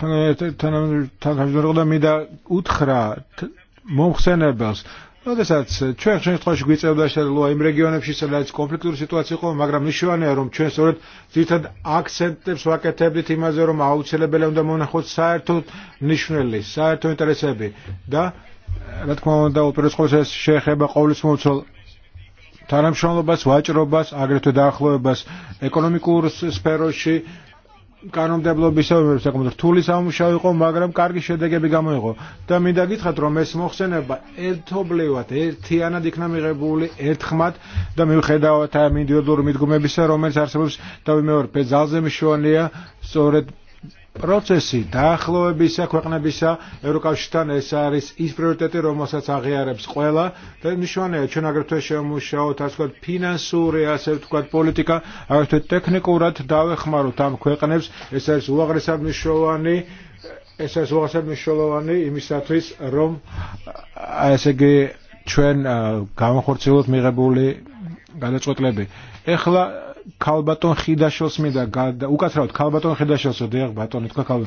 თან თან თან თან მინდა უთხრა მომხსენებელს როდესაც ჩვენ ხშირ შემთხვევაში გვიწევდა შეიძლება იმ რეგიონებში სადაც კონფლიქტური სიტუაცია იყო, მაგრამ მნიშვნელოვანია რომ ჩვენ სწორედ ძირითად აქცენტებს ვაკეთებდით იმაზე, რომ აუცილებელია უნდა მონახოთ საერთო ნიშნული, საერთო ინტერესები და რა თქმა უნდა უპირატესობას შეეხება ყოვლისმომცველ თანამშრომლობას, ვაჭრობას, აგრეთვე დაახლოებას ეკონომიკურ სფეროში, კანონმდებლობისევი საკმაოდ რთული სამუშაო იყო, მაგრამ კარგი შედეგები გამოიღო და მინდა გითხრათ, რომ ეს მოხსენება ერთობლივად, ერთიანად იქნა მიღებული ერთხმად და მივხედავთ ამ ინდივიდუალური მიდგომებისა, რომელიც არსებობს და ვიმეორებ, ძალზე მნიშვნელოვანია სწორედ პროცესი დაახლოებისა ქვეყნებისა ევროკავშირთან ეს არის ის პრიორიტეტი რომელსაც აღიარებს ყველა და მნიშვნელოვანია ჩვენ აგრეთვე შემუშაოთ ასე ვთქვათ ფინანსური ასე ვთქვათ პოლიტიკა აგრეთვე ტექნიკურად დავეხმაროთ ამ ქვეყნებს ეს არის უაღრესად მნიშვნელოვანი ეს არის უაღრესად მნიშვნელოვანი იმისათვის რომ ესე იგი ჩვენ გავანხორციელოთ მიღებული გადაწყვეტილები ეხლა ქალბატონ ხიდაშოსმი და უკაცრავად ქალბატონ ხიდაშოსო დიახ ბატონი თქვა ქალ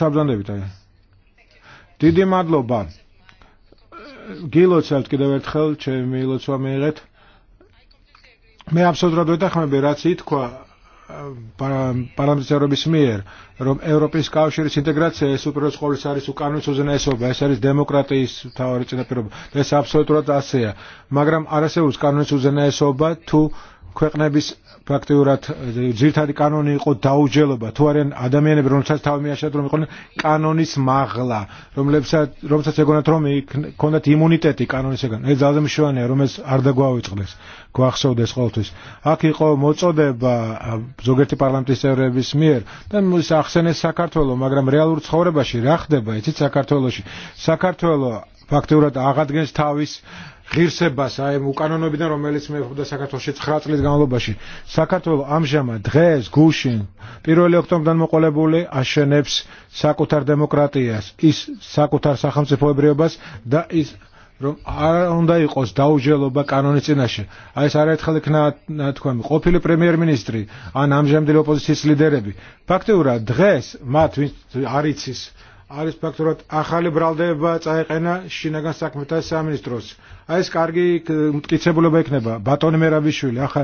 საბრძანდებით აი დიდი მადლობა გილოცავთ კიდევ ერთხელ ჩემი ილოცვა მიიღეთ მე აბსოლუტურად ვეთანხმები რაც ითქვა პარლამენტის ევროპის მიერ, რომ ევროპის კავშირის ინტეგრაცია ეს უპირველეს ყოვლისა არის უკანონო უზენაესობა, ეს არის დემოკრატიის მთავარი წინაპირობა. ეს აბსოლუტურად ასეა, მაგრამ არ არსებობს კანონის უზენაესობა თუ ქვეყნების ფაქტიურად ძირთადი კანონი იყო დაუჯელობა თუ არიან ადამიანები რომელსაც თავი მიაშათ რომ იყვნენ კანონის მაღლა რომლებსაც რომელსაც ეგონათ რომ იქონდათ იმუნიტეტი კანონისგან ეს ძალზე მნიშვნელოვანია რომ ეს არ დაგვაუწყდეს გვახსოვდეს ყოველთვის აქ იყო მოწოდება ზოგიერთი პარლამენტის წევრების მიერ და ის ახსენეს საქართველოს მაგრამ რეალურ ცხოვრებაში რა ხდება იცით საქართველოში საქართველოს ფაქტიურად აღადგენს თავის ღირსებას აი ამ უკანონოებიდან რომელიც მეფობდა საქართველოში 9 წლის განმავლობაში საქართველო ამჟამად დღეს გუშინ 1 ოქტომბრიდან მოყოლებული აშენებს საკუთარ დემოკრატიას ის საკუთარ სახელმწიფოებრიობას და ის რომ არ უნდა იყოს დაუჯელობა კანონის წინაშე. აი ეს არაერთხელ იქნა თქვენ ყოფილი პრემიერ-მინისტრი ან ამჟამინდელი ოპოზიციის ლიდერები. ფაქტიურად დღეს მათ ვინც არ იცის არის ფაქტორად ახალი ბრალდებება წაეყენა შინაგან საქმეთა სამინისტროს. აი ეს კარგი მტკიცებულება იქნება ბატონი მერაბიშვილი, ახლა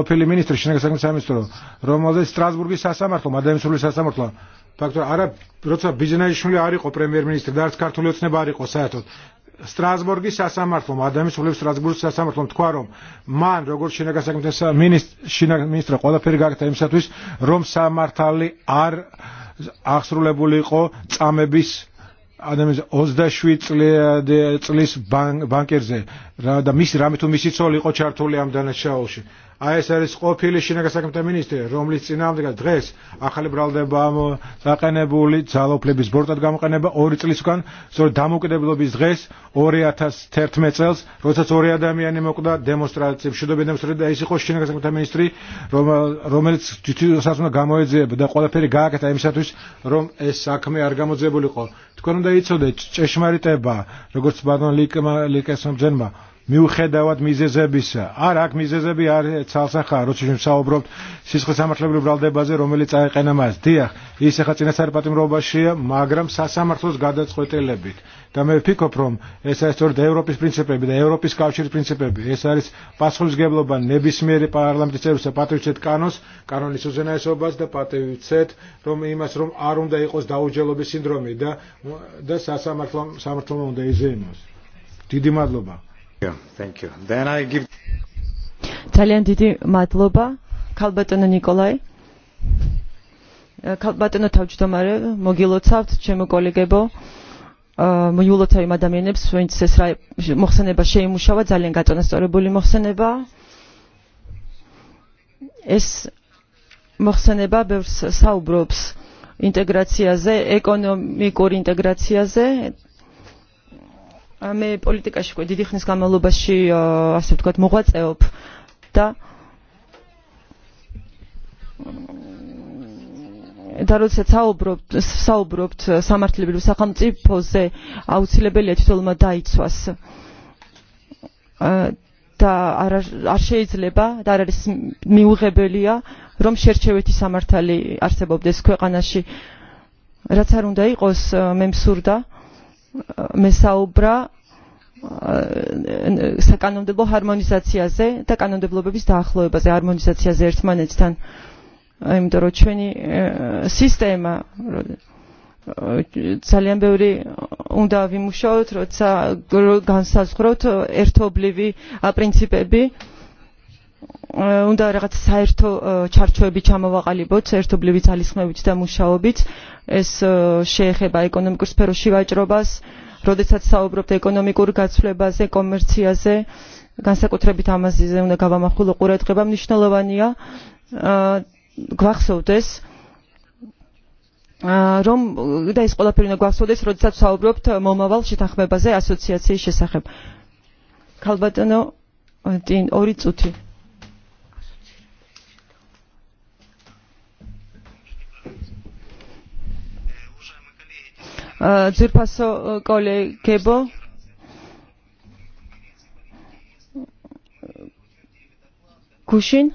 ყოფილი მინისტრი შინაგან საქმეთა სამინისტრო, რომელზეც სტრასბურგის სასამართლომ, ადამიანური სასამართლომ ფაქტორ არა, როცა ბიზნესიშვილი არ იყო პრემიერ-მინისტრი და არც ქართული ოცნება არ იყო საერთოდ. სტრასბურგის სასამართლომ, ადამიანის უფლებების სტრასბურგის სასამართლომ თქვა, რომ მან როგორც შინაგან საქმეთა მინისტრ, შინაგან მინისტრა ყველაფერი გააკეთა იმისათვის, რომ სამართალი არ აღსრულებული იყო წამების ადამიანს 27 წლიანი წლის ბანკერზე რა და მის რამე თუ მისი ცოლი იყო ჩართული ამ დანაშაულში. აი ეს არის ყოფილი შინაგან საქმეთა მინისტრი, რომლის წინააღმდეგ დღეს ახალი ბრალდება ამ დაყენებული ძალოფლების ბორტად გამოყენება 2 წლის უკან, სწორედ დამოუკიდებლობის დღეს 2011 წელს, როდესაც ორი ადამიანი მოკვდა დემონსტრაციებში, მშვიდობიან დემონსტრაციებში და ეს იყო შინაგან საქმეთა მინისტრი, რომელიც თვითონაც უნდა გამოეძიება და ყველაფერი გააკეთა იმისათვის, რომ ეს საქმე არ გამოძიებულიყო თქვენ უნდა იცოდეთ ჭეშმარიტება, როგორც ბატონ ლიკესმა ბრძენმა მიუხედავად მიზეზებისა. არ აქ მიზეზები არ ცალსახაა, როცა ვსაუბრობთ სისხლის სამართლებრივ ბრალდებაზე, რომელიც აეყენა მას. დიახ, ის ახლა წინასწარ პატიმრობაშია, მაგრამ სასამართლოს გადაწყვეტილებით. და მე ვფიქრობ, რომ ეს არის სწორედ ევროპის პრინციპები და ევროპის კავშირის პრინციპები. ეს არის პასუხისგებლობა ნებისმიერი პარლამენტის წევრსა პატრიცეთ კანოს კანონის უზენაესობას და პატრიცეთ რომ იმას, რომ არ უნდა იყოს დაუჯელობის სინდრომი და და სასამართლო სამართლომ უნდა იზეიმოს. დიდი მადლობა. Thank you. Then I give... ძალიან დიდი მადლობა ქალბატონო ნიკოლაი ქალბატონო თავმჯდომარე მოგილოცავთ ჩემო კოლეგებო მიულოცა იმ ადამიანებს ვინც ეს რა მოხსენება შეიმუშავა ძალიან გაწონასწორებული მოხსენება ეს მოხსენება ბევრს საუბრობს ინტეგრაციაზე ეკონომიკურ ინტეგრაციაზე მე პოლიტიკაში უკვე დიდი ხნის განმავლობაში ასე ვთქვათ მოღვაწეობ და და როცა საუბრობთ საუბრობთ სამართლებრივ სახელმწიფოზე აუცილებელია თვითონმა დაიცვას და არ არ შეიძლება და არ არის მიუღებელია რომ შერჩევითი სამართალი არსებობდეს ქვეყანაში რაც არ უნდა იყოს მე მსურდა მესაუბრა საკანონმდებლო ჰარმონიზაციაზე და კანონმდებლობების დაახლოებაზე ჰარმონიზაციაზე ერთმანეთთან იმიტომ რომ ჩვენი სისტემა ძალიან ბევრი უნდა ვიმუშაოთ როცა განსაზღვროთ ერთობლივი პრინციპები უნდა რაღაც საერთო ჩარჩოები ჩამოვაყალიბოთ ერთობლივი ძალისხმევით და მუშაობით ეს შეეხება ეკონომიკურ სფეროში ვაჭრობას როდესაც საუბრობთ ეკონომიკურ გაცვლებაზე კომერციაზე განსაკუთრებით ამაზე უნდა გავამახვილო ყურადღება მნიშვნელოვანია გვახსოვდეს რომ და ეს ყველაფერი უნდა გვახსოვდეს როდესაც საუბრობთ მომავალ შეთანხმებაზე ასოციაციის შესახებ ქალბატონო ტინ ორი წუთი ძვირფასო კოლეგებო გუშინ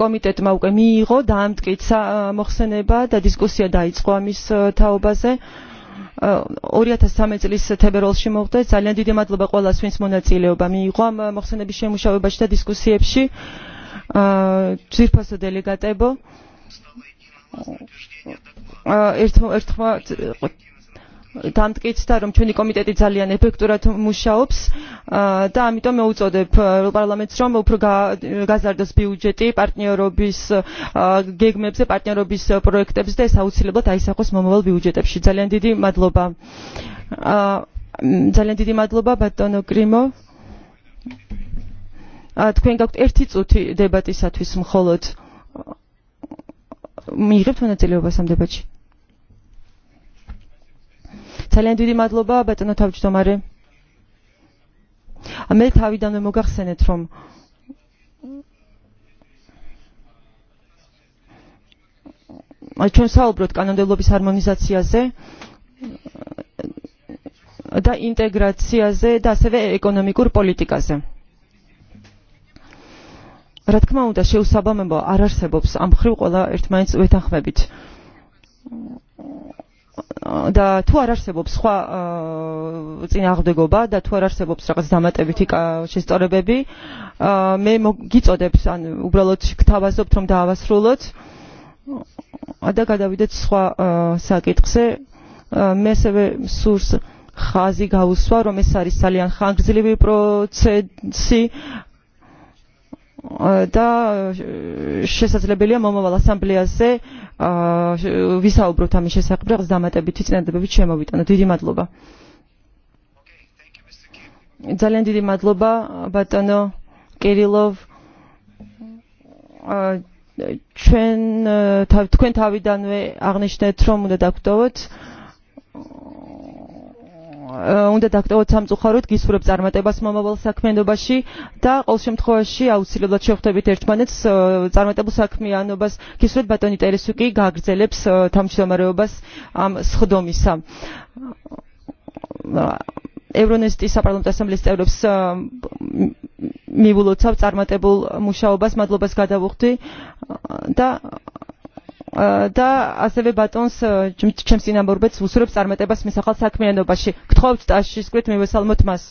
კომიტეტმა უკვე მიიღო დაამტკიცა მოხსენება და დისკუსია დაიწყო ამის თაობაზე 2013 წლის თებერვალში მოხდა ძალიან დიდი მადლობა ყველას ვინც მონაწილეობა მიიღო ამ მოხსენების შემუშავებაში და დისკუსიებში ძვირფასო დელეგატებო ერთმა დამტკიცდა რომ ჩვენი კომიტეტი ძალიან ეფექტურად მუშაობს და ამიტომ მეუწოდებ პარლამენტს რომ უფრო გაზარდოს ბიუჯეტი პარტნიორობის გეგმებზე პარტნიორობის პროექტებზე და ეს აუცილებლად აისახოს მომავალ ბიუჯეტებში ძალიან დიდი მადლობა ძალიან დიდი მადლობა ბატონო კრიმო თქვენ გაქვთ ერთი წუთი დებატისათვის მხოლოდ მიიღებთ მონაწილეობას ამ დებატში. ძალიან დიდი მადლობა ბატონო თავმჯდომარე. მე თავიდანვე მოგახსენეთ რომ ჩვენ საუბრობთ კანონმდებლობის ჰარმონიზაციაზე და ინტეგრაციაზე და ასევე ეკონომიკურ პოლიტიკაზე რა თქმა უნდა შეუსაბამებო არ არსებობს ამ ხრივ ყველა ერთმანეთს ვეთანხმებით და თუ არ არსებობს სხვა წინააღმდეგობა და თუ არ არსებობს რაღაც დამატებითი შესწორებები მე გიწოდებს ან უბრალოდ გთავაზობთ რომ დაავასრულოთ და გადავიდეთ სხვა საკითხზე მე ასევე სურს ხაზი გავუსვა რომ ეს არის ძალიან ხანგრძლივი პროცესი და შესაძლებელია მომავალ ასამბლეაზე ვისაუბროთ ამის შესახებ რაღაც დამატებითი წინადადებით შემოვიტანოთ. დიდი მადლობა. ძალიან დიდი მადლობა ბატონო კირილოვ. ჩვენ თქვენ თავიდანვე აღნიშნეთ რომ უნდა დაგხვდოვოთ უნდა დავტოვოთ სამწუხაროდ გისურვებ წარმატებას მომავალ საქმიანობაში და ყოველ შემთხვევაში აუცილებლად შევხვდებით ერთმანეთს წარმატებულ საქმიანობას გისურვებთ ბატონი ტერესუ კი გააგრძელებს თავმჯდომარეობას ამ სხდომისა ევრონესტის საპარლამენტო ასამბლეის წევრებს მიულოცავ წარმატებულ მუშაობას მადლობას გადავუხდი და და ასევე ბატონს ჩემს წინამორბედს უსურვებს წარმატებას მის ახალ საქმიანობაში. გთხოვთ ტაშისკვით მივესალმოთ მას.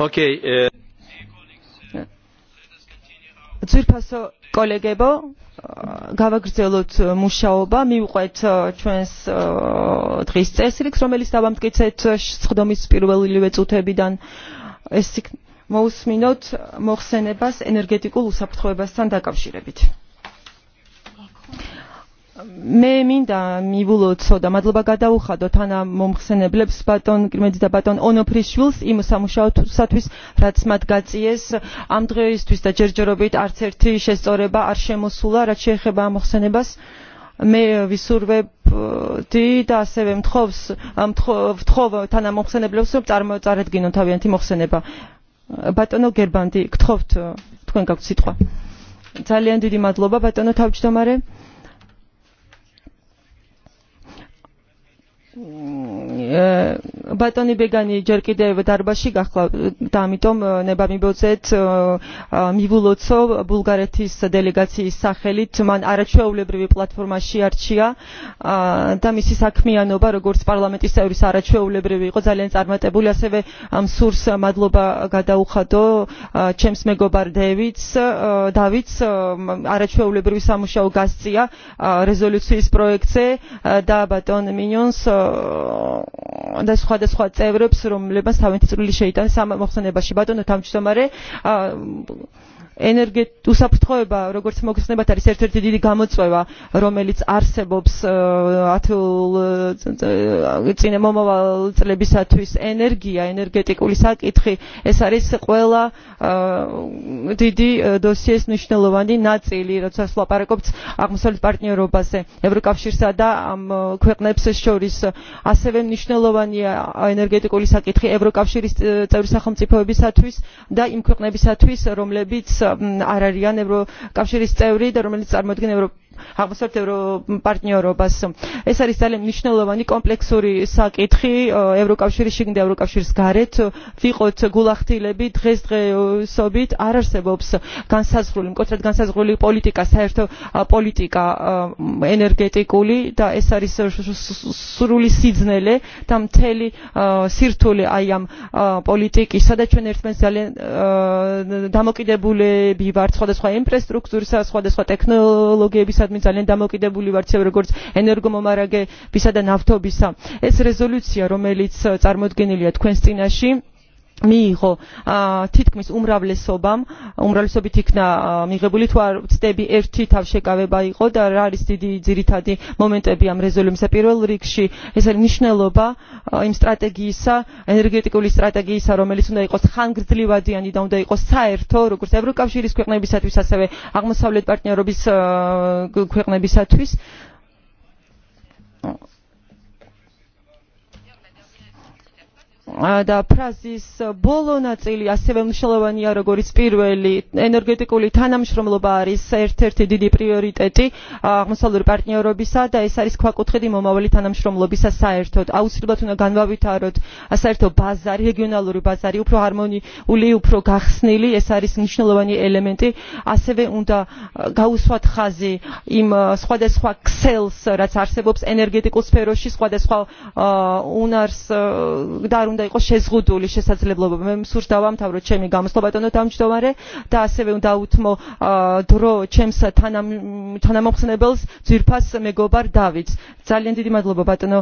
Okei. Okay, ძვირფასო კოლეგებო, გავაგრძელოთ მუშაობა, მივყვეთ ჩვენს დღის წესრიგს, რომელიც დავამტკიცეთ სხდომის პირველივე წუთებიდან. ეს მოусმინოთ მოხსენებას ენერგეტიკულ უსაფრთხოებასთან დაკავშირებით მე მინდა მივულოთ ცოტა მადლობა გადაუხადო თანა მომხსენებლებს ბატონ კრიმეძე და ბატონ ონოფრიშვილს იმ სამუშაოსათვის რაც მათ გაწიეს ამ დღეისთვის და ჯერჯერობით არც ერთი შესწორება არ შემოსულა რაც შეეხება ამ მომხსენებას მე ვისურვებდი და ასევე მთხოვს ვთხოვ თანამომხსენებლებს რომ წარმოწარედგინონ თავიანთი მომხსენება ბატონო გერბანდი გთხოვთ თქვენ გაქვთ სიტყვა ძალიან დიდი მადლობა ბატონო თავმჯდომარე ბატონი ბეგანი ჯერ კიდევ დარბაზში გახლავთ და ამიტომ ნება მიბოძეთ მივულოცო ბულგარეთის დელეგაციის სახელით მან არაჩვეულებრივი პლატფორმა შეარჩია და მისი საქმიანობა როგორც პარლამენტის წევრის არაჩვეულებრივი იყო ძალიან წარმატებული ასევე მსურს მადლობა გადაუხადო ჩემს მეგობარ დევიდს დავიდს არაჩვეულებრივი სამუშაო გასწია რეზოლუციის პროექტზე და ბატონ მინიონს და სხვა და სხვა წევრებს რომლებსაც თავენთი წვლილი შეიტანეს ამ მოხსენებაში ბატონო თავმჯდომარე უსაფრთხოება როგორც მოგხსენებათ არის ერთ-ერთი დიდი გამოწვევა რომელიც არსებობს წინა მომავალ წლებისათვის ენერგია ენერგეტიკული საკითხი ეს არის ყველა დიდი დოსიეს მნიშვნელოვანი ნაწილი როდესაც ვლაპარაკობთ აღმოსავლეთ პარტნიორობაზე ევროკავშირსა და ამ ქვეყნებს შორის ასევე მნიშვნელოვანია ენერგეტიკული საკითხი ევროკავშირის წევრი სახელმწიფოებისათვის და იმ ქვეყნებისათვის რომლებიც არ არიან კავშირის წევრი და რომელიც წარმოადგენს აღმოსავლეთ პარტნიორობას. ეს არის ძალიან მნიშვნელოვანი კომპლექსური საკითხი ევროკავშირის შიგნით და ევროკავშირის გარეთ. ვიყოთ გულახდილები დღესდღეობით არ არსებობს განსაზღვრული, მკვეთრად განსაზღვრული პოლიტიკა, საერთო პოლიტიკა ენერგეტიკული და ეს არის სრული სიძნელე და მთელი სირთული აი ამ პოლიტიკისა და ჩვენ ერთმანეთს ძალიან დამოკიდებულები ვართ სხვადასხვა ინფრასტრუქტურისა, სხვადასხვა ტექნოლოგიებისა მართლაც მე ძალიან დამოკიდებული ვარ ცევ როგორც ენერგომომარაგებისა და ნავთობისა ეს რეზოლუცია რომელიც წარმოდგენილია თქვენს წინაშე მიიღო თითქმის უმრავლესობამ უმრავლესობით იქნა მიღებული თუ არ ვცდები ერთი თავშეკავება იყო და რა არის დიდი ძირითადი მომენტები ამ რეზოლუციის პირველ რიგში ეს არის მნიშვნელობა იმ სტრატეგიისა ენერგეტიკული სტრატეგიისა რომელიც უნდა იყოს ხანგრძლივადიანი და უნდა იყოს საერთო როგორც ევროკავშირის ქვეყნებისათვის ასევე აღმოსავლეთ პარტნიორობის ქვეყნებისათვის და ფრაზის ბოლო ნაწილი ასევე მნიშვნელოვანია როგორც პირველი ენერგეტიკული თანამშრომლობა არის ერთ-ერთი დიდი პრიორიტეტი აღმოსავლური პარტნიორობისა და ეს არის ქვაკუთხედი მომავალი თანამშრომლობისა საერთოდ აუცილებლად უნდა განვავითაროთ საერთო ბაზარი რეგიონალური ბაზარი უფრო ჰარმონიული უფრო გახსნილი ეს არის მნიშვნელოვანი ელემენტი ასევე უნდა გაუსვათ ხაზი იმ სხვადასხვა ქსელს რაც არსებობს ენერგეტიკულ სფეროში სხვადასხვა უნარს და არ უნდა უნდა იყოს შეზღუდული შესაძლებლობა მე მსურს დავამთავროთ ჩემი გამოსვლა ბატონო თავმჯდომარე და ასევე უნდა უთმო დრო ჩემს თანამომხსნებელს ძირფას მეგობარ დავითს ძალიან დიდი მადლობა ბატონო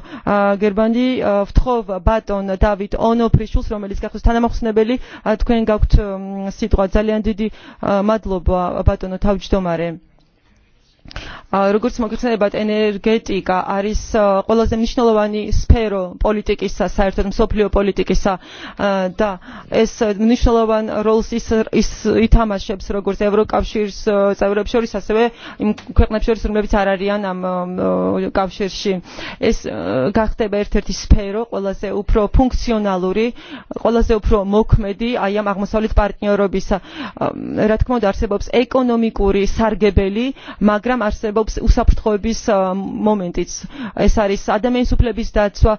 გერბანდი ვთხოვ ბატონ დავით ონოფრიშულს რომელიც გახოს თანამომხსნებელი თქვენ გაქვთ სიტყვა ძალიან დიდი მადლობა ბატონო თავმჯდომარე როგორც მოგეხსენებათ ენერგეტიკა არის ყველაზე მნიშვნელოვანი სფერო პოლიტიკისა საერთოდ მსოფლიო პოლიტიკისა და ეს მნიშვნელოვან როლს ის ითამაშებს როგორც ევროკავშირის წევრებს შორის ასევე იმ ქვეყნებს შორის რომლებიც არ არიან ამ კავშირში ეს გახდება ერთ-ერთი სფერო ყველაზე უფრო ფუნქციონალური ყველაზე უფრო მოქმედი აი ამ აღმოსავლეთ პარტნიორობის რა თქმა უნდა არსებობს ეკონომიკური სარგებელი მაგრამ მაგრამ არსებობს უსაფრთხოების მომენტიც ეს არის ადამიანის უფლების დაცვა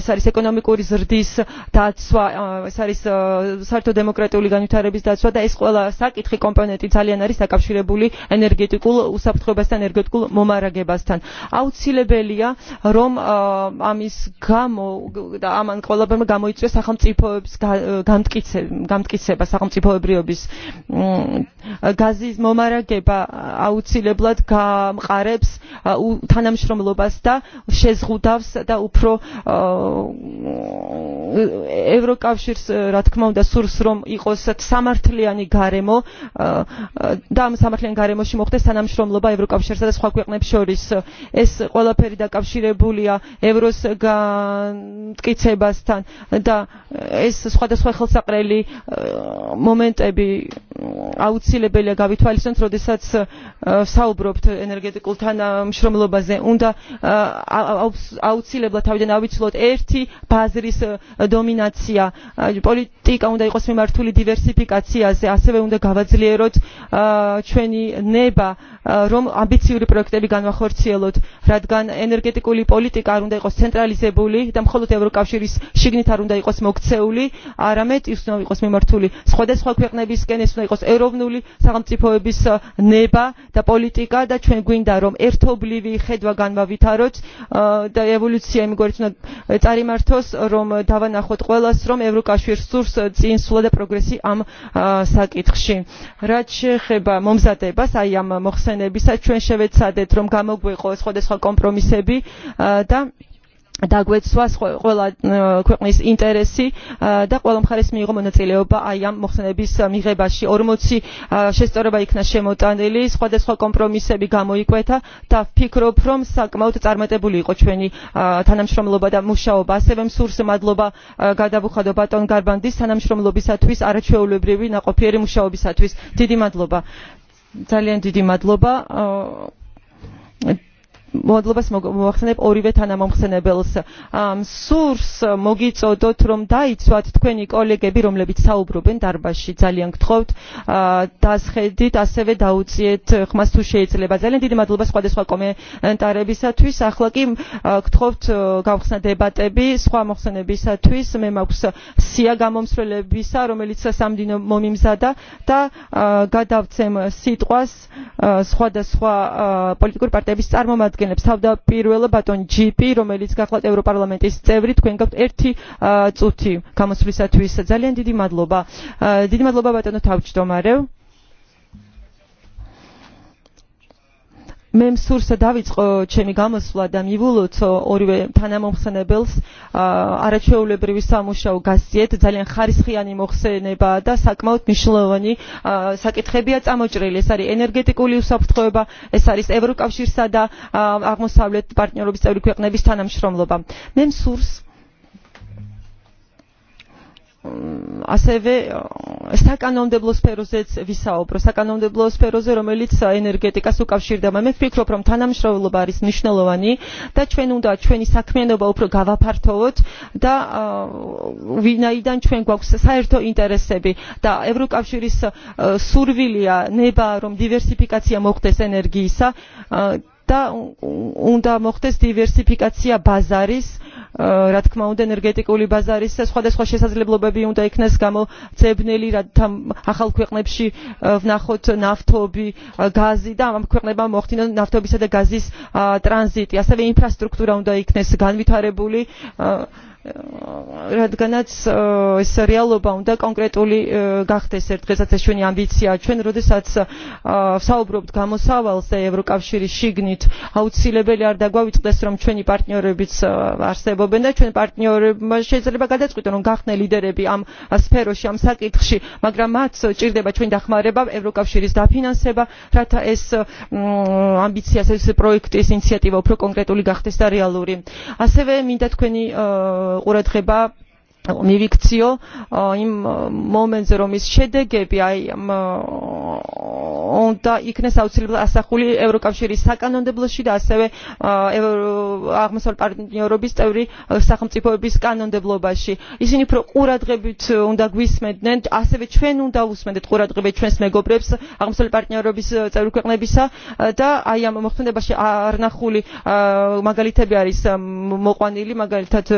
ეს არის ეკონომიკური ზრდის დაცვა ეს არის საერთო დემოკრატიული განვითარების დაცვა და ეს ყველა საკითხი კომპონენტი ძალიან არის დაკავშირებული ენერგეტიკულ უსაფრთხოებასთან ენერგეტიკულ მომარაგებასთან აუცილებელია რომ ამის გამო და ამან ყველაფერმა გამოიწვია სახელმწიფოებს გამტკიცება სახელმწიფოებრიობის გაზის მომარაგება აუცილებლად მუდმივად გაამყარებს თანამშრომლობას და შეზღუდავს და უფრო ევროკავშირს რა თქმა უნდა სურს რომ იყოს სამართლიანი გარემო და ამ სამართლიან გარემოში მოხდეს თანამშრომლობა ევროკავშირსა და სხვა ქვეყნებს შორის ეს ყველაფერი დაკავშირებულია ევროს განმტკიცებასთან და ეს სხვადასხვა ხელსაყრელი მომენტები აუცილებელია გავითვალისწინოთ როდესაც საუბრობთ ენერგეტიკულ თანამშრომლობაზე უნდა აუცილებლად თავიდან ავიცილოთ ერთი ბაზრის დომინაცია პოლიტიკა უნდა იყოს მიმართული დივერსიფიკაციაზე ასევე უნდა გავაძლიეროთ ჩვენი ნება რომ ამბიციური პროექტები განვახორციელოთ რადგან ენერგეტიკული პოლიტიკა არ უნდა იყოს ცენტრალიზებული და მხოლოდ ევროკავშირის შიგნით არ უნდა იყოს მოქცეული არამედ ის უნდა იყოს მიმართული სხვადასხვა ქვეყნებისკენ ეს უნდა იყოს ეროვნული სახელმწიფოების ნება და პოლიტიკა და ჩვენ გვინდა რომ ერთობლივი ხედვა განვავითაროთ და ევოლუცია იმგვარით უნდა წარიმართოს რომ დავა ვანახოთ ყველას, რომ ევროკავშირს სურს წინსვლა და პროგრესი ამ საკითხში. რაც შეეხება მომზადებას, აი ამ მოხსენებისა, ჩვენ შევეცადეთ, რომ გამოგვეყო სხვადასხვა კომპრომისები და დაგვეცვას ყველა ქვეყნის ინტერესი და ყველა მხარეს მიიღო მონაწილეობა აი ამ მოხსენების მიღებაში 40 შესწორება იქნა შემოტანილი სხვადასხვა კომპრომისები გამოიკვეთა და ვფიქრობ რომ საკმაოდ წარმატებული იყო ჩვენი თანამშრომლობა და მუშაობა ასევე მსურს მადლობა გადავუხადო ბატონ გარბანდის თანამშრომლობისათვის არაჩვეულებრივი ნაყოფიერი მუშაობისათვის დიდი მადლობა ძალიან დიდი მადლობა მოადლობას მოახსენებ ორივე თანამომხსენებელს. სურს მოგიწოდოთ რომ დაიცვათ თქვენი კოლეგები რომლებიც საუბრობენ დარბაზში ძალიან გთხოვთ დასხედით ასევე დაუწიეთ ხმას თუ შეიძლება. ძალიან დიდი მადლობა სხვადასხვა კომენტარებისათვის. ახლა კი გთხოვთ გავხსნა დებატები სხვა მოხსენებისათვის. მე მაქვს სია გამომსვლელებისა რომელიც სამდინო მომიმზადა და გადავცემ სიტყვას სხვადასხვა პოლიტიკური პარტიების წარმომადგენლებს აღადგენს თავდაპირველად ბატონ GP, რომელიც გახლავთ ევროპარლამენტის წევრი თქვენ გაქვთ ერთი წუთი გამოსვლისათვის ძალიან დიდი მადლობა დიდი მადლობა ბატონო თავმჯდომარე მე მსურს დავიწყო ჩემი გამოსვლა და მივულოცო ორივე თანამომხსენებელს არაჩვეულებრივი სამუშაო გასწიეთ ძალიან ხარისხიანი მოხსენება და საკმაოდ მნიშვნელოვანი საკითხებია წამოჭრილი ეს არის ენერგეტიკული უსაფრთხოება ეს არის ევროკავშირსა და აღმოსავლეთ პარტნიორობის წევრი ქვეყნების თანამშრომლობა მე მსურს ასევე საკანონმდებლო სფეროზეც ვისაუბრო საკანონმდებლო სფეროზე რომელიც ენერგეტიკას უკავშირდება მე ვფიქრობ რომ თანამშრომლობა არის მნიშვნელოვანი და ჩვენ უნდა ჩვენი საქმიანობა უფრო გავაფართოვოთ და ვინაიდან ჩვენ გვაქვს საერთო ინტერესები და ევროკავშირის სურვილია ნება რომ დივერსიფიკაცია მოხდეს ენერგიისა და უნდა მოხდეს დივერსიფიკაცია ბაზარის რა თქმა უნდა ენერგეტიკული ბაზარის სხვადასხვა შესაძლებლობები უნდა იქნეს გამოძებნელი რათა ახალ ქვეყნებში ვნახოთ ნავთობი გაზი და ამ ქვეყნებამ მოხდინონ ნავთობისა და გაზის ტრანზიტი ასევე ინფრასტრუქტურა უნდა იქნეს განვითარებული აა რადგანაც serialობა უნდა კონკრეტული გახდეს ერთ დღესაც ეს ჩვენი ამბიცია ჩვენ როდესაც ვსაუბრობთ გამოსავალზე ევროკავშირის შიგნით აუცილებელი არ დაგვავიწყდეს რომ ჩვენი პარტნიორებიც არსებობენ და ჩვენ პარტნიორებმა შეიძლება გადაწყვიტონ რომ გახდნენ ლიდერები ამ სფეროში ამ საკითხში მაგრამ მათ ჭირდება ჩვენი დახმარება ევროკავშირის დაფინანსება რათა ეს ამბიციას ეს პროექტის ინიციატივა უფრო კონკრეტული გახდეს და რეალური ასევე მინდა თქვენი urăsc heba მივიქციო იმ მომენტზე რომ ის შედეგები აი უნდა იქნეს აუცილებლად ასახული ევროკავშირის საკანონმდებლოში და ასევე აღმოსავლეთ პარტნიორობის წევრი სახელმწიფოების კანონმდებლობაში. ისინი უფრო ყურადღებით უნდა გვისმენდნენ, ასევე ჩვენ უნდა უსმენდეთ ყურადღებით ჩვენს მეგობრებს აღმოსავლეთ პარტნიორობის წევრი ქვეყნებისა და აი ამ მოხდენებაში არნახული მაგალითები არის მოყვანილი, მაგალითად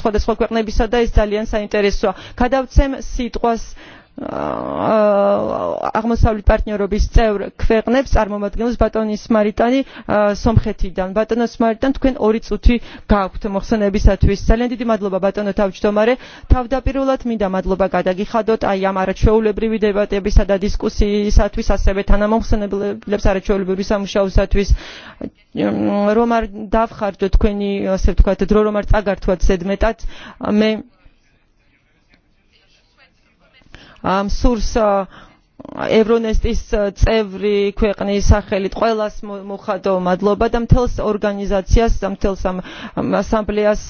სხვადასხვა ქვეყნებისა და ეს ძალიან ძალიან საინტერესოა. გადავცემ სიტყვას აღმოსავლეთ პარტნიორობის წევრ ქვეყნებს წარმომადგენელს ბატონი სმარიტანი სომხეთიდან ბატონო სმარიტან თქვენ ორი წუთი გაქვთ მოხსენებისათვის ძალიან დიდი მადლობა ბატონო თავმჯდომარე თავდაპირველად მინდა მადლობა გადაგიხადოთ აი ამ არაჩვეულებრივი დებატებისა და დისკუსიისათვის ასევე თანამომხსენებლებს არაჩვეულებრივი სამუშაოსათვის რომ არ დავხარჯოთ თქვენი ასე ვთქვათ დრო რომ არ წაგართვათ ზედმეტად მე სურს ევრონესტის წევრი ქვეყნის სახელით ყველას მოხადო მადლობა და მთელს ორგანიზაციას და მთელს ამ ასამბლეას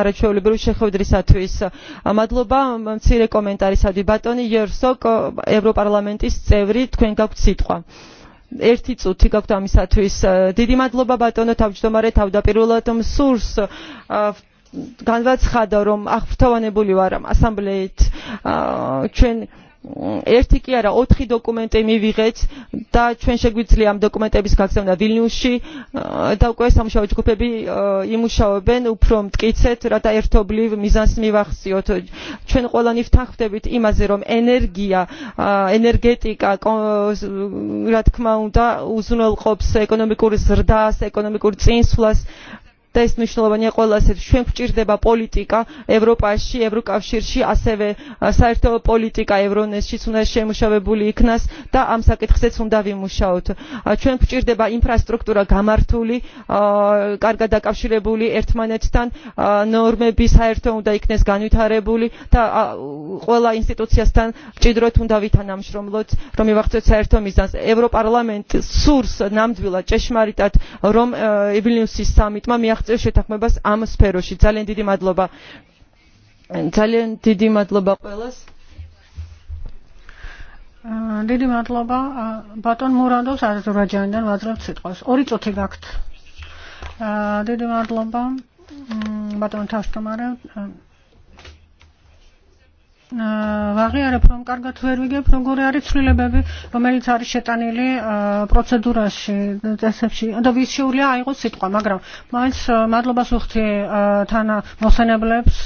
არაჩვეულებრივი შეხვედრისათვის მადლობა მცირე კომენტარისადმი ბატონი იერსოკ ევროპარლამენტის წევრი თქვენ გაქვთ სიტყვა ერთი წუთი გაქვთ ამისათვის დიდი მადლობა ბატონო თავმჯდომარე თავდაპირველად მსურს განვაცხადა რომ აღფრთოვანებული ვარ ასამბლეით ჩვენ ერთი კი არა ოთხი დოკუმენტი მივიღეთ და ჩვენ შეგვიძლია ამ დოკუმენტების გაგზავნა ვილნიუსში და უკვე სამუშაო ჯგუფები იმუშაობენ უფრო მტკიცედ რა და ერთობლივ მიზანს მივახციოთ ჩვენ ყველანი ვთანხმდებით იმაზე რომ ენერგია ენერგეტიკა რა თქმა უნდა უზრუნველყოფს ეკონომიკურ ზრდას ეკონომიკურ წინსვლას და ეს მნიშვნელოვანია ყველა ასე ჩვენ გვჭირდება პოლიტიკა ევროპაში ევროკავშირში ასევე საერთო პოლიტიკა ევრონესშიც უნდა შემუშავებული იქნას და ამ საკითხზეც უნდა ვიმუშაოთ ჩვენ გვჭირდება ინფრასტრუქტურა გამართული კარგად დაკავშირებული ერთმანეთთან ნორმები საერთო უნდა იქნეს განვითარებული და ყველა ინსტიტუციასთან ჭიდროთ უნდა ვითანამშრომლოთ რომ მივაღწიოთ საერთო მიზანს ევროპარლამენტს სურს ნამდვილად ჭეშმარიტად რომ ევილიუსის სამიტმა მიახ შეთანხმებას ამ სფეროში. ძალიან დიდი მადლობა. ძალიან დიდი მადლობა ყველას. დიდი მადლობა ბატონ მურადოვს აზერბაიჯანიდან ვაძლევთ სიტყვას. ორი წუთი გაქვთ. დიდი მადლობა ბატონ თაშტომარევ ვაღიარებ რომ კარგად ვერ ვიგებ როგორი არის ცვლილებები რომელიც არის შეტანილი პროცედურაში წესებში და ვის შეუძლია აიღოს სიტყვა მაგრამ მაინც მადლობას ვუხდი თანამოხსენებლებს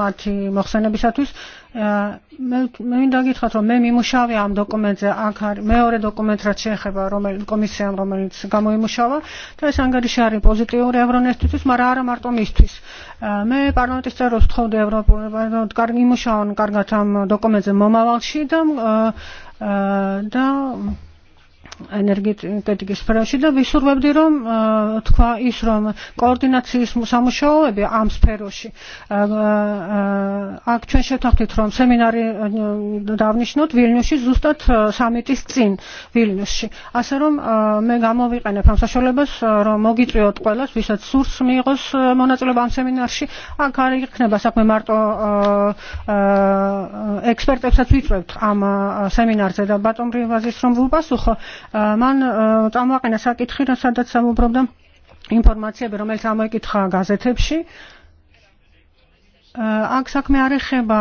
მათი მოხსენებისათვის მე მინდა გითხრათ რომ მე მიმუშავე ამ დოკუმენტზე აქ არის მეორე დოკუმენტ რაც შეეხება რომელიც კომისიამ რომელიც გამოიმუშავა და ეს ანგარიში არის პოზიტიური ევრონესთვის მაგრამ არა მარტო მისთვის მე პარლამენტის წევრებს ვთხოვდი ევროპულ კარგი იმუშაონ კარგად ამ დოკუმენტზე მომავალში და და ენერგეტიკის სფეროში და ვისურვებდი რომ თქვა ის რომ კოორდინაციის სამუშაოები ამ სფეროში აქ ჩვენ შევთანხმდით რომ სემინარი დავნიშნოთ ვილნიუსში ზუსტად სამიტის წინ ვილნიუსში ასე რომ მე გამოვიყენებ ამ საშუალებას რომ მოგიწვიოთ ყველას ვისაც სურს მიიღოს მონაწილეობა ამ სემინარში აქ არ იქნება საქმე მარტო ექსპერტებსაც ვიწვევთ ამ სემინარზე და ბატონ რივაზის რომ ვუპასუხო მან წამოაყენა საკითხი, სადაც ამობრობდა ინფორმაციები, რომელიც ამოიკითხა გაზეთებში, აქ საქმე არ ეხება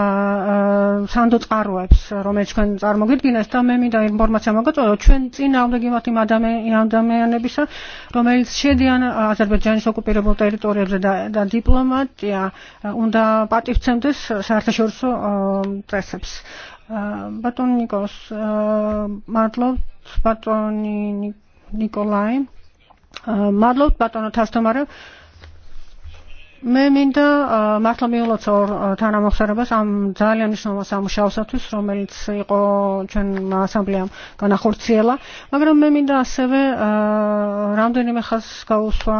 სანდო წყაროებს, რომელიც ჩვენ წარმოგიდგინეს და მე მინდა ინფორმაცია მოგაწოდო ჩვენ წინააღმდეგ იმათ იმ ადამიანებისა, რომელიც შედიან აზერბაიჯანის ოკუპირებულ ტერიტორიებზე და და დიპლომატია უნდა პატივცემდეს საერთაშორისო წესებს. ბატონ ნიკოს, მადლობ ბატონი ნიკოლაი მადლობთ ბატონო თასთომარევ მე მინდა მართლმიულოდ თანამოხსენებას ამ ძალიან მნიშვნელოვან სამუშაოსათვის, რომელიც იყო ჩვენ ასამბლეამ განახორციელა, მაგრამ მე მინდა ასევე რამდენიმე ხაზს გავუსვა,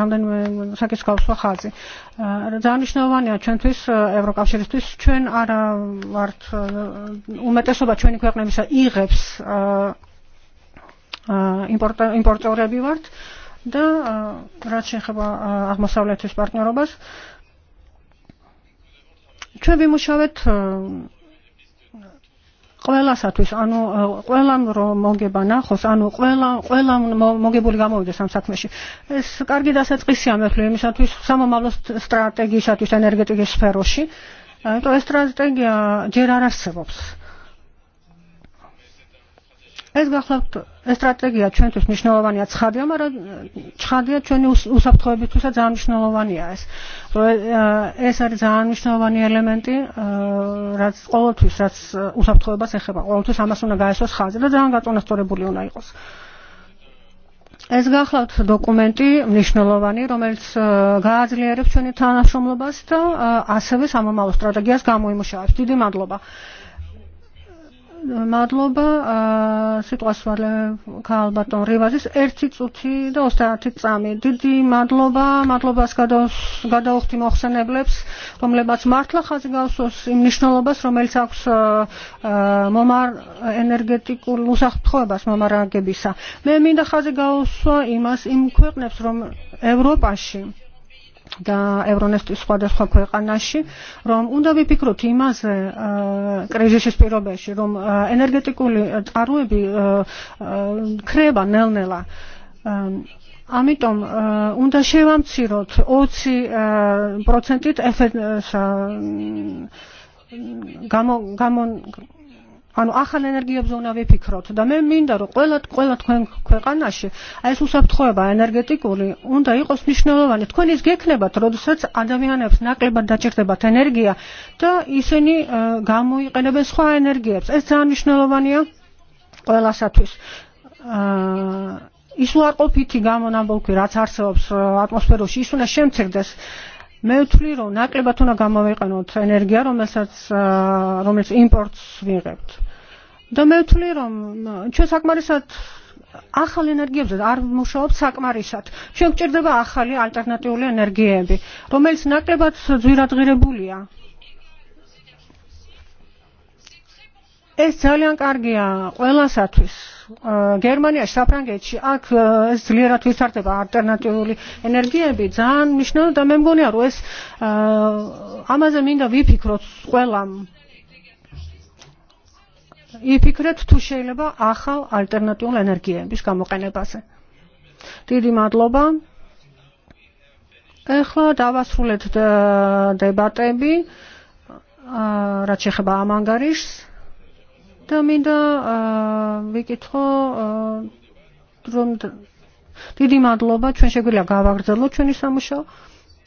რამდენიმე საკითხს გავუსვა ხაზი. ძალიან მნიშვნელოვანია ჩვენთვის ევროკავშირისთვის, ჩვენ არა ვართ უმეტესობა ჩვენი ქვეყნებისა იღებს იმპორტ იმპორტორები ვართ. აა და რაც შეეხება აღმოსავლეთის პარტნიორობას ჩვენ ვიმუშავეთ ყველასათვის, ანუ ყველამ რომ მოგება ნახოს, ანუ ყველა ყველამ მოგებული გამოვიდეს ამ საქმეში. ეს კარგი დასაწყისია მეთვლი იმისათვის, სამომავლო სტრატეგიისათვის ენერგეტიკის სფეროში. ანუ ეს სტრატეგია ჯერ არ არსებობს. აა ეს გახლავთ სტრატეგია ჩვენთვის მნიშვნელოვანია ცხადია, მაგრამ ცხადია ჩვენი უსაფრთხოებისთვისაც ძალიან მნიშვნელოვანია ეს. ეს არის ძალიან მნიშვნელოვანი ელემენტი, რაც ყოველთვის რაც უსაფრთხოებას ეხება, ყოველთვის ამას უნდა გაესვას ხაზი და ძალიან გაწონასწორებული უნდა იყოს. ეს გახლავთ დოკუმენტი მნიშვნელოვანი, რომელიც გააძლიერებს ჩვენი თანამშრომლობას და ასევე სამომავლო სტრატეგიას გამოიმუშავებს. დიდი მადლობა მადლობა სიტყვასვალე ქალბატონ რივაზის 1 წუთი და 30 წამი. დიდი მადლობა, მადლობას გადაუხდი მოხსენებლებს, რომლებაც მართლა ხაზი გასვოს იმ მნიშვნელობას, რომელიც აქვს მომარ ენერგეტიკულ უსახთოებას მომარაგებისა. მე მინდა ხაზი გაუსვა იმას იმ ქვეყნებს, რომ ევროპაში და ევრონესტის სხვადასხვა ქვეყანაში, რომ უნდა ვიფიქროთ იმაზე კრიზისის პირობებში, რომ ენერგეტიკული წყაროები ქრება ნელ-ნელა. ამიტომ უნდა შევამციროთ 20%-ით effortსა გამო გამო ანუ ახალ ენერგიებზე უნდა ვიფიქროთ და მე მინდა რომ ყველა ყველა თქვენ ქვეყანაში აი ეს უსაფრთხოება ენერგეტიკული უნდა იყოს მნიშვნელოვანი თქვენ ის გეკნებათ როდესაც ადამიანებს ნაკლებად დაჭირდებათ ენერგია და ისინი გამოიყენებენ სხვა ენერგიებს ეს ძალიან მნიშვნელოვანია ყველასათვის აა ის უარყოფითი გამონაბოლქვი რაც არსებობს ატმოსფეროში ის უნდა შემცირდეს აა მე ვთვლი რომ ნაკლებად უნდა გამოვიყენოთ ენერგია რომელსაც რომელიც იმპორტს ვიღებთ და მე ვთვლი რომ ჩვენ საკმარისად ახალ ენერგიებზე არ მუშაობთ საკმარისად. ჩვენ გვჭირდება ახალი ალტერნატიული ენერგიები, რომელიც ნაკლებად ძვირადღირებულია. ეს ძალიან კარგია ყველასათვის გერმანიაში, საფრანგეთში აქ ეს ძლიერად ვითარდება ალტერნატიული ენერგიები, ძალიან მნიშვნელოვანი და მე მგონია რომ ეს ამაზე მინდა ვიფიქროთ ყველამ იფიქრეთ თუ შეიძლება ახალ ალტერნატიულ ენერგიების გამოყენებაზე. დიდი მადლობა. ახლა დავასრულეთ დებატები, რაც შეეხება ამ ანგარიშს მინდა ვიკითხო რომ დიდი მადლობა ჩვენ შეგვიძლია გავაგრძელოთ ჩვენი სამუშაო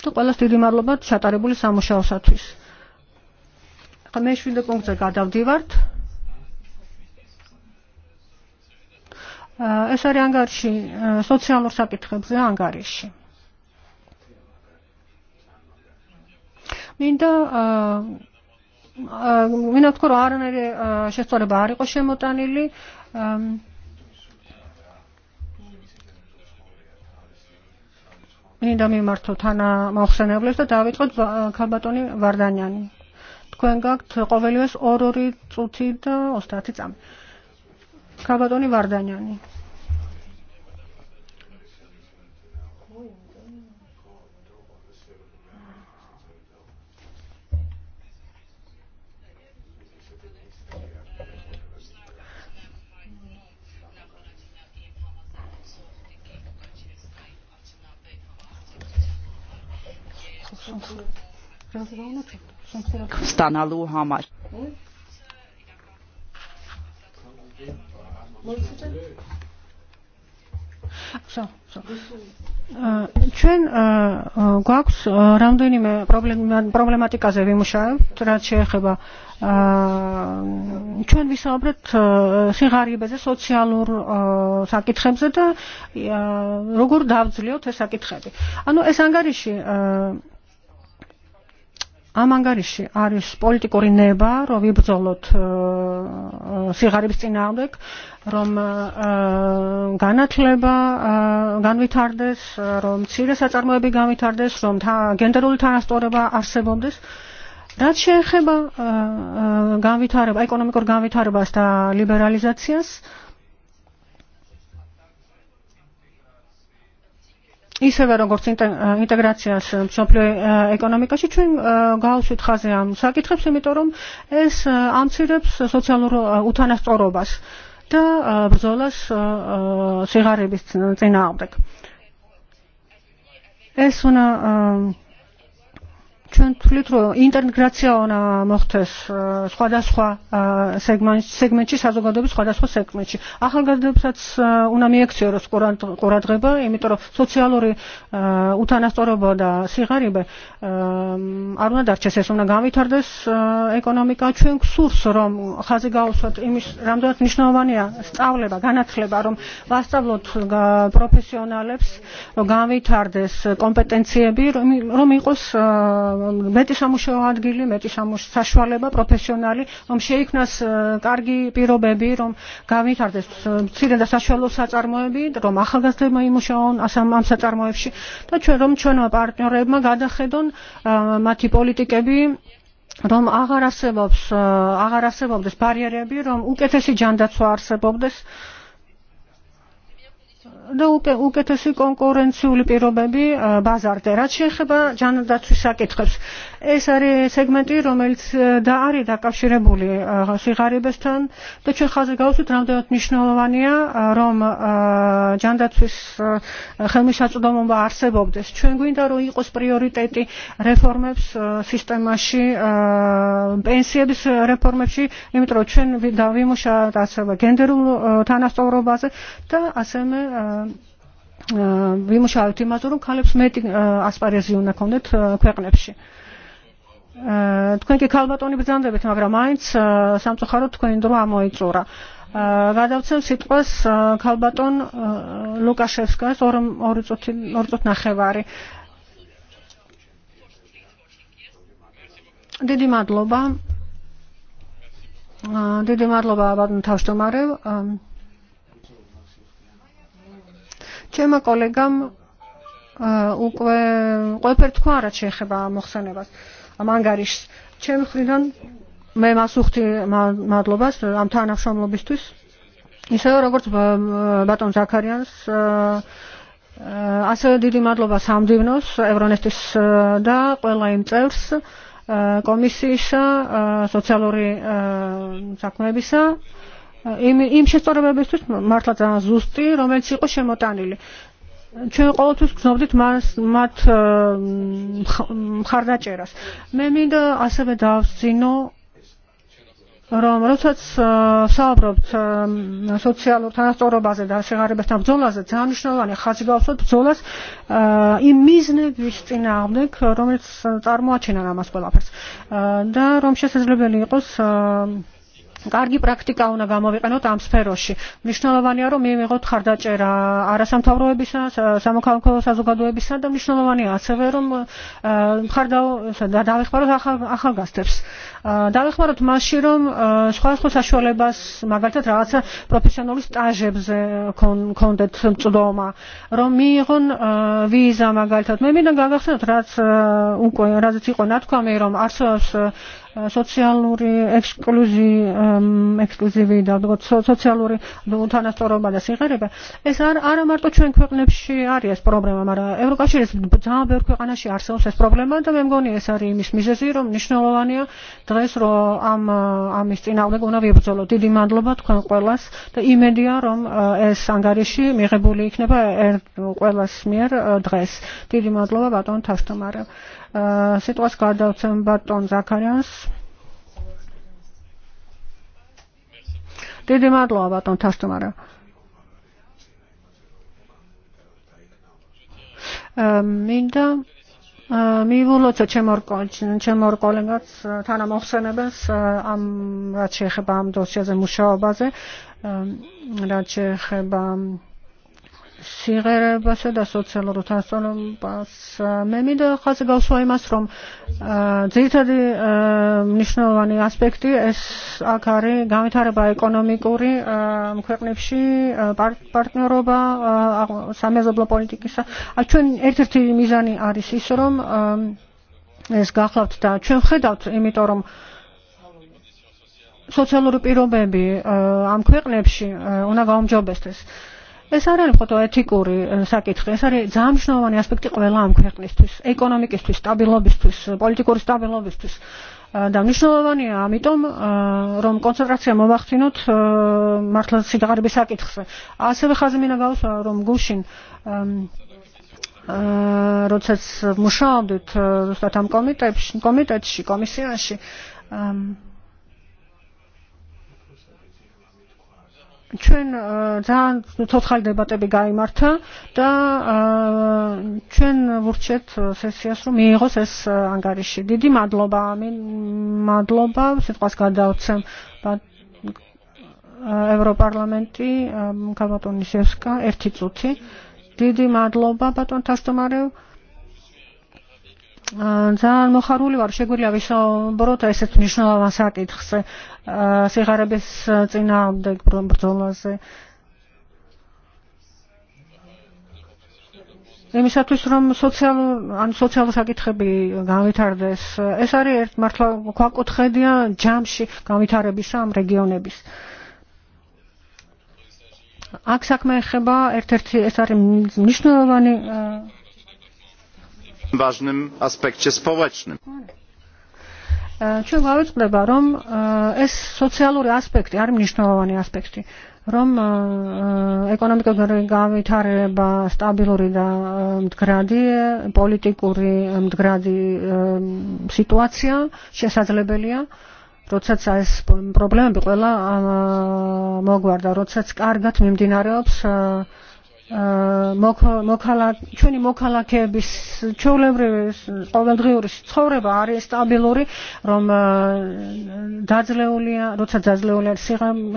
და ყველას დიდი მადლობა ჩატარებული სამუშაოსათვის. ახლა მე-7 პუნქტზე გადავდივართ. ეს არის ანგარიში სოციალურ საკითხებზე ანგარიში. მინდა აა მინდა ვთქვა რომ არანაირი შეცვალება არ იყო შემოტანილი მინდა მიმართო თანა მოხსენებლებს და დავიწყოთ ქალბატონი ვარდანიანი თქვენ გაქვთ ყოველივეს 2-2 წუთი და 30 წამი ქალბატონი ვარდანიანი Stana Luhamar. ჩვენ გვაქვს რამდენიმე პრობლემატიკაზე ვიმუშავებთ, რაც შეეხება ჩვენ ვისაუბრეთ სიღარიბეზე, სოციალურ საკითხებზე და როგორ დავძლიოთ ეს საკითხები. ანუ ეს ანგარიში ამ ამანგარიში არის პოლიტიკური ნება, რომ ვიბრძოლოთ სიღარიბის წინააღმდეგ, რომ განათლება განვითარდეს, რომ ცირე საწარმოები განვითარდეს, რომ გენდერული თანასწორობა არსებობდეს. რაც შეეხება განვითარება, ეკონომიკურ განვითარებას და ლიბერალიზაციას, აა ისევე როგორც ინტეგრაციას მსოფლიო ეკონომიკაში ჩვენ გავუსვით ხაზე ამ საკითხებს, იმიტომ რომ ეს ამცირებს სოციალურ უთანასწორობას და ბრძოლას სიღარიბის წინააღმდეგ. ეს უნდა ჩვენ თვლით, რომ ინტეგრაცია მოხდეს სხვადასხვა სეგმენტში, საზოგადოების სხვადასხვა სეგმენტში. ახალგაზრდებსაც უნდა მიექციოროს ყურადღება, იმიტომ რომ სოციალური უთანასწორობა და სიღარიბე არ უნდა დარჩეს, ეს უნდა გავითარდეს ეკონომიკა. ჩვენ გსურს, რომ ხაზი გავუსვათ იმის, რამდენად მნიშვნელოვანია სწავლება, განათლება, რომ ვასწავლოთ პროფესიონალებს, რომ გავითარდეს კომპეტენციები, რომ იყოს მეტი სამუშაოადგილი, მეტი საშუალება პროფესიონალი, რომ შეიქმნას კარგი პირობები, რომ გავითარდეს მცირე და საშუალო საწარმოები, რომ ახალგაზრდებმა იმუშაონ ამ საწარმოებში და ჩვენ რომ ჩვენმა პარტნიორებმა გადახედონ მათი პოლიტიკები რომ აღარ არსებობს აღარ არსებობდეს ბარიერები, რომ უკეთესი ჯანდაცვა არსებობდეს და უკვე უკეთესი კონკურენციული პირობები ბაზარზე. რაც შეეხება ჯანდაცვის საკითხებს, ეს არის სეგმენტი, რომელიც და არის დაკავშირებული სიღარიბესთან და ჩვენ ხაზე გავუსვით რამდენად მნიშვნელოვანია, რომ ჯანდაცვის ხელმისაწვდომობა არსებობდეს. ჩვენ გვინდა რომ იყოს პრიორიტეტი რეფორმებს სისტემაში, პენსიების რეფორმებში, იმიტომ რომ ჩვენ დავიმუშავეთ ასევე გენდერულ თანასწორობაზე და ასევე ვიმუშავებთ იმაზე, რომ ქალებს მეტი ასპარეზი უნდა ქონდეთ ქვეყნებში თქვენ კი ქალბატონი ბრძანდებით, მაგრამ აინც სამწუხაროდ თქვენი დრო ამოიწურა. გადავცემ სიტყვას ქალბატონ ლუკაშევსკას 2 წუთი 2 წუთი 2.5 დიდი მადლობა. დიდი მადლობა ბატონ თავმჯდომარევ. ჩემო კოლეგამ უკვე ყველაფერ თქვა, რაც შეეხება მოხსენებას. აა ამ ანგარიშს. ჩემი მხრიდან მე მას უხდი მადლობას ამ თანამშრომლობისთვის. ისევე როგორც ბატონ ზაქარიანს ასევე დიდი მადლობა სამდივნოს ევრონესტის და ყველა იმ წევრს კომისიისა, სოციალური საქმეებისა იმ იმ შესწორებებისთვის მართლა ძალიან ზუსტი, რომელიც იყო შემოტანილი ჩვენ ყოველთვის გრძნობდით მას მათ მხარდაჭერას. მე მინდა ასევე დავსწინო რომ როდესაც საუბრობთ სოციალურ თანასწორობაზე და შეღარებასთან ბრძოლაზე ძალიან მნიშვნელოვანი ხაზი გავსვათ ბრძოლას იმ მიზნების წინააღმდეგ რომელიც წარმოაჩენან ამას ყველაფერს და რომ შესაძლებელი იყოს აა კარგი პრაქტიკა უნდა გამოვიყენოთ ამ სფეროში. მნიშვნელოვანია რომ მიიღოთ ხარდაჭერა არასამთავროებისა, სამოქალაქო საზოგადოებისა და მნიშვნელოვანია ასევე რომ ხარდაოსა და ახალ ახალგაზრდებს. დაвихმაროთ მასში რომ სხვა სხვა საშუალებას მაგალითად რაღაცა პროფესიონალურ სტაჟებზე კონდეთ წდომა, რომ მიიღონ ვიზა მაგალითად. მე მინდა გავახსენოთ, რაც უკვე რაც იყო ნათქვამი რომ არსებობს სოციალური ექსკლუზი ექსკლუზივი და სოციალური უთანასწორობა და სიღარიბე ეს არ არა მარტო ჩვენ ქვეყნებში არის ეს პრობლემა, მაგრამ ევროკავშირის ძალიან ბევრ ქვეყანაში არსებობს ეს პრობლემა და მე მგონი ეს არის იმის მიზეზი, რომ მნიშვნელოვანია დღეს რომ ამ ამის წინააღმდეგ უნდა ვიბრძოლოთ. დიდი მადლობა თქვენ ყველას და იმედია რომ ეს ანგარიში მიღებული იქნება ყველას მიერ დღეს. დიდი მადლობა ბატონ თასტომარევ სიტყვას გადავცემ ბატონ ზაქარიანს. დიდი მადლობა ბატონ თასტუმარა. მინდა მიულოცა ჩემო ჩემო კოლეგაც თანამოხსენებას ამ რაც შეეხება ამ დოსიაზე მუშაობაზე რაც შეეხება სიღერებასა და სოციალურ უთანასწორობას მე მინდა ხაზი გავსვა იმას რომ ძირითადი მნიშვნელოვანი ასპექტი ეს აქ არის განვითარება ეკონომიკური ქვეყნებში პარტნიორობა სამეზობლო პოლიტიკისა ჩვენ ერთ-ერთი მიზანი არის ის რომ ეს გახლავთ და ჩვენ ხედავთ იმიტომ რომ სოციალური პირობები ამ ქვეყნებში უნდა გაუმჯობესდეს. აა ეს არ არის ფოტო ეთიკური საკითხი, ეს არის ძალიან მნიშვნელოვანი ასპექტი ყველა ამ ქვეყნისთვის, ეკონომიკისთვის, სტაბილობისთვის, პოლიტიკური სტაბილობისთვის. და მნიშვნელოვანია, ამიტომ რომ კონცენტრაცია მოახდინოთ მართლაც სიდაღარიბის საკითხზე. ასევე ხაზი მინდა გავუსვა, რომ გუშინ აა როდესაც მუშაობდით ზუსტად ამ კომიტეტში, კომიტეტში, კომისიაში ჩვენ ძალიან ცოცხალი დებატები გამართა და ჩვენ ვურჩეთ სესიას რომ მიიღოს ეს ანგარიში. დიდი მადლობა, მადლობა, სიტყვას გადავცემ ევროპარლამენტი გამატონისევსკა ერთი წუთი. დიდი მადლობა ბატონ თასტომარევ ძალიან მოხარული ვარ შეგვიძლია ვისაუბროთ ეს ეს მნიშვნელოვან საკითხზე სიღარების წინააღმდეგ ბრძოლაზე იმისათვის რომ სოციალ ან სოციალური საკითხები განვითარდეს ეს არის ერთ მართლა ქვაკუთხედია ჯამში განვითარების ამ რეგიონების აქ საქმე ეხება ერთ-ერთი ეს არის მნიშვნელოვანი ważnym aspekcie społecznym. რომ ეს სოციალური გავითარება სტაბილური და მდგრადი პოლიტიკური მდგრადი სიტუაცია შესაძლებელია როდესაც ეს პრობლემები ყველა მოგვარდა როდესაც კარგად მიმდინარეობს მოქალაქე ჩვენი მოქალაქეების ჩვეულებრივი ყოველდღიური ცხოვრება არის სტაბილური რომ დაძლეულია როცა დაძლეულია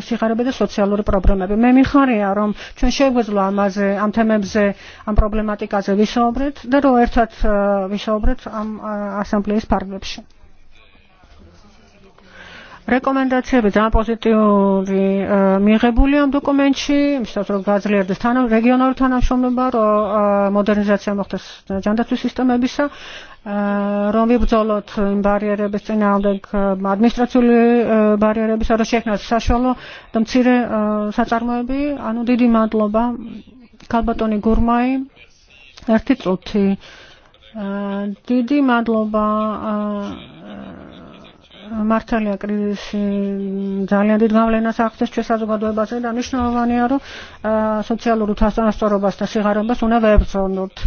სიხარები და სოციალური პრობლემები მე მიხარია რომ ჩვენ შეგვეძლო ამაზე ამ თემებზე ამ პრობლემატიკაზე ვისაუბრეთ და რომ ერთად ვისაუბრეთ ამ ასამბლეის ფარგლებში რეკომენდაციები ძალიან პოზიტიური მიღებულია ამ დოკუმენტში, იმისათვის რომ გაძლიერდეს თანამ რეგიონალური თანამშრომლობა, რომ მოდერნიზაცია მოხდეს ჯანდაცვის სისტემებისა, რომ ვიბრძოლოთ იმ ბარიერების წინააღმდეგ ადმინისტრაციული ბარიერებისა, რომ შექმნას საშუალო და მცირე საწარმოები, ანუ დიდი მადლობა ქალბატონი გურმაი ერთი წუთი დიდი მადლობა აა მართალია კრიზისი ძალიან დიდ გავლენას ახდენს ჩვენ საზოგადოებაზე და მნიშვნელოვანია რომ სოციალურ უსასწორობას და სიღარიბეს უნდა ვებრძოლოთ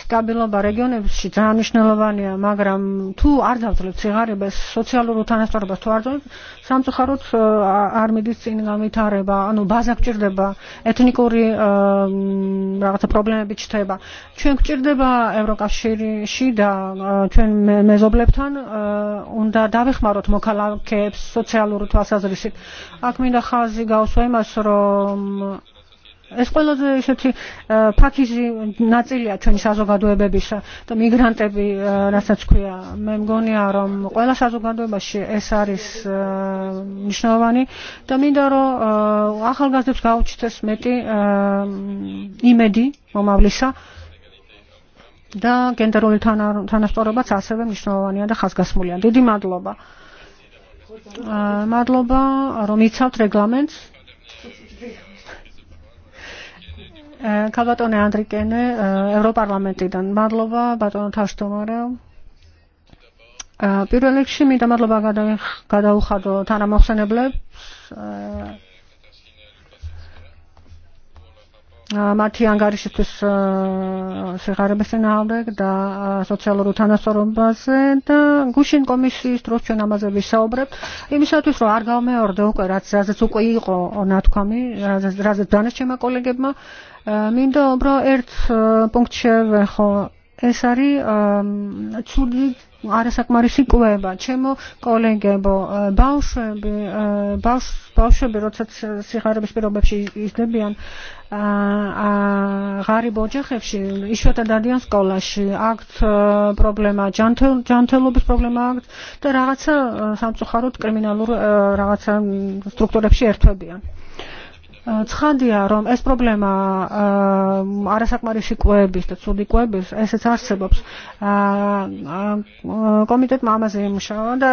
სტაბილობა რეგიონებში ძალიან მნიშვნელოვანია, მაგრამ თუ არ დავწლებთ სიღარიბეს, სოციალურ უთანასწორობას თუ არ დავწლებთ, სამწუხაროდ არ მიდის წინ განვითარება, ანუ ბაზა გჭირდება, ეთნიკური რაღაცა პრობლემები ჩნდება. ჩვენ გჭირდება ევროკავშირში და ჩვენ მეზობლებთან უნდა დავეხმაროთ მოქალაქეებს სოციალური თვალსაზრისით. აქ მინდა ხაზი გავსვა იმას, რომ ეს ყველაზე ესეთი ფაქიზი ნაწილია ჩვენი საზოგადოებების და მიგრანტები რასაც ქვია მე მგონია რომ ყველა საზოგადოებაში ეს არის მნიშვნელოვანი და მინდა რომ ახალგაზრდებს გაუჩნდეს მეტი იმედი მომავლისა და გენდერული თანასწორობაც ასევე მნიშვნელოვანია და ხაზგასმულია. დიდი მადლობა. მადლობა რომ იცავთ რეგლამენტს. on Kalbatone Andrikene, eh, Europarlamentin Madlova, Baton Tashtomara. Eh, Pyydän yksi, mitä Madlova kadauhado Tana Mohseneblebs. Eh, Mati se Sekharabesen Aldek, da Sotsialoru Tana Sorumbaze, da Gushin on Strochio Namaze Visaobret, i mi sotus ro Argaume Ordeuk, razet Zuko Igo, onatkami, razet Danes Čema kolegebma, მინდა უფრო ერთ პუნქტში ვეხო ეს არის ცუდი არასაკმარისი კვება ჩემო კოლეგებო ბავშვები ბავშვები როცა სიხარების პირობებში იზრდებიან ღარიბ ოჯახებში იშვიათად დადიან სკოლაში აქვთ პრობლემა ჯანმრთელობის პრობლემა აქვთ და რაღაცა სამწუხაროდ კრიმინალურ რაღაცა სტრუქტურებში ერთვებიან ცხადია, რომ ეს პრობლემა არასაკმარისი კვების და ცუდი კვების ესეც არსებობს. კომიტეტმა ამაზე იმუშავა და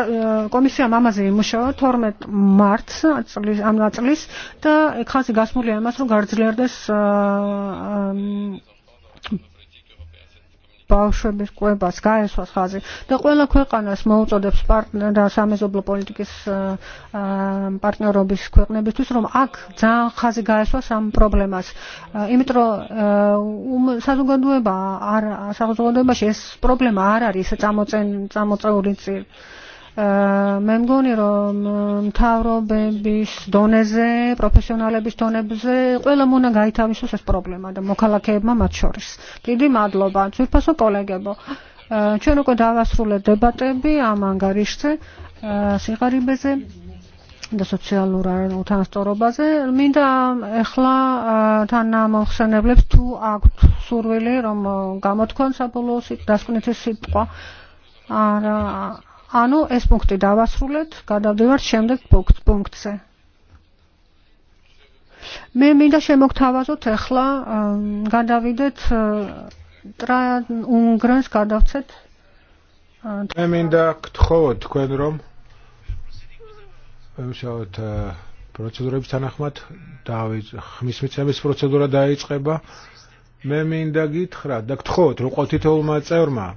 კომისიამ ამაზე იმუშავა 12 მარტს წლის ამ წლის და ხაზი გასმულია იმას, რომ გაძლიერდეს ბავშვების კვებას გაესვას ხაზი და ყველა ქვეყანას მოუწოდებს პარტნერთა სამეზობლო პოლიტიკის პარტნიორობის ქვეყნებისთვის რომ აქ ძალიან ხაზი გაესვას ამ პრობლემას იმიტომ რომ საზოგადოება არ საზოგადოებაში ეს პრობლემა არ არის წამოწენ წამოწეული წინ მე მგონი რომ მთავრობების დონეზე, პროფესიონალების დონეზე ყველამ უნდა გაითავისოს ეს პრობლემა და მოქალაქეებმა მათ შორის. დიდი მადლობა, ძვირფასო კოლეგებო. ჩვენ უკვე დავასრულეთ დებატები ამ ანგარიშზე, სიღარიბეზე და სოციალურ უთანასწორობაზე. მინდა ახლა თანამოხსენებლებს თუ აქვთ სურვილი რომ გამოთქვან საბოლოო დასკვნითი სიტყვა არა ანუ ეს პუნქტი დავასრულეთ, გადავდივართ შემდეგ პუნქტ პუნქტზე. მე მინდა შემოგთავაზოთ ახლა გადავიდეთ უნგრენს გადავცეთ. მე მინდა გთხოვოთ თქვენ რომ ვიმუშაოთ პროცედურების თანახმად ხმის მიცემის პროცედურა დაიწყება. მე მინდა გითხრათ და გთხოვოთ რომ ყოველ თითოეულმა წევრმა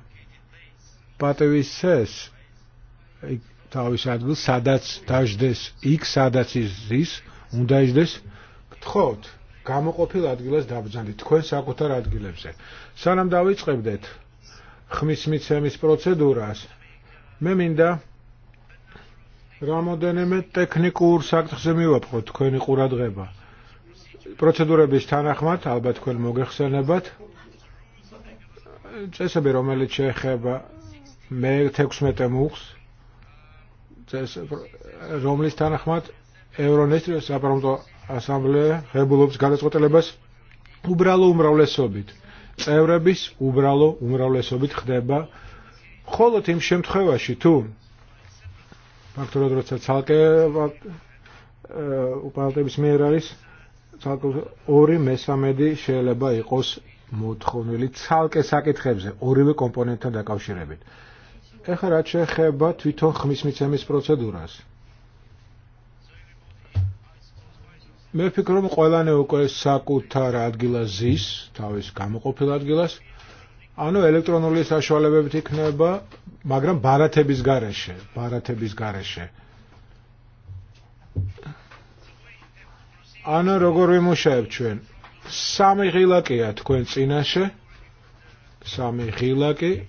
პატივის წესს თავის ადგილს, სადაც დაждდეს, იქ სადაც ის უნდა иждდეს, გთხოვთ, გამოყოფილ ადგილას დაბრძანეთ, თქვენ საკუთარ ადგილებზე. სანამ დავიწყებდეთ ხმის მიცემის პროცედურას, მე მინდა რამოდენიმე ტექნიკურ საკითხზე მივაპყროთ თქვენი ყურადღება. პროცედურების თანახმად, ალბათ თქვენ მოგეხსენებათ, წესები, რომელიც შეეხება მე 16 მუხს რომლის თანახმად ევრონესტრი საპარლამენტო ასამბლეა ღებულობს გადაწყვეტილებას უბრალო უმრავლესობით. წევრების უბრალო უმრავლესობით ხდება მხოლოდ იმ შემთხვევაში თუ ფაქტორად როცა ცალკე უპარლამენტების მიერ არის ცალკე 2/3 შეიძლება იყოს მოთხოვნილი ცალკე საკითხებზე ორივე კომპონენტთან დაკავშირებით. Echaracze chyba twito chmismicemi z proceduras. Me pikrom kolane uko jest saku tar adgila zis, ta jest Ano elektronuli saszole webtik neba, magram barate bizgareshe, barate bizgareshe. Ano rogorwi muszewczyn. Sami hilaki, a tkoń Sami hilaki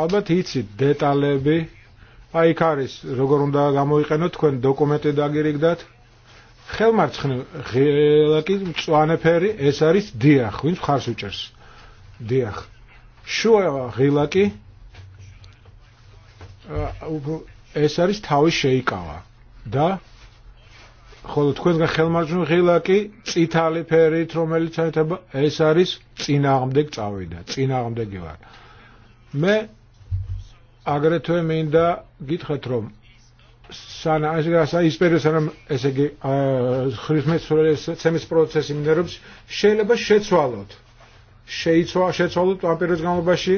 ალბათ იცით დეტალები. აი იქ არის როგორ უნდა გამოიყენოთ თქვენ დოკუმენტი დაგირიგდათ. ხელმარცხნივ ღელაკი მწვანეფერი ეს არის დიახ, ვინც მხარს უჭერს. დიახ. შუა ღელაკი ეს არის თავი შეიკავა და ხოლო თქვენგან ხელმარჯვნივ ღელაკი წითალი ფერით რომელიც აიტება ეს არის წინააღმდეგ წავიდა, წინააღმდეგი ვარ. მე აგრეთვე მინდა გითხრათ რომ სანა ეს გასა ისპერეს რომ ესე იგი ხრისმეცურეს ცემის პროცესი მიმდინარეობს შეიძლება შეცვალოთ შეიცვა შეცვალოთ ამ პერიოდის განმავლობაში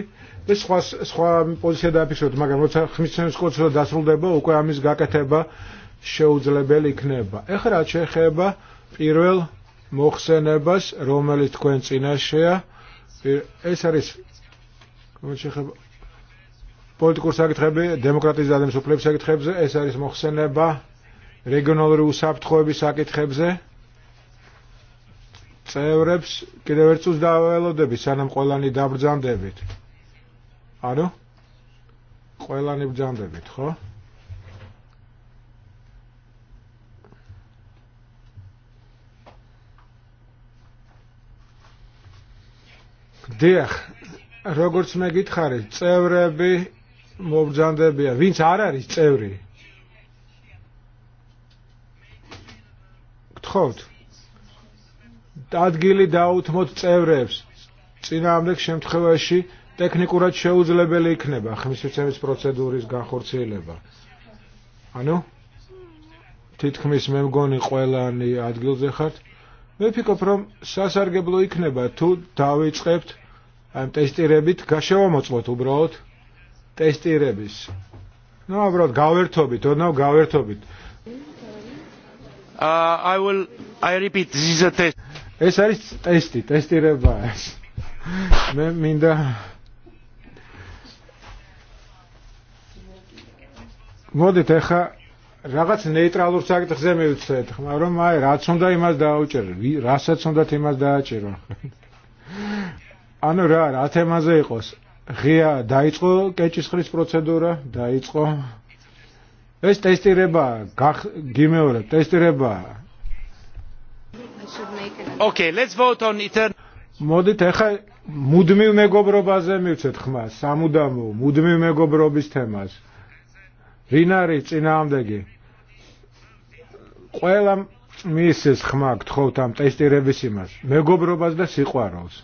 და სხვა სხვა პოზიცია დააფიქსოთ მაგრამ როცა ხმისცემის კონტროლა დასრულდება უკვე ამის გაკეთება შეუძლებელი იქნება ეხლა რაც შეეხება პირველ მოხსენებას რომელიც თქვენ წინაშეა ეს არის რაც შეეხება პოლიტიკურ საკითხები, დემოკრატიის გადამსუფლების საკითხებზე, ეს არის მოხსენება რეგიონალური უსაფრთხოების საკითხებზე. წევრებს კიდევ ერთ წუთს დაველოდები, სანამ ყველანი დაბრძანდებით. ანუ ყველანი ბრძანდებით, ხო? დიახ, როგორც მე გითხარით, წევრები მობრძანდებიან, ვინც არ არის წევრი. გთხოვთ. ადგილი დაუთმოთ წევრებს. წინააღმდეგ შემთხვევაში ტექნიკურად შეუძლებელი იქნება ხმისმცემის პროცედურის განხორციელება. ანუ თითქმის მე მგონი ყველანი ადგილზე ხართ. მე ვფიქრობ, რომ სასარგებლო იქნება თუ დავიწყებთ ამ ტესტირებით, გაშევამოწმოთ უბრალოდ ტესტირების. ну, უბრალოდ გავერთობით, ოდნავ გავერთობით. Uh, I will I repeat this is a test. ეს არის ტესტი, ტესტირება ეს. მე მინდა მოდით ახლა რაღაც ნეიტრალურ საკითხზე მივცეთ, ხმა რომ აი რაც უნდა იმას დააუჭერ, რასაც უნდა იმას დააჭერო. ანუ რა, რა თემაზე იყოს? ღია დაიწყო კეჭისხრის პროცედურა, დაიწყო. ეს ტესტირებაა, გიმეორებ, ტესტირებაა. Okay, let's vote on eternal. მოდით ახლა მუდმივ მეგობრობაზე მივცეთ ხმა, სამუდამო მუდმივ მეგობრობის თემას. რინ არის წინააღმდეგი? ყველა მისის ხმა გთხოვთ ამ ტესტირების იმას, მეგობრობას და სიყვარულს.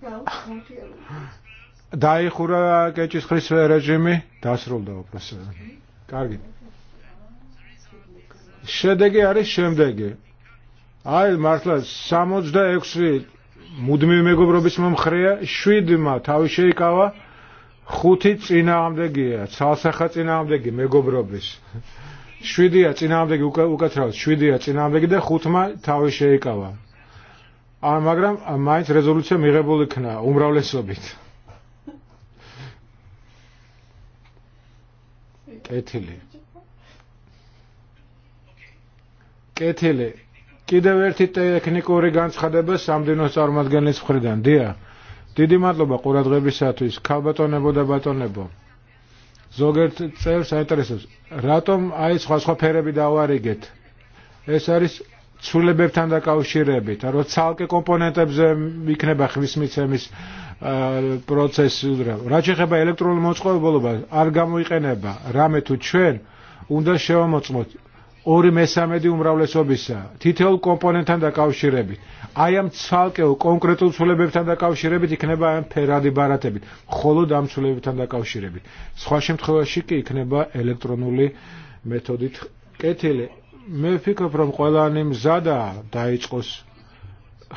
დაიხურა კეჭისხრის რეჟიმი, დასრულდა უბრალოდ. კარგი. შედეგი არის შემდეგი. აი მართლა 66 მუდმივი მეგობრობის მომხრეა 7-მა თავი შეიკავა ხუთი წინააღმდეგია, ცალსახა წინააღმდეგი მეგობრობის. 7-ია წინააღმდეგი უკაცრავად, 7-ია წინააღმდეგი და 5-მა თავი შეიკავა მაგრამ მაინც რეზოლუცია მიღებულ იქნა უმრავლესობით. კეთილი. კეთილი. კიდევ ერთი ტექნიკური განცხადება სამდენოს წარმოადგენლის მხრიდან. დია. დიდი მადლობა ყურადღებისათვის. ქალბატონებო და ბატონებო. ზოგიერთ წევს აინტერესებს, რატომ აი სხვა სხვა ფერები დავარიგეთ. ეს არის ცვლილებებთან დაკავშირებით, რომ ცალკე კომპონენტებზე იქნება ხმისმიცემის პროცესი უძრავ. რაც შეეხება ელექტრონულ მოწყობილობას, არ გამოიყენება რამე თუ ჩვენ უნდა შევამოწმოთ 2/3 უმრავლესობისა თითოეულ კომპონენტთან დაკავშირებით. აი ამ ცალკე კონკრეტულ ცვლილებებთან დაკავშირებით იქნება ამ ფერადი ბარათებით, ხოლო ამ ცვლილებებთან დაკავშირებით. სხვა შემთხვევაში კი იქნება ელექტრონული მეთოდით კეთილი მე ვფიქრობ, რომ ყველანი მზადა დაიწყოს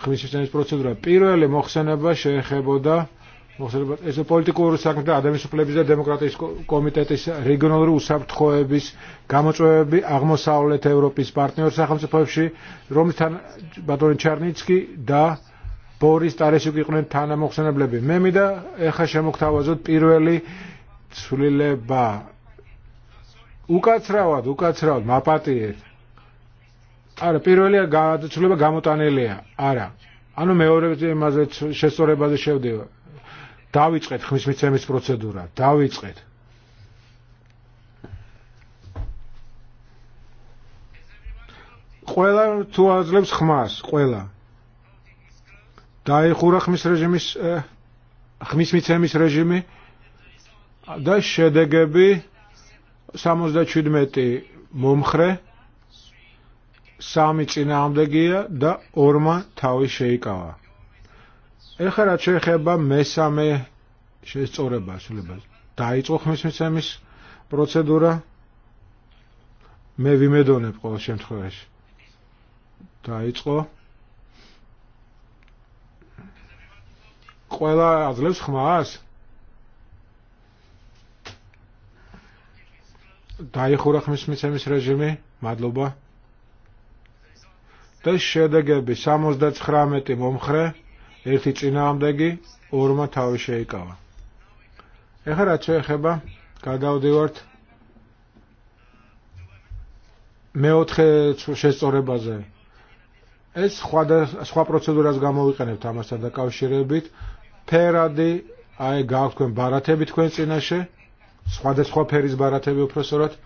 ხმისჩანის პროცედურა. პირველი მოხსენება შეეხებოდა მოხსენება ეს პოლიტიკური საქმე და ადამიანის უფლებების და დემოკრატიის კომიტეტის რეგიონალური უსაფრთხოების გამოწვევები აღმოსავლეთ ევროპის პარტნიორ სახელმწიფოებში, რომლთან ბატონი ჩარნიცკი და ბორის ტარესიკი იყვნენ თანამოხსენებლები. მე მინდა ეხა შემოგთავაზოთ პირველი ცვლილება. უკაცრავად, უკაცრავად მაპატიეთ არა, პირველია გადაცვლება გამოტანილია. არა. ანუ მეორეზე იმაზე შესწორებაზე შევდევა. დავიწყეთ ხმის მიცემის პროცედურა. დავიწყეთ. ყველა თუ აძლევს ხმას, ყველა. დაიხურა ხმის რეჟიმის ხმის მიცემის რეჟიმი და შედეგები 77 მომხრე სამი წინააღმდეგია და ორმა თავი შეიკავა. ეხლა რაც შეეხება მესამე შესწორებას, შეიძლება დაიწყო ხმისმისემის პროცედურა. მე ვიმედონებ ყოველ შემთხვევაში. დაიწყო. ყველა აძლევს ხმას. დაიხურა ხმისმისემის რეჟიმი. მადლობა და შედეგები 79 მომხრე, ერთი წინაამდეგი, ორმა თავი შეიკავა. ეხლა რაც შეეხება, გადავდივართ მეოთხე შესწორებაზე. ეს სხვა სხვა პროცედურას გამოვიყენებთ ამასთან დაკავშირებით. ფერადი, აი გაქვთ თქვენ ბარათები თქვენ წინაშე, სხვადასხვა ფერის ბარათები უფრო სწორად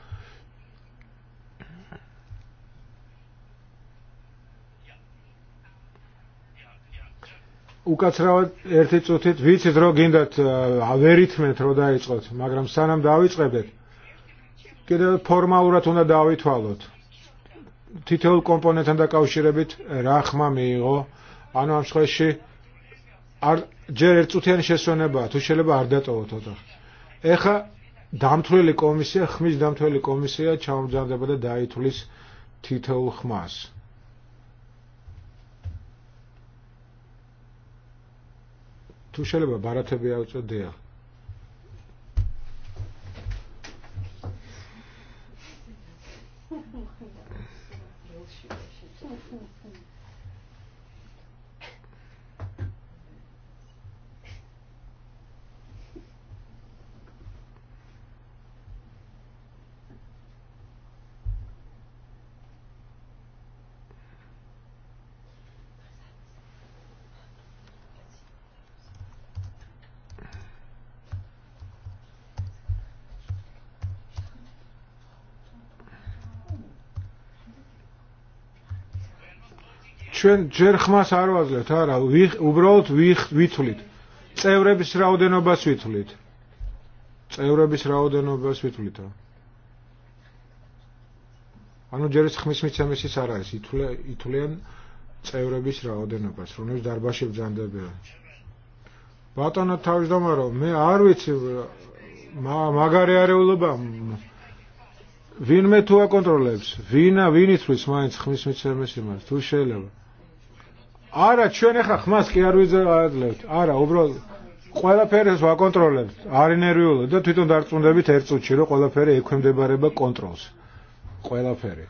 უკაცრავად ერთი წუთით ვიცით რომ გინდათ ავერითმეთ რომ დაიწყოთ, მაგრამ სანამ დავიწყებდეთ კიდევ ფორმალურად უნდა დავითვალოთ. თითოეულ კომპონენტთან დაკავშირებით რა ხმა მიიღო, ანუ ამ შემთხვევაში არ ჯერ ერთწუთიანი შესვენებაა, თუ შეიძლება არ დატოვოთ ოთახი. ეხა დამთვლელი კომისია, ხმის დამთვლელი კომისია ჩამომზადდება და დაითვლის თითოეულ ხმას. თუ შეიძლება ბარათები აუწოდია ჩვენ ჯერ ხმას არ ვაძლევთ არა უბრალოდ ვითვლით წევრების რაოდენობას ვითვლით წევრების რაოდენობას ვითვლით ანუ ჯერ ეს ხმის ის არ არის ითვლე ითვლიან წევრების რაოდენობას რომელიც დარბაზში ბრძანდებიან ბატონო თავმჯდომარო მე არ ვიცი მაგარი არეულობა ვინმე თუ აკონტროლებს ვინა ვინ იცვლის მაინც ხმის მიცემის იმას თუ შეიძლება არა ჩვენ ახლა ხმას კი არ ვიძლებთ არა უბრალოდ ყველაფერს ვაკონტროლებთ არენერვიულად და თვითონ დარწმუნდებით ერთ წუთში რომ ყველაფერი ექვემდებარება კონტროლს ყველაფერი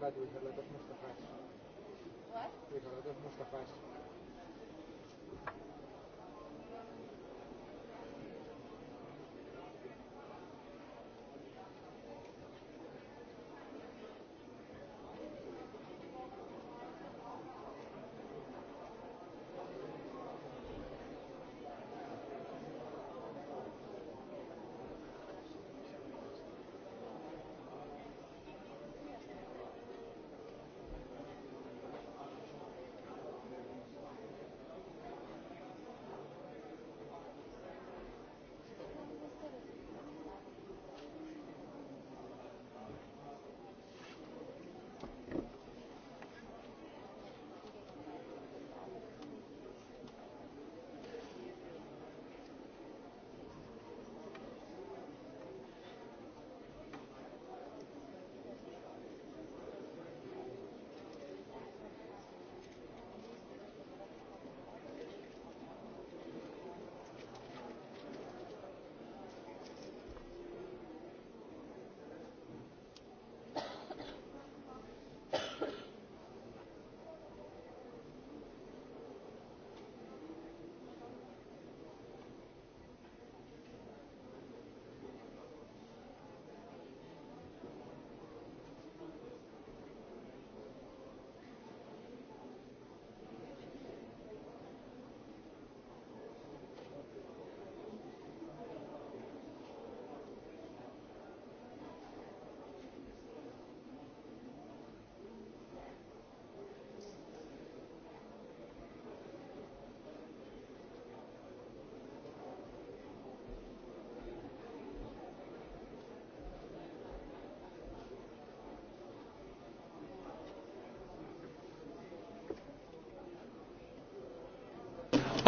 Mustafa's. What? Ricardo's Mustafa's.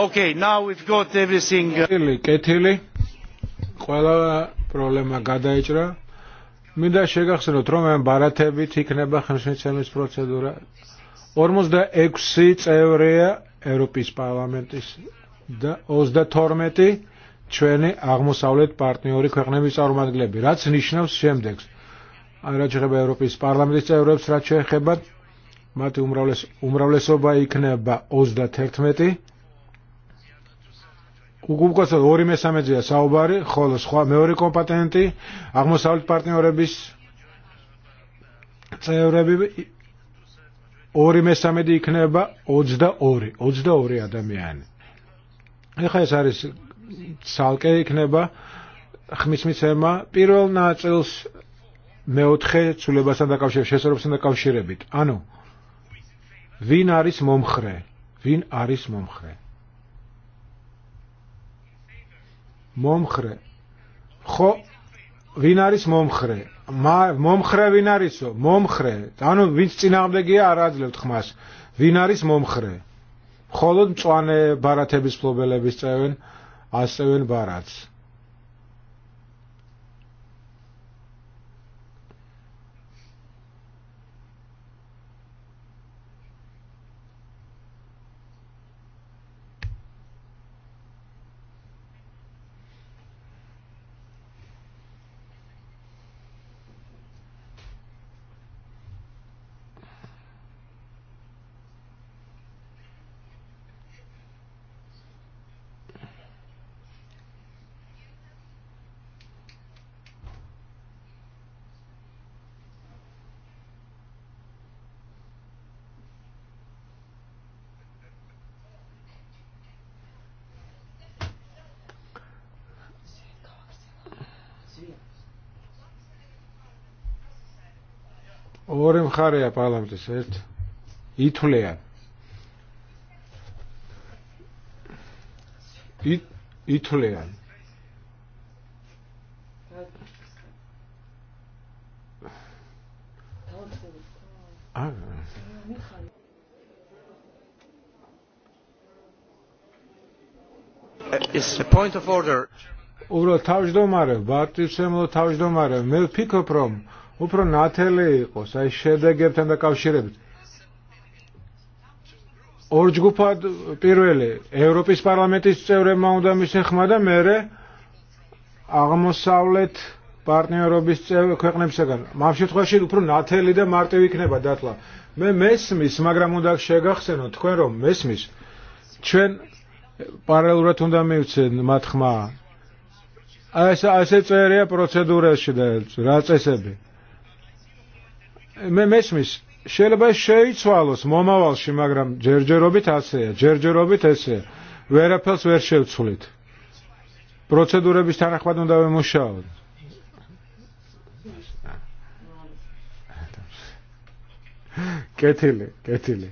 Okay, now we've got everything. კეთილი, კეთილი. ყველა პრობლემა გადაიჭრა. მინდა შეგახსენოთ, რომ ამ ბარათებით იქნება ხელშეცემის პროცედურა. 46 წევრია ევროპის პარლამენტის და 32 ჩვენი აღმოსავლეთ პარტნიორი ქვეყნების წარმომადგენლები, რაც ნიშნავს შემდეგს. ან რაც შეეხება ევროპის პარლამენტის წევრებს, რაც შეეხება მათი უმრავლეს უმრავლესობა იქნება 31 უკუპკოცოდ ორი მესამედზეა საუბარი, ხოლო სხვა მეორე კომპატენტი აღმოსავლეთ პარტნიორების წევრები ორი მესამედი იქნება 22, 22 ადამიანი. ეხლა ეს არის ცალკე იქნება ხმისმიცემა პირველ ნაწილს მეოთხე ცვლილებასთან დაკავშირებით, შესაძლებლობასთან დაკავშირებით. ანუ ვინ არის მომხრე? ვინ არის მომხრე? მომხრე ხო ვინ არის მომხრე მომხრე ვინ არისო მომხრე ანუ ვინც წინააღმდეგია არ აძლევთ ხმას ვინ არის მომხრე მხოლოდ მწوانه ბარათების ფლობელების წევენ ასევენ ბარათს ორი მხარეა პარლამენტის ერთ ითვლიან ითვლიან აა is a point of order. უბრალოდ თავმჯდომარე, ბატონო თავმჯდომარე, მე ვფიქრობ, რომ უფრო ნათელი იყოს აი შედეგებთან დაკავშირებით. ორ ჯგუფად პირველი ევროპის პარლამენტის წევრებმა უნდა მისეხმა და მეორე აღმოსავლეთ პარტნიორობის წევრ ქვეყნებისგან ამ შემთხვევაში უფრო ნათელი და მარტივი იქნება დათლა. მე მესმის, მაგრამ უნდა შეგახსენო თქვენ რომ მესმის. ჩვენ პარალელურად უნდა მივცენ მათ ხმა. აი ეს ასე წერია პროცედურაში და რა წესები მე მესმის შეიძლება შეიცვალოს მომავალში, მაგრამ ჯერჯერობით ასეა, ჯერჯერობით ესეა. ვერაფერს ვერ შევცვლით. პროცედურების თანახმად უნდა ვემუშაოთ. კეთილი, კეთილი.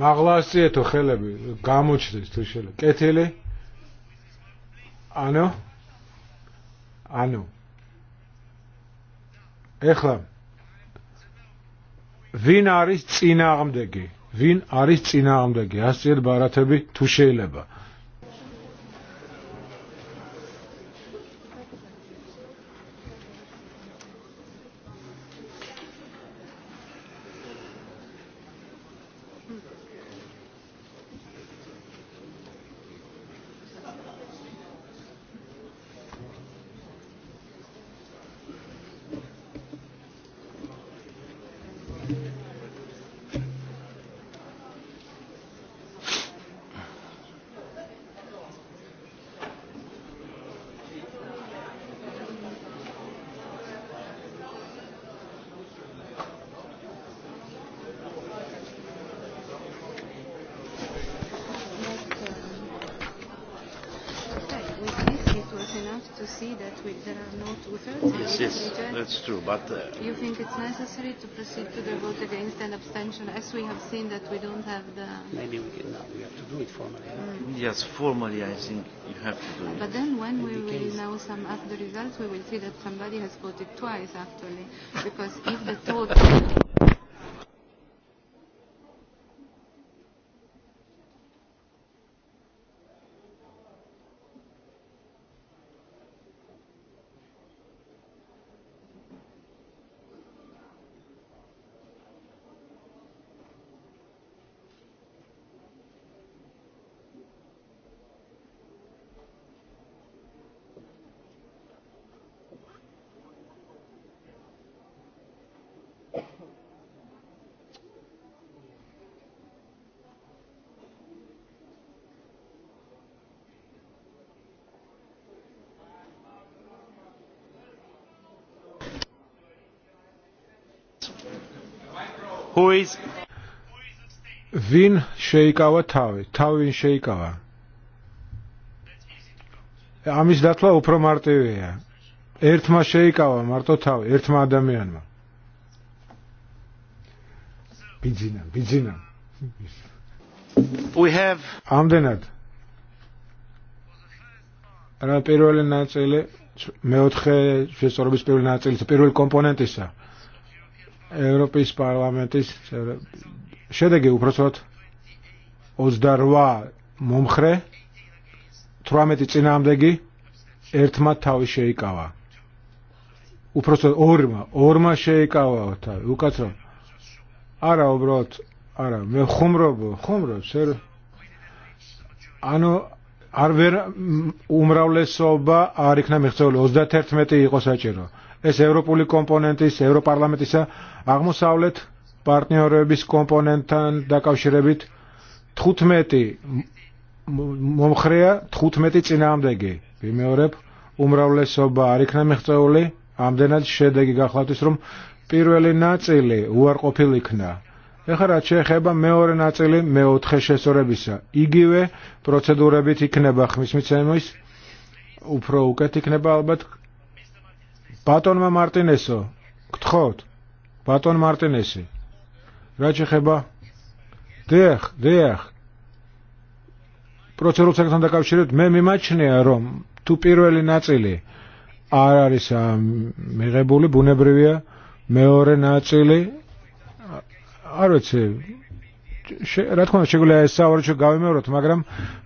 მაღლასიეთო ხელები გამოჩნდეს თუ შეიძლება კეთილი ანუ ანუ ეხლა ვინ არის წინააღმდეგი ვინ არის წინააღმდეგი ასეთ ბარათები თუ შეიძლება proceed to the vote against and abstention, as we have seen that we don't have the... Maybe we can, now. we have to do it formally. Mm. Yes, formally I think you have to do it. But then when In we the will case... now sum up the results, we will see that somebody has voted twice, actually, because if the total... Ვინ შეიკავა თავი? თავი ვინ შეიკავა? ამის დათლა უფრო მარტივია. ერთმა შეიკავა მარტო თავი, ერთმა ადამიანმა. ბიძინა, ბიძინა. We have ამდენად. რა პირველი ნაწილი, მეოთხე შესწორების პირველი ნაწილი, პირველი კომპონენტისა. Európijas parlamentis შედეგი უпроцოდ 28 მომხრე 18 წინაამდეგი ერთმა თავი შეიკავა. უпроцოდ ორმა, ორმა შეიკავა თავი. უკაცრავ. არა, უბრალოდ, არა, მე ხუმრობ, ხუმრობ, სერ ანუ არ ვერ უმრავლესობა არ იქნა მიღწეული 31 იყო საჭირო ეს ევროპული კომპონენტის ევროპარლამენტისა აღმოსავლეთ პარტნიორების კომპონენტთან დაკავშირებით 15 მომხრეა 15 წინაამდეგი ვიმეორებ, უმრავლესობა არ იქნა მიღწეული, ამდენად შედეგი გახლავთ რომ პირველი ნაწილი უარყოფილ იქნა. ეხლა რაც შეეხება მეორე ნაწილი მეოთხე შესორებისა იგივე პროცედურებით იქნება ხმის მიცემის უფრო უკეთ იქნება ალბათ ბატონმა მარტინესო, გთხოვთ. ბატონ მარტინესი. რა შეეხება? დიახ, დიახ. პროცედურასთან დაკავშირებით მე მიმაჩნია რომ თუ პირველი ნაწილი არ არის მიღებული, ბუნებრივია მეორე ნაწილი არ ვიცი რა თქმა უნდა შეგვიძლია ეს სავარჩო გავიმეოროთ, მაგრამ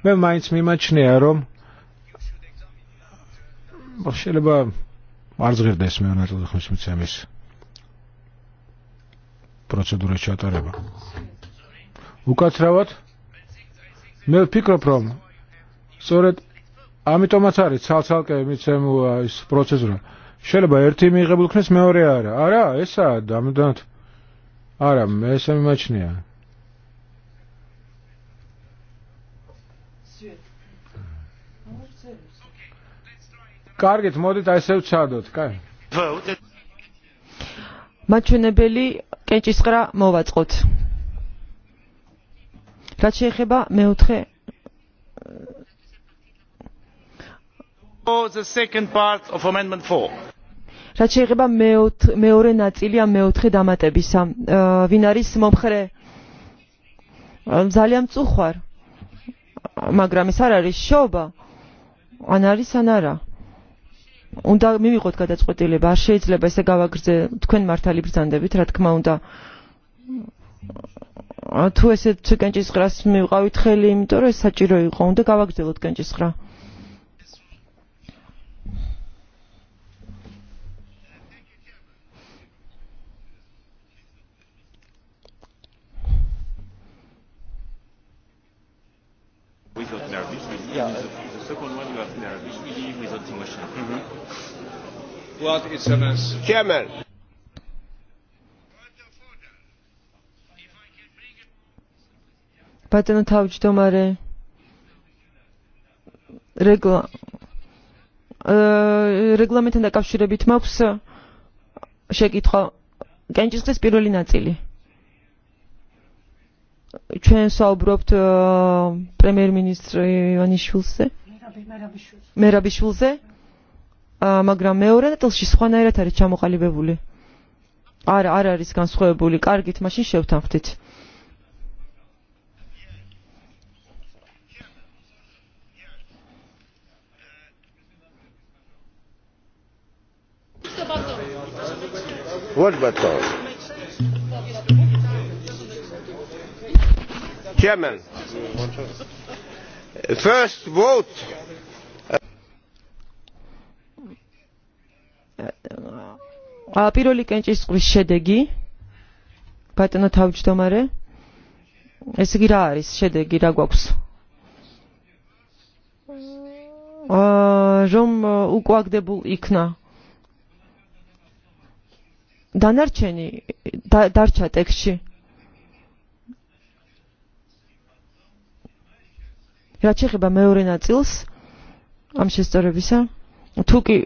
მე მაინც მიმაჩნია რომ შეიძლება არ ზღირდა ეს ხმის მიცემის პროცედურა ჩატარება. უკაცრავად მე ვფიქრობ რომ სწორედ ამიტომაც არის ცალ-ცალკე მიცემულა ის პროცესი შეიძლება ერთი მიიღებულ ქნეს მეორე არა. არა, ესაა დამუდანად. არა, მე ესე მიმაჩნია. კარგით, მოდით აი ესე ვჩადოთ, კაი. მაჩვენებელი კენჭისყრა მოვაწყოთ. რაც შეეხება მეოთხე რაც შეეხება მეორე ნაწილი ამ მეოთხე დამატებისა, ვინ არის მომხრე? ძალიან მწუხვარ, მაგრამ ეს არ არის შობა, ან არის ან არა უნდა მივიღოთ გადაწყვეტილება არ შეიძლება ესე გავაგრძე თქვენ მართალი ბრძანდებით რა თქმა უნდა თუ ესეთ კენჭისყრას მივყავით ხელი იმიტომ რომ ეს საჭირო იყო უნდა გავაგრძელოთ კენჭისყრა Yeah. blood is a mess. regla. Uh, reglamente în decapșire bitmap să șechitho. Gangiste spirul în ațili. Ce s-a obrobt uh, premier ministru Ioni Șulse? Merabișulze? Mera მაგრამ მეორე ნაწილში სხვანაირად არის ჩამოყალიბებული. არ არ არის განსხვავებული. კარგით, მაშინ შევთანხმდით. What button? Chairman. First vote პირველი კენჭის წყვის შედეგი ბატონო თავმჯდომარე ეს იგი რა არის შედეგი რა გვაქვს რომ უკვაგდებულ იქნა დანარჩენი დარჩა ტექსში რაც შეეხება მეორე ნაწილს ამ შესწორებისა თუ კი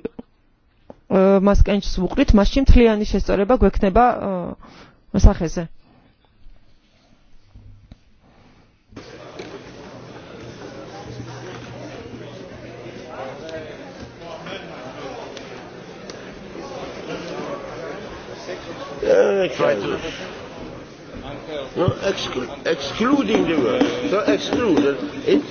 მას კენჭს ვუყრით, მაშინ თლიანი შესწორება გვექნება სახეზე. No, exclu excluding the word. So no, excluded, it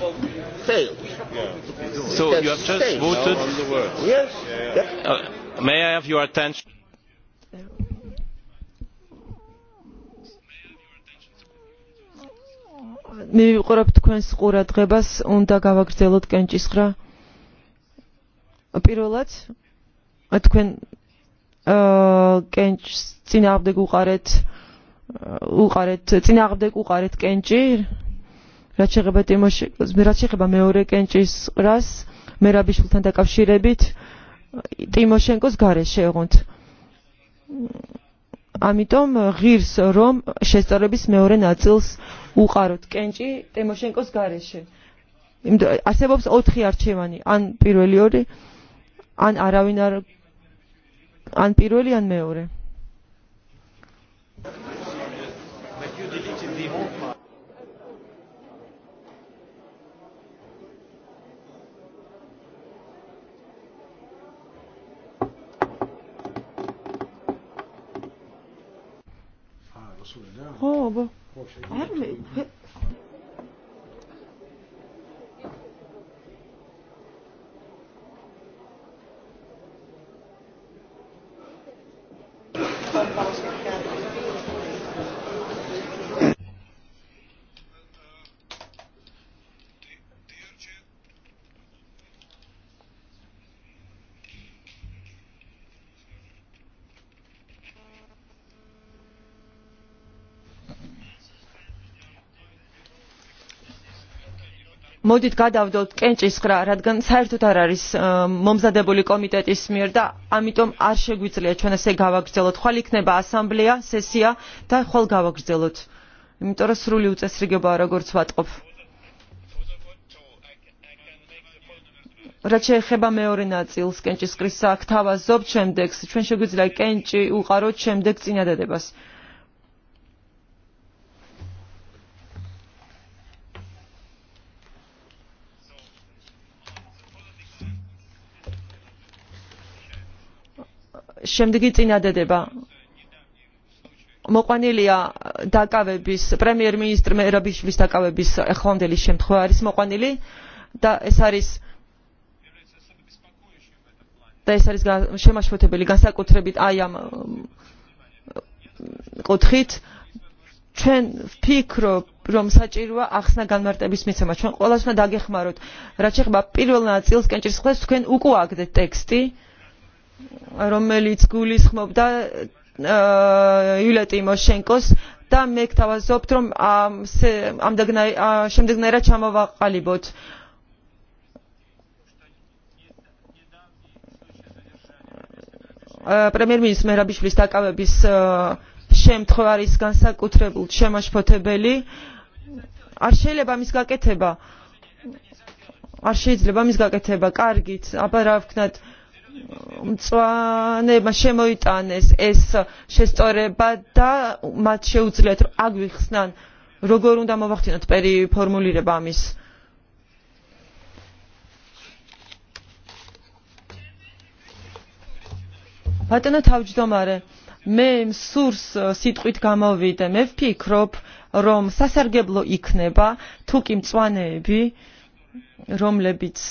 fails. Yeah. So you have just failed. voted. on the word. Yes. Yeah, yeah. That, uh, May I have your attention? მივიყურებთ თქვენს ყურადღებას, უნდა გავაგრძელოთ კენჭისხრა. პირველად თქვენ აა კენჭს წინააღმდეგ უყარეთ უყარეთ წინააღმდეგ უყარეთ კენჭი. რაც შეეხება თემაში, რაც შეეხება მეორე კენჭის ყრას, მერაბიშვილთან დაკავშირებით, აა ტიმოშენკოს გარეშე ეღონთ. ამიტომ ღირს რომ შესწავლების მეორე ნაწილს უყაროთ კენჭი ტიმოშენკოს გარეშე. არსებობს 4 არჩევანი, ან პირველი ორი, ან არავინ არ ან პირველი ან მეორე. Hov. Arvi. Thank you. მოდით გადავდოთ კენჭის ხრა რადგან საერთოდ არ არის მომზადებული კომიტეტის მიერ და ამიტომ არ შეგვიძლია ჩვენ ესე გავაგრძელოთ ხვალ იქნება ასამბლეა სესია და ხვალ გავაგრძელოთ იმიტომ რომ სრული უწესრიგებაა როგორც ვატყობ რაც შეეხება მეორე ნაწილს კენჭისყრის აქ თავაზობთ შემდეგს ჩვენ შეგვიძლია კენჭი უყაროთ შემდეგ წინადადებას შემდეგი წინადადება მოყვანილია დაკავების პრემიერ-მინისტრ მერაბიშვილის დაკავების ახლანდელი შემთხვევა არის მოყვანილი და ეს არის და ეს არის შემაშფოთებელი განსაკუთრებით აი ამ კუთხით ჩვენ ვფიქრობ რომ საჭიროა ახსნა განმარტების მიცემა ჩვენ ყველას უნდა დაგეხმაროთ რაც შეეხება პირველ ნაწილს კენჭისყრას თქვენ უკუაგდეთ ტექსტი რომელიც გულისხმობდა იულია ტიმოშენკოს და მე გთავაზობთ რომ ამ შემდეგნაირად ჩამოვაყალიბოთ პრემიერ მინისტრის მერაბიშვილის დაკავების შემთხვევა არის განსაკუთრებულ შემაშფოთებელი არ შეიძლება მის გაკეთება არ შეიძლება მის გაკეთება კარგით აბა რა ვქნათ აა მწვანეებმა შემოიტანეს ეს შესწორება და მათ შეუძლიათ აგვიხსნან როგორ უნდა მოვახდინოთ პერიფორმულირება ამის ბატონო თავმჯდომარე მე მსურს სიტყვით გამოვიდე მე ვფიქრობ რომ სასარგებლო იქნება თუ კი მწვანეები რომლებიც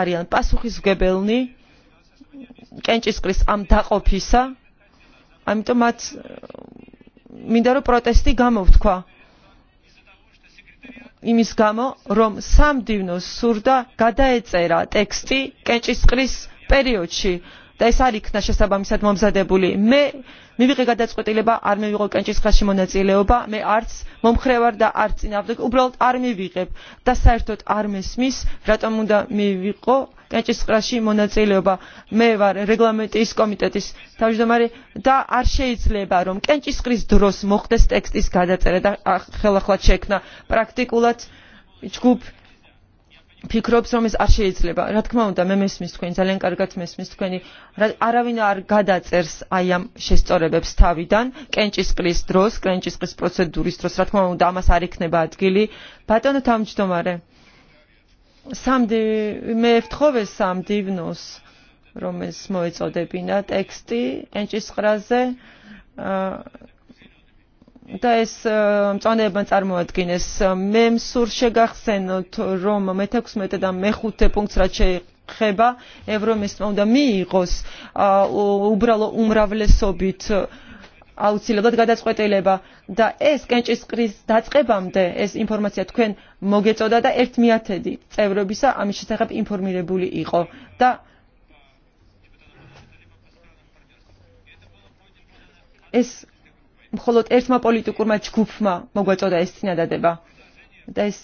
არიან პასუხისმგებელნი კენჭისყრის ამ დაყოფისა ამიტომ მათ მინდა რომ პროტესტი გამოვთქვა იმის გამო რომ სამდივნოს სურდა გადაეწერა ტექსტი კენჭისყრის პერიოდში და ეს არ იქნა შესაბამისად მომზადებული. მე მივიღე გადაწყვეტილება, არ მივიღო კენჭისხაში მონაწილეობა, მე არც მომხრევარ და არც წინააღმდეგ, უბრალოდ არ მივიღებ და საერთოდ არ მესმის, რატომ უნდა მივიღო კენჭისყრაში მონაწილეობა. მე ვარ რეგლამენტის კომიტეტის თავმჯდომარე და არ შეიძლება რომ კენჭისყრის დროს მოხდეს ტექსტის გადაწერა და ხელახლა შექმნა. პრაქტიკულად ჯგუფ ფიქრობს რომ ეს არ შეიძლება. რა თქმა უნდა, მე მესმის თქვენ, ძალიან კარგად მესმის თქვენი. არავინ არ გადაწერს აი ამ შესწორებებს თავიდან, კენჭისყრის დროს, კენჭისყრის პროცედურის დროს, რა თქმა უნდა, ამას არ იქნება ადგილი. ბატონო თავმჯდომარე, სამდი მე ვთხოვე სამ დივნოს, რომ ეს მოეწოდებინა ტექსტი კენჭისყრაზე. აა და ეს მწვანეებმა წარმოადგენეს. მე მსურ შეგახსენოთ, რომ მე-16 და მე-5 პუნქტს რაც შეეხება ევრომისმა უნდა მიიღოს უბრალო უმრავლესობით აუცილებლად გადაწყვეტილება და ეს კენჭისყრის დაწყებამდე ეს ინფორმაცია თქვენ მოგეწოდა და 1/10 წევრობისა ამის შესახებ ინფორმირებული იყო და ეს მხოლოდ ერთმა პოლიტიკურმა ჯგუფმა მოგვეწოდა ეს წინადადება და ეს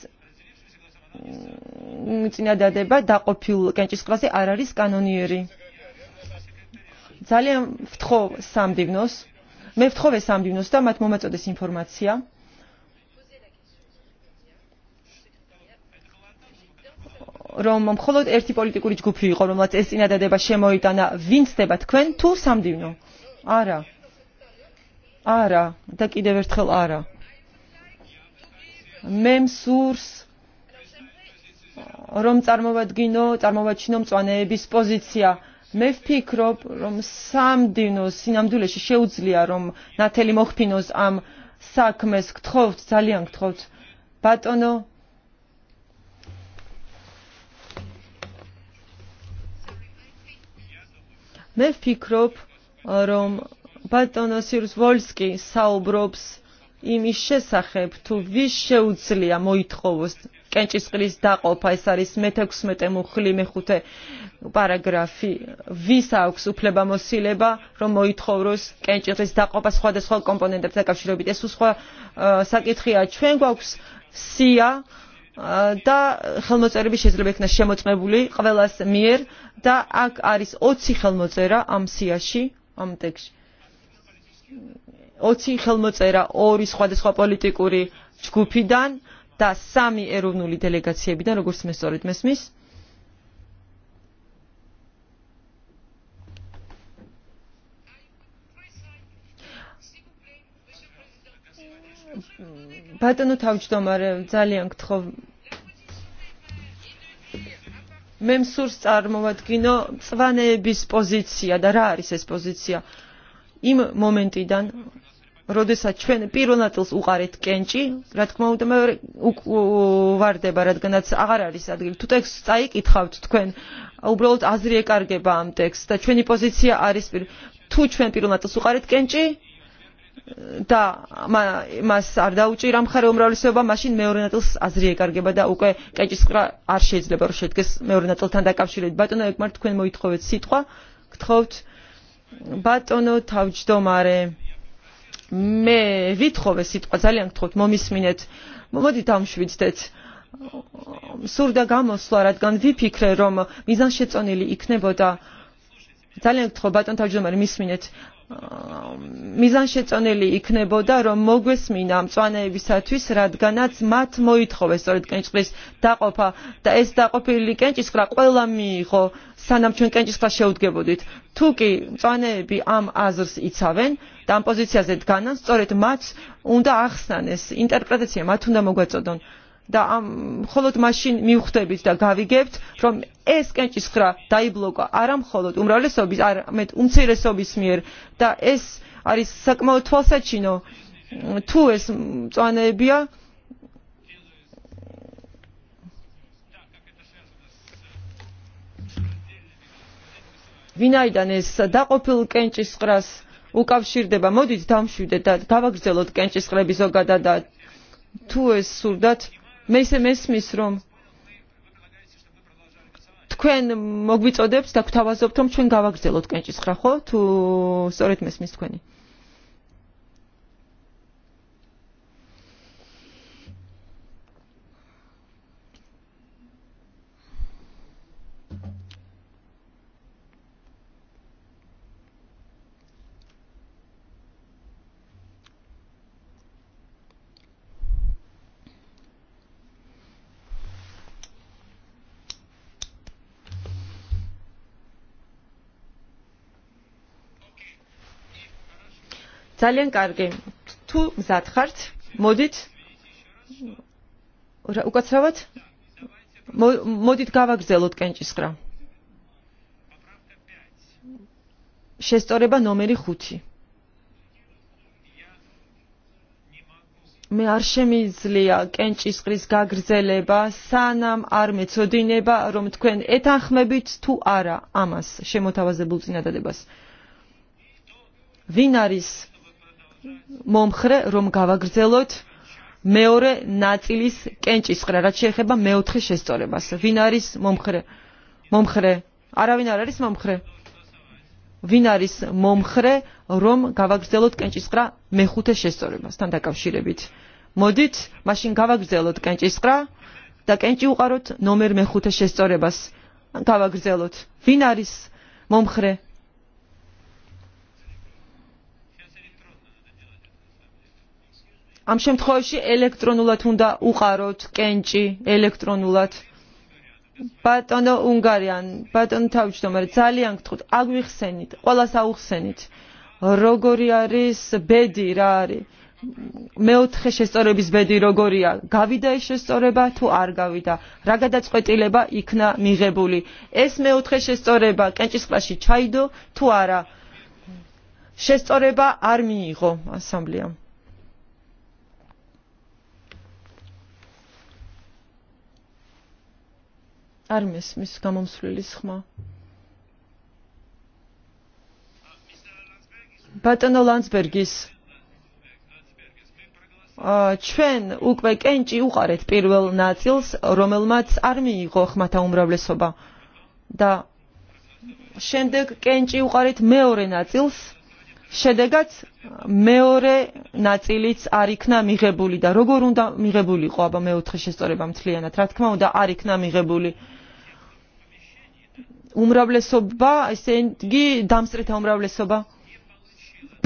წინადადება დაყოფილ კენჭისყრაზე არ არის კანონიერი. ძალიან ვთხოვ სამდივნოს, მე ვთხოვე სამდივნოს და მათ მომაწოდეს ინფორმაცია. რომ მხოლოდ ერთი პოლიტიკური ჯგუფი იყო, რომელსაც ეს წინადადება შემოიტანა, ვინც ხდება თქვენ თუ სამდივნო? არა არა და კიდევ ერთხელ არა. მე მსურს რომ წარმოვადგინო, წარმოვაჩინო მწვანეების პოზიცია. მე ვფიქრობ, რომ სამდინო სინამდვილეში შეუძლია რომ ნათელი მოხფინოს ამ საქმეს. გთხოვთ, ძალიან გთხოვთ. ბატონო მე ვფიქრობ, რომ ბატონოს ირსვოლსკი საუბრობს იმის შესახებ, თუ ვის შეუძლია მოითხოვოს კენჭისყრის დაყოფა, ეს არის მე-16 მუხლი მე-5 პარაგრაფი, ვის აქვს უფლება მოსილება რომ მოითხოვოს კენჭისყრის დაყოფა სხვადასხვა კომპონენტებს დაკავშირებით. ეს სხვა საკითხია, ჩვენ გვაქვს სია და ხელმოწერები შეიძლება იქნას შემოწმებული ყველას მიერ და აქ არის 20 ხელმოწერა ამ სიაში, ამ ტექსში. 20 ხელმოწერა ორი სხვადასხვა პოლიტიკური ჯგუფიდან და სამი ეროვნული დელეგაციებიდან, როგორც მე სწორედ მესმის. ბატონო თავმჯდომარე, ძალიან გთხოვ მე მსურს წარმოვადგინო წვანეების პოზიცია და რა არის ეს პოზიცია? იმ მომენტიდან როდესაც ჩვენ პირველ ნაწილს უყარეთ კენჭი, რა თქმა უნდა მე ვარდება, რადგანაც აღარ არის ადგილი. თუ ტექსტს წაიკითხავთ თქვენ, უბრალოდ აზრი ეკარგება ამ ტექსტს და ჩვენი პოზიცია არის თუ ჩვენ პირველ ნაწილს უყარეთ კენჭი და მას არ დაუჭირ ამ ხარ უმრავლესობა, მაშინ მეორე ნაწილს აზრი ეკარგება და უკვე კენჭის ყრა არ შეიძლება რომ შედგეს მეორე ნაწილთან დაკავშირებით. ბატონო, ეკმარ თქვენ მოითხოვეთ სიტყვა, გთხოვთ ბატონო თავმჯდომარე მე ვითხოვე სიტყვა ძალიან გთხოვთ მომისმინეთ მოდით ამშვიდდეთ სურდა გამოსვლა რადგან ვიფიქრე რომ მიზანშეწონილი იქნებოდა ძალიან გთხოვ ბატონ თავმჯდომარე მისმინეთ მიზანშეწონილი იქნებოდა რომ მოგვესმინა მწვანეებისათვის რადგანაც მათ მოითხოვეს სწორედ კენჭისყრის დაყოფა და ეს დაყოფილი კენჭისყრა ყველა მიიღო სანამ ჩვენ კენჭისყრა შეუდგებოდით თუ კი მწვანეები ამ აზრს იცავენ და ამ პოზიციაზე დგანან სწორედ მათ უნდა ახსნან ეს ინტერპრეტაცია მათ უნდა მოგვეწოდონ და ამ მხოლოდ მაშინ მივხვდებით და გავიგებთ რომ ეს კენჭის ხრა დაიბლოკა არა მხოლოდ უმრავლესობის არამედ უმცირესობის მიერ და ეს არის საკმაოდ თვალსაჩინო თუ ეს მწვანეებია ვინაიდან ეს დაყოფილ კენჭის ხრას უკავშირდება, მოდით დამშვიდეთ და გავაგრძელოთ კენჭის კენჭისყრები ზოგადად და თუ ეს სურდათ მე ისე მესმის რომ თქვენ მოგვიწოდებთ და გვთავაზობთ რომ ჩვენ გავაგრძელოთ კენჭისხრა ხო თუ სწორედ მესმის თქვენი ძალიან კარგი. თუ მზად ხართ, მოდით უკაცრავად მოდით გავაგრძელოთ კენჭისყრა. შესწორება ნომერი 5. მე არ შემიძლია კენჭისყრის გაგრძელება სანამ არ მეწოდინება რომ თქვენ ეთანხმებით თუ არა ამას შემოთავაზებულ წინადადებას ვინ არის მომხრე რომ გავაგრძელოთ მეორე ნაწილის კენჭისყრა რაც შეეხება მეოთხე შესწორებას ვინ არის მომხრე მომხრე არავინ არ არის მომხრე ვინ არის მომხრე რომ გავაგრძელოთ კენჭისყრა მეხუთე შესწორებასთან დაკავშირებით მოდით მაშინ გავაგრძელოთ კენჭისყრა და კენჭი უყაროთ ნომერ მეხუთე შესწორებას გავაგრძელოთ ვინ არის მომხრე ამ შემთხვევაში ელექტრონულად უნდა უყაროთ კენჭი ელექტრონულად ბატონო უნგარიან ბატონო თავმჯდომარე ძალიან გთხოვთ აგვიხსენით ყოველას აუხსენით როგორი არის ბედი რა არის მეოთხე შესწორების ბედი როგორია გავიდა ეს შესწორება თუ არ გავიდა რა გადაწყვეტილება იქნა მიღებული ეს მეოთხე შესწორება კენჭისყრაში ჩაიდო თუ არა შესწორება არ მიიღო ასამბლეამ armijas, მის kā mums l-isħma. Batano Landsbergis. ჩვენ უკვე კენჭი უყარეთ პირველ ნაწილს, რომელმაც არ მიიღო ხმათა უმრავლესობა. და შემდეგ კენჭი უყარეთ მეორე ნაწილს, შედეგად მეორე ნაწილიც არ იქნა მიღებული და როგორ უნდა მიღებულიყო აბა მეოთხე შესწორება მთლიანად, რა თქმა უნდა არ იქნა მიღებული უმრავლესობა ესე იგი დამსწრეთა უმრავლესობა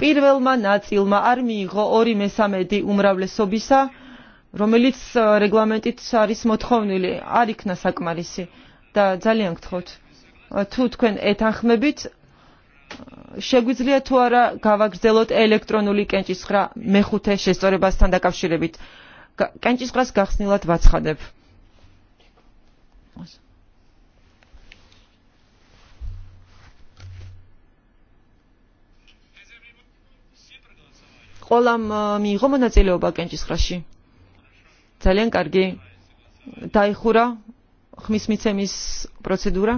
პირველმა ნაწილმა არ მიიღო 2/3 უმრავლესობისა რომელიც რეგლამენტით არის მოთხოვნილი არ იქნა საკმარისი და ძალიან გთხოვთ თუ თქვენ ეთანხმებით შეგვიძლია თუ არა გავაგრძელოთ ელექტრონული კენჭისხრა მეხუთე შესწორებასთან დაკავშირებით კენჭისყრას გახსნილად ვაცხადებ. Awesome. ყველამ მიიღო მონაწილეობა კენჭისხრაში ძალიან კარგი დაიხურა ხმის მიცემის პროცედურა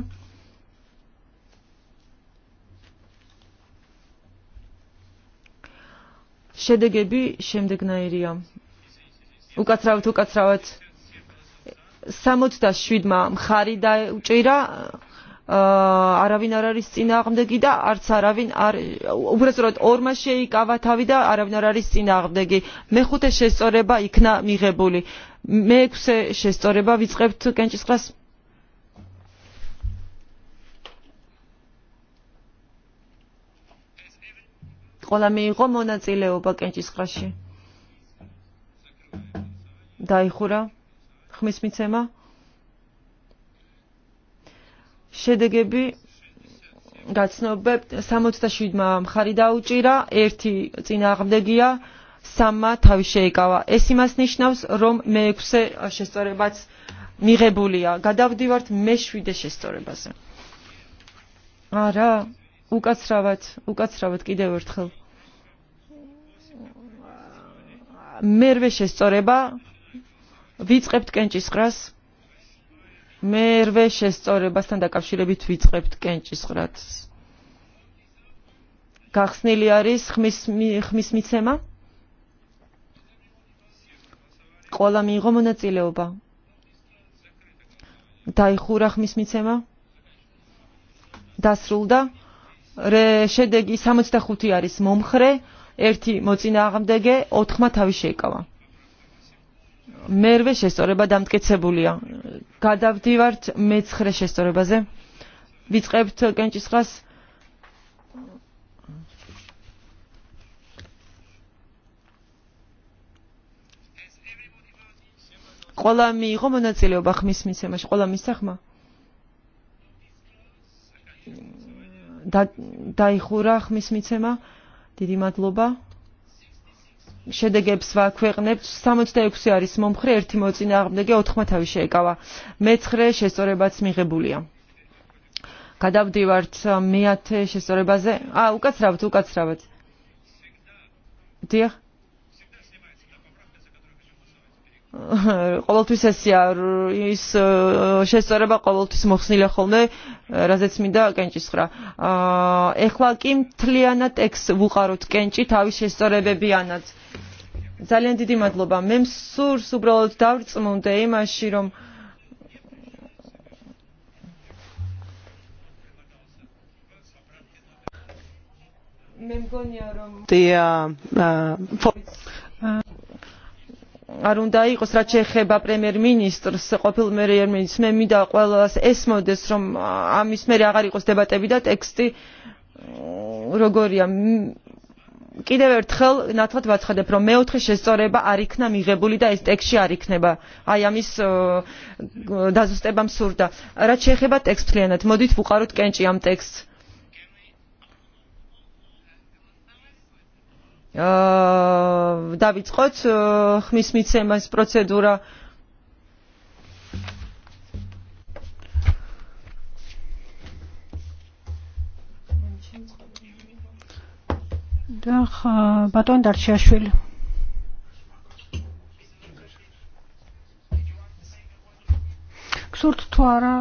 შედეგები შემდეგნაირია უკაცრავად უკაცრავად 67-მა მხარი დაუჭირა არავინ არ არის წინააღმდეგი და არც არავინ არ უბრალოდ ორმა შეიკავა თავი და არავინ არ არის წინააღმდეგი მეხუთე შესწორება იქნა მიღებული მეექვსე შესწორება ვიწყებთ კენჭისყრას ყველა მიიღო მონაწილეობა კენჭისყრაში. დაიხურა ხმის მიცემა შედეგები გაცნობებ 67-მა მხარი დაუჭირა, ერთი წინააღმდეგია, სამმა თავი შეიკავა. ეს იმას ნიშნავს, რომ მეექვსე შესწორებაც მიღებულია. გადავდივართ მეშვიდე შესწორებაზე. არა, უკაცრავად, უკაცრავად კიდევ ერთხელ. მერვე შესწორება ვიწყებთ კენჭისყრას მერვე შესწორებასთან დაკავშირებით ვიწყებთ კენჭისყრათს. გახსნილი არის ხმის ხმის მიცემა? ყველა მიიღო მონაწილეობა. დაიხურა ხმის მიცემა? დასრულდა. შედეგი 65 არის მომხრე, 1 მოწინააღმდეგე, 4-მა თავი შეიკავა მერვე შესწორება დამტკეცებულია. გადავდივართ მეცხრე შესწორებაზე. ვიწყებთ კენჭისხას. ყველა მიიღო მონაწილეობა ხმის მიცემაში, ყველა მისცა ხმა. და დაიხურა ხმის მიცემა. დიდი მადლობა შედეგებს ქვეყნებს 66 არის მომხრე ერთი მოწინააღმდეგე 4 თავი შეეკავა მეცხრე შესწორებაც მიღებულია გადავდივართ მეათე შესწორებაზე აა უკაცრავთ უკაცრავთ დიახ ყოველთვის ესია ის შესწორება ყოველთვის მოხსნილია ხოლმე რაზეც მინდა კენჭისხრა ეხლა კი მთლიანად ექს ვუყაროთ კენჭი თავის შესწორებებიანად ძალიან დიდი მადლობა მე მსურს უბრალოდ დავრწმუნდე იმაში რომ მე მგონია რომ დია არ უნდა იყოს რაც შეეხება პრემიერ მინისტრს ყოფილ პრემიერ მინისტრს მე მინდა ყველას ესმოდეს რომ ამის მერე აღარ იყოს დებატები და ტექსტი როგორია კიდევ ერთხელ ნათლად ვაცხადებ რომ მეოთხე შესწორება არ იქნა მიღებული და ეს ტექსში არ იქნება აი ამის დაზუსტება მსურდა რაც შეეხება ტექსტს მთლიანად მოდით ვუყაროთ კენჭი ამ ტექსტს დავიწყოთ ხმის მიცემას პროცედურა. დახ ბატონ დარჩიაშვილი გსურთ თუ არა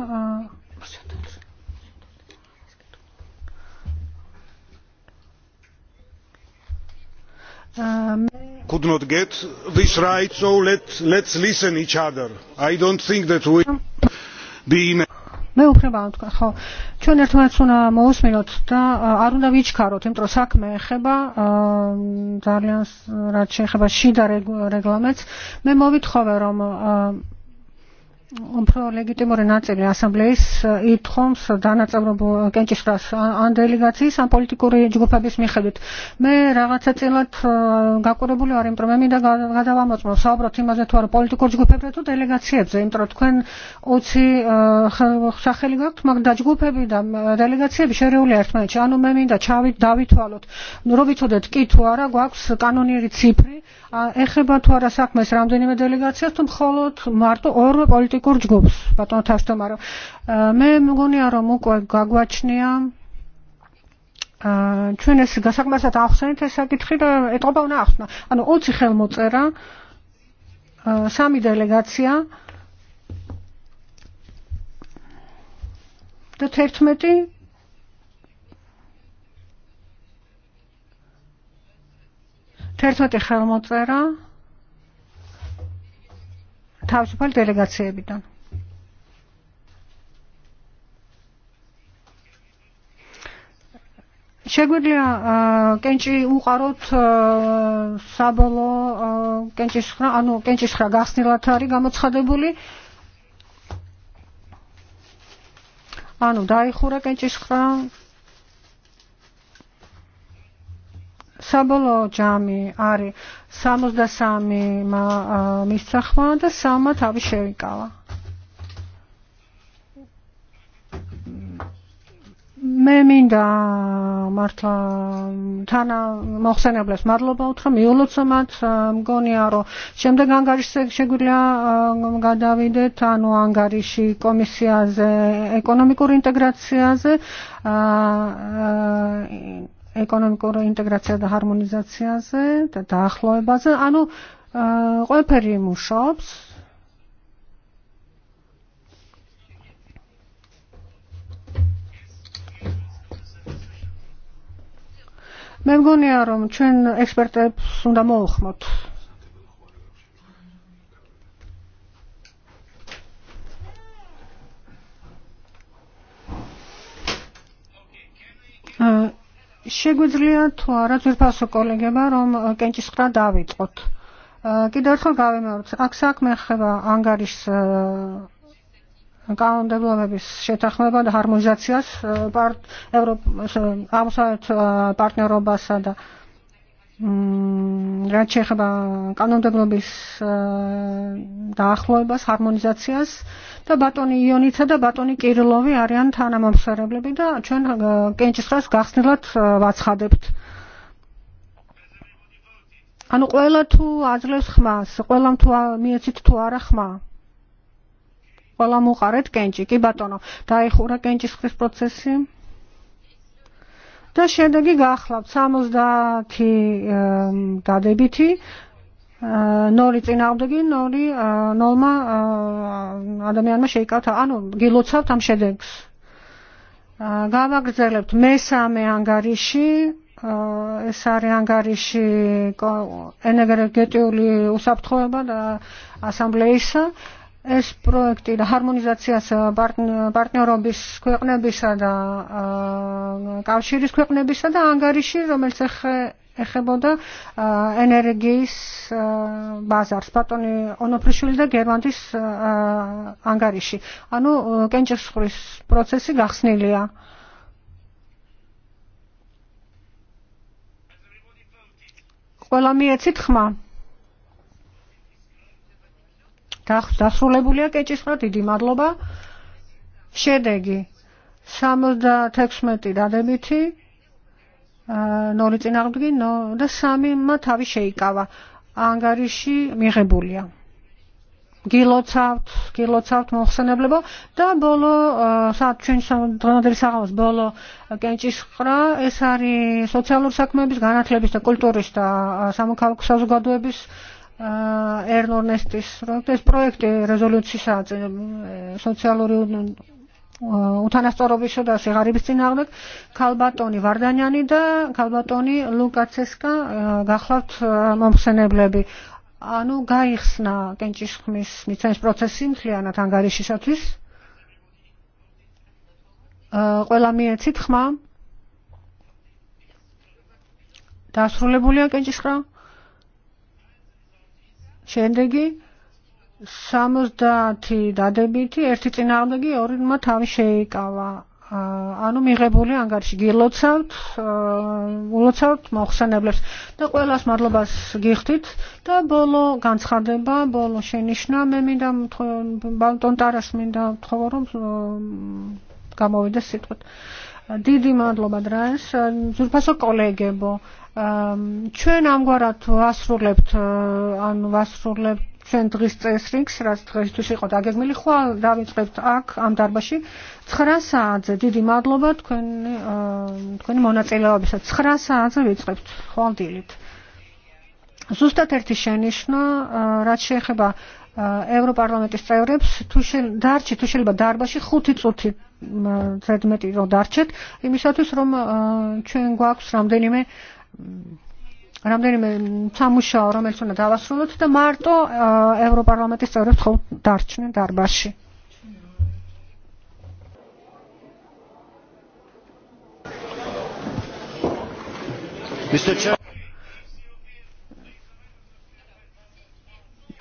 could not get this right so let, us listen to each other. I don't think that we be in a მე უხრება ხო ჩვენ ერთმანეთს უნდა მოусმინოთ და არ უნდა ვიჩქაროთ იმიტომ რომ საქმე ეხება ძალიან რაც შეეხება შიდა რეგლამენტს მე მოვითხოვე რომ უფრო ლეგიტიმური ნაწილი ასამბლეის ითხოვს დანაწევრებულ კენჭისყრას ან დელეგაციის ან პოლიტიკური ჯგუფების მიხედვით. მე რაღაცა წილად გაკვირებული ვარ, იმიტომ რომ მე მინდა გადავამოწმო, საუბრობთ იმაზე თუ არა პოლიტიკურ ჯგუფებზე თუ დელეგაციებზე, იმიტომ რომ თქვენ 20 სახელი გაქვთ, მაგრამ დაჯგუფები და დელეგაციები შერეულია ერთმანეთში. ანუ მე მინდა ჩავით დავითვალოთ, რომ ვიცოდეთ კი თუ არა გვაქვს კანონიერი ციფრი, ეხება თუ არა საქმეს რამდენიმე დელეგაციას, თუ მხოლოდ მარტო ორ პოლიტიკურ გურჯგობს ბატონო თავმჯდომარო მე მგონია რომ უკვე გაგვაჩნია აა ჩვენ ეს გასაკმასად ახსენეთ ეს საკითხი და ეტყობა უნდა ახსნა. ანუ 20 ხელმოწერა სამი დელეგაცია და 11 11 ხელმოწერა თავისუფალ დელეგაციებიდან. შეგვიძლია კენჭი უყაროთ საბოლოო ხრა, ანუ კენჭის ხრა გასნილათ არის გამოცხადებული. ანუ დაიხურა კენჭის ხრა საბოლოო ჯამი არის 63-მა და სამმა თავი შევიკავა. მე მინდა მართლა თანა მოხსენებლებს მადლობა უთხრა მიულოცამათ მგონია რომ შემდეგ ანგარიშზე შეგვიძლია გადავიდეთ ანუ ანგარიში კომისიაზე ეკონომიკურ ინტეგრაციაზე აა ეკონომიკური ინტეგრაცია და ჰარმონიზაციაზე და დაახლოებაზე, ანუ ყველაფერი მუშაობს. მე მგონია რომ ჩვენ ექსპერტებს უნდა მოუხმოთ. აა შეგვიძლია თუ არა ძვირფასო კოლეგებმა რომ კენჭისყრა დავიწყოთ. კიდევ ერთხელ გავიმეორებ, აქ საქმე ხება ანგარიშს კანონმდებლობების შეთანხმება და ჰარმონიზაციას პარტ ევროპ აღმოსავლეთ პარტნიორობასა და რაც შეეხება კანონმდებლობის დაახლოებას, ჰარმონიზაციას და ბატონი იონიცა და ბატონი კირილოვი არიან თანამომსახურებლები და ჩვენ კენჭისხას გახსნილად ვაცხადებთ. ანუ ყველა თუ აძლევს ხმას, ყველამ თუ მიეცით თუ არა ხმა. ყველამ უყარეთ კენჭი, კი ბატონო, დაიხურა კენჭისხის პროცესი და შემდეგი გახლავთ 70 დადებითი ნორი წინააღმდეგი ნორი ნოლმა ადამიანმა შეიკავთა ანუ გილოცავთ ამ შედეგს გავაგრძელებთ მესამე ანგარიში ეს არის ანგარიში ენერგეტიული უსაფრთხოება და ასამბლეისა ეს პროექტი და harmonizatsiას პარტნიორობის ქვეყნებისა და კავშირის ქვეყნებისა და ანგარიში, რომელიც ეხებოდა ენერგიის ბაზარს ბატონი ონოფრიშვილი და გერმანდის ანგარიში. ანუ კენჭისყრის პროცესი გახსნილია. ყველა მიეცით ხმა დასრულებულია კეჭისყრა დიდი მადლობა შედეგი 76 დადებითი ნორი წინააღმდეგი და სამმა თავი შეიკავა ანგარიში მიღებულია გილოცავთ, გილოცავთ მოხსენებლებო და ბოლო საათ ჩვენ დღევანდელი საღამოს ბოლო კენჭისყრა ეს არის სოციალური საქმეების, განათლების და კულტურის და სამოქალაქო საზოგადოების ერნონესტის ეს პროექტი რეზოლუციისა სოციალური უთანასწორობის და სიღარიბის წინააღმდეგ ქალბატონი ვარდანიანი და ქალბატონი ლუკაცესკა გახლავთ მომხსენებლები ანუ გაიხსნა კენჭისხმის მიცემის პროცესი მთლიანად ანგარიშისათვის ყველა მიეცით ხმა დასრულებულია კენჭისხმა შემდეგი სამოცდაათი დადებითი ერთი წინააღმდეგი ორმა თავი შეიკავა ანუ მიღებული ანგარიში გილოცავთ ულოცავთ მოხსენებლებს და ყველას მადლობას გიხდით და ბოლო განცხადება ბოლო შენიშვნა მე მინდა ბალტონ ტარას მინდა ვთხოვო რომ გამოვიდეს სიტყვით დიდი მადლობა დრანს ზურფასო კოლეგებო ჩვენ ამგვარად ვასრულებთ ან ვასრულებთ ჩვენ დღის წესრიგს, რაც დღეისთვის იყო დაგეგმილი, ხო დავიწყებთ აქ ამ დარბაში 9 საათზე. დიდი მადლობა თქვენ თქვენი მონაწილეობისა. 9 საათზე ვიწყებთ ხვალდილით. ზუსტად ერთი შენიშვნა, რაც შეეხება ევროპარლამენტის წევრებს, თუ დარჩი, თუ შეიძლება დარბაში 5 წუთი ზედმეტი რომ დარჩეთ, იმისათვის რომ ჩვენ გვაქვს რამდენიმე აა რამდენიმე სამუშაო, რომელიც უნდა დავასრულოთ და მარტო ევროპარლამენტის წევრებს ხო დარჩნენ დარბაზში.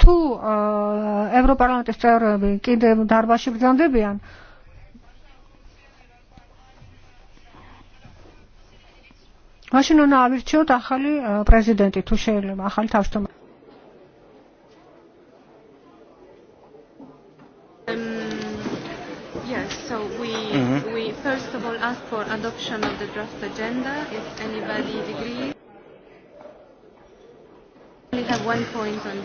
თუ ევროპარლამენტის წევრები კიდევ დარბაზში ბრძანდებიან, აა მაშინ უნდა ავირჩიოთ ახალი პრეზიდენტი თუ შეიძლება ახალი თავმჯდომარე. Yes, so we mm-hmm. we first of all ask for adoption of the draft agenda. If anybody agrees, we have one point on.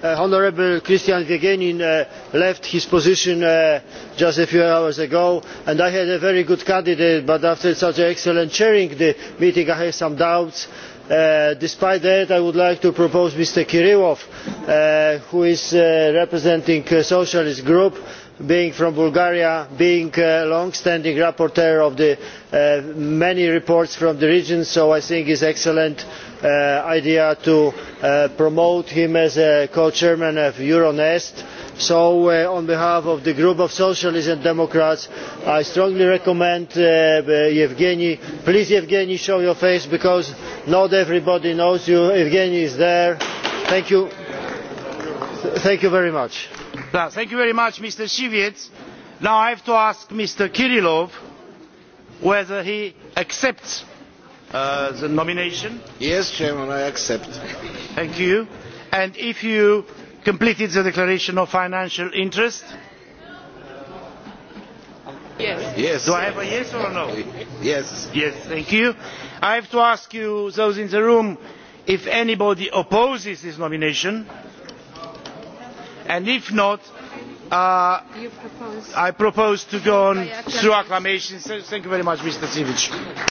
Uh, honourable christian gueguenin uh, left his position uh, just a few hours ago and i had a very good candidate but after such excellent chairing of the meeting i have some doubts. despite that i would like to propose mr kirilov who is representing the socialist group being from bulgaria being a long standing rapporteur of the many reports from the region so i think he is an excellent Uh, idea to uh, promote him as a co chairman of euronest so uh, on behalf of the group of socialists and democrats i strongly recommend yevgeny please yevgeny show your face because not everybody knows you yevgeny is there thank you thank you very much thank you very much mr Siwiec. now i have to ask mr kirilov whether he accepts Uh, the nomination? Yes, Chairman, I accept. Thank you. And if you completed the declaration of financial interest? Yes. yes. Do I have a yes or a no? Yes. Yes, thank you. I have to ask you, those in the room, if anybody opposes this nomination? And if not, uh, propose. I propose to go on through acclamation. Thank you very much, Mr. Sivic.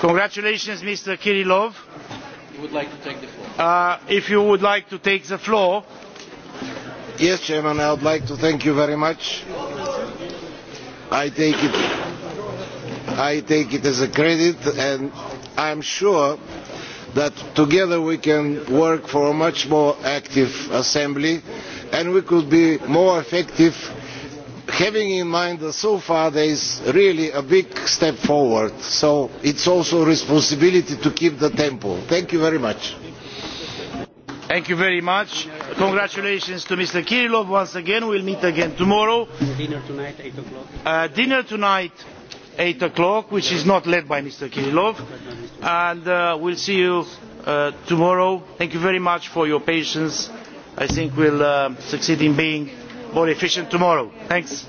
Congratulations, Mr. Kirilov. Uh, if you would like to take the floor. Yes, Chairman, I would like to thank you very much. I take it, I take it as a credit, and I am sure that together we can work for a much more active assembly, and we could be more effective having in mind that so far there is really a big step forward so it is also a responsibility to keep the tempo. thank you very much. thank you very much. congratulations to mr kirilov once again. we will meet again tomorrow. dinner tonight eight o'clock. Uh, dinner tonight eight o'clock which is not led by mr kirilov and uh, we will see you uh, tomorrow. thank you very much for your patience. i think we will uh, succeed in being more efficient tomorrow. thanks.